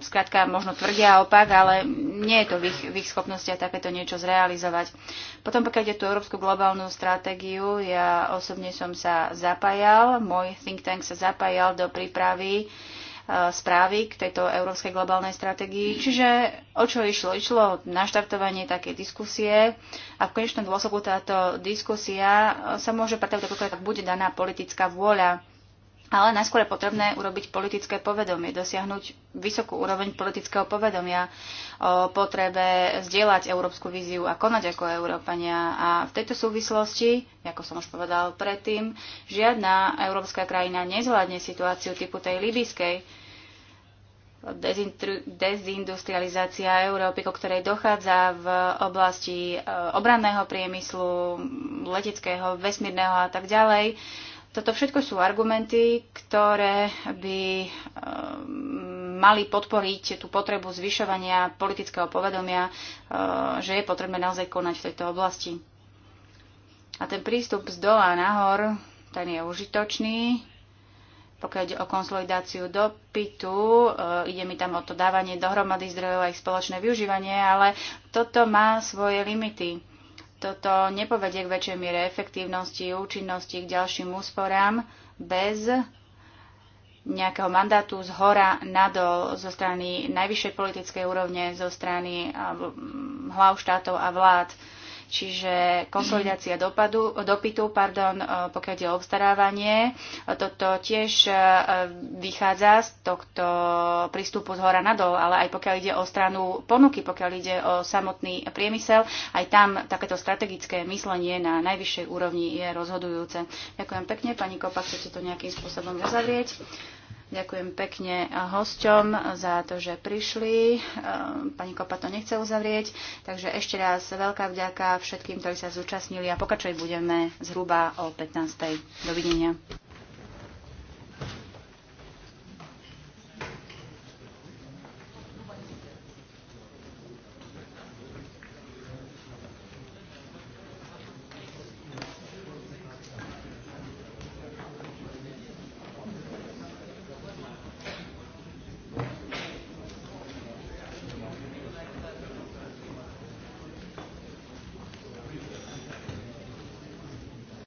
skrátka možno tvrdia opak, ale nie je to v ich, v ich schopnostiach takéto niečo zrealizovať. Potom pokiaľ ide tú európsku globálnu stratégiu, ja osobne som sa zapájal, môj think tank sa zapájal do prípravy e, správy k tejto európskej globálnej stratégii. Čiže o čo išlo? Išlo o naštartovanie také diskusie a v konečnom dôsledku táto diskusia sa môže pretaviť, ako tak bude daná politická vôľa. Ale najskôr je potrebné urobiť politické povedomie, dosiahnuť vysokú úroveň politického povedomia o potrebe zdieľať európsku víziu a konať ako Európania. A v tejto súvislosti, ako som už povedal predtým, žiadna európska krajina nezvládne situáciu typu tej libyskej, dezindustrializácia Európy, ko ktorej dochádza v oblasti e, obranného priemyslu, leteckého, vesmírneho a tak ďalej toto všetko sú argumenty, ktoré by ehm, mali podporiť tú potrebu zvyšovania politického povedomia, ehm, že je potrebné naozaj konať v tejto oblasti. A ten prístup z dola nahor, ten je užitočný. Pokiaľ ide o konsolidáciu dopytu, ehm, ide mi tam o to dávanie dohromady zdrojov a ich spoločné využívanie, ale toto má svoje limity. Toto nepovedie k väčšej miere efektívnosti, účinnosti, k ďalším úsporám bez nejakého mandátu z hora nadol zo strany najvyššej politickej úrovne, zo strany hlav štátov a vlád. Čiže konsolidácia dopadu, dopytu, pardon, e, pokiaľ ide o obstarávanie, e, toto tiež e, vychádza z tohto prístupu z hora nadol, ale aj pokiaľ ide o stranu ponuky, pokiaľ ide o samotný priemysel, aj tam takéto strategické myslenie na najvyššej úrovni je rozhodujúce. Ďakujem pekne. Pani Kopa, chcete to nejakým spôsobom uzavrieť? Ďakujem pekne eh, hosťom za to, že prišli. Eh, pani Kopa to nechce uzavrieť, takže ešte raz veľká vďaka všetkým, ktorí sa zúčastnili a pokračovať budeme zhruba o 15. Dovidenia.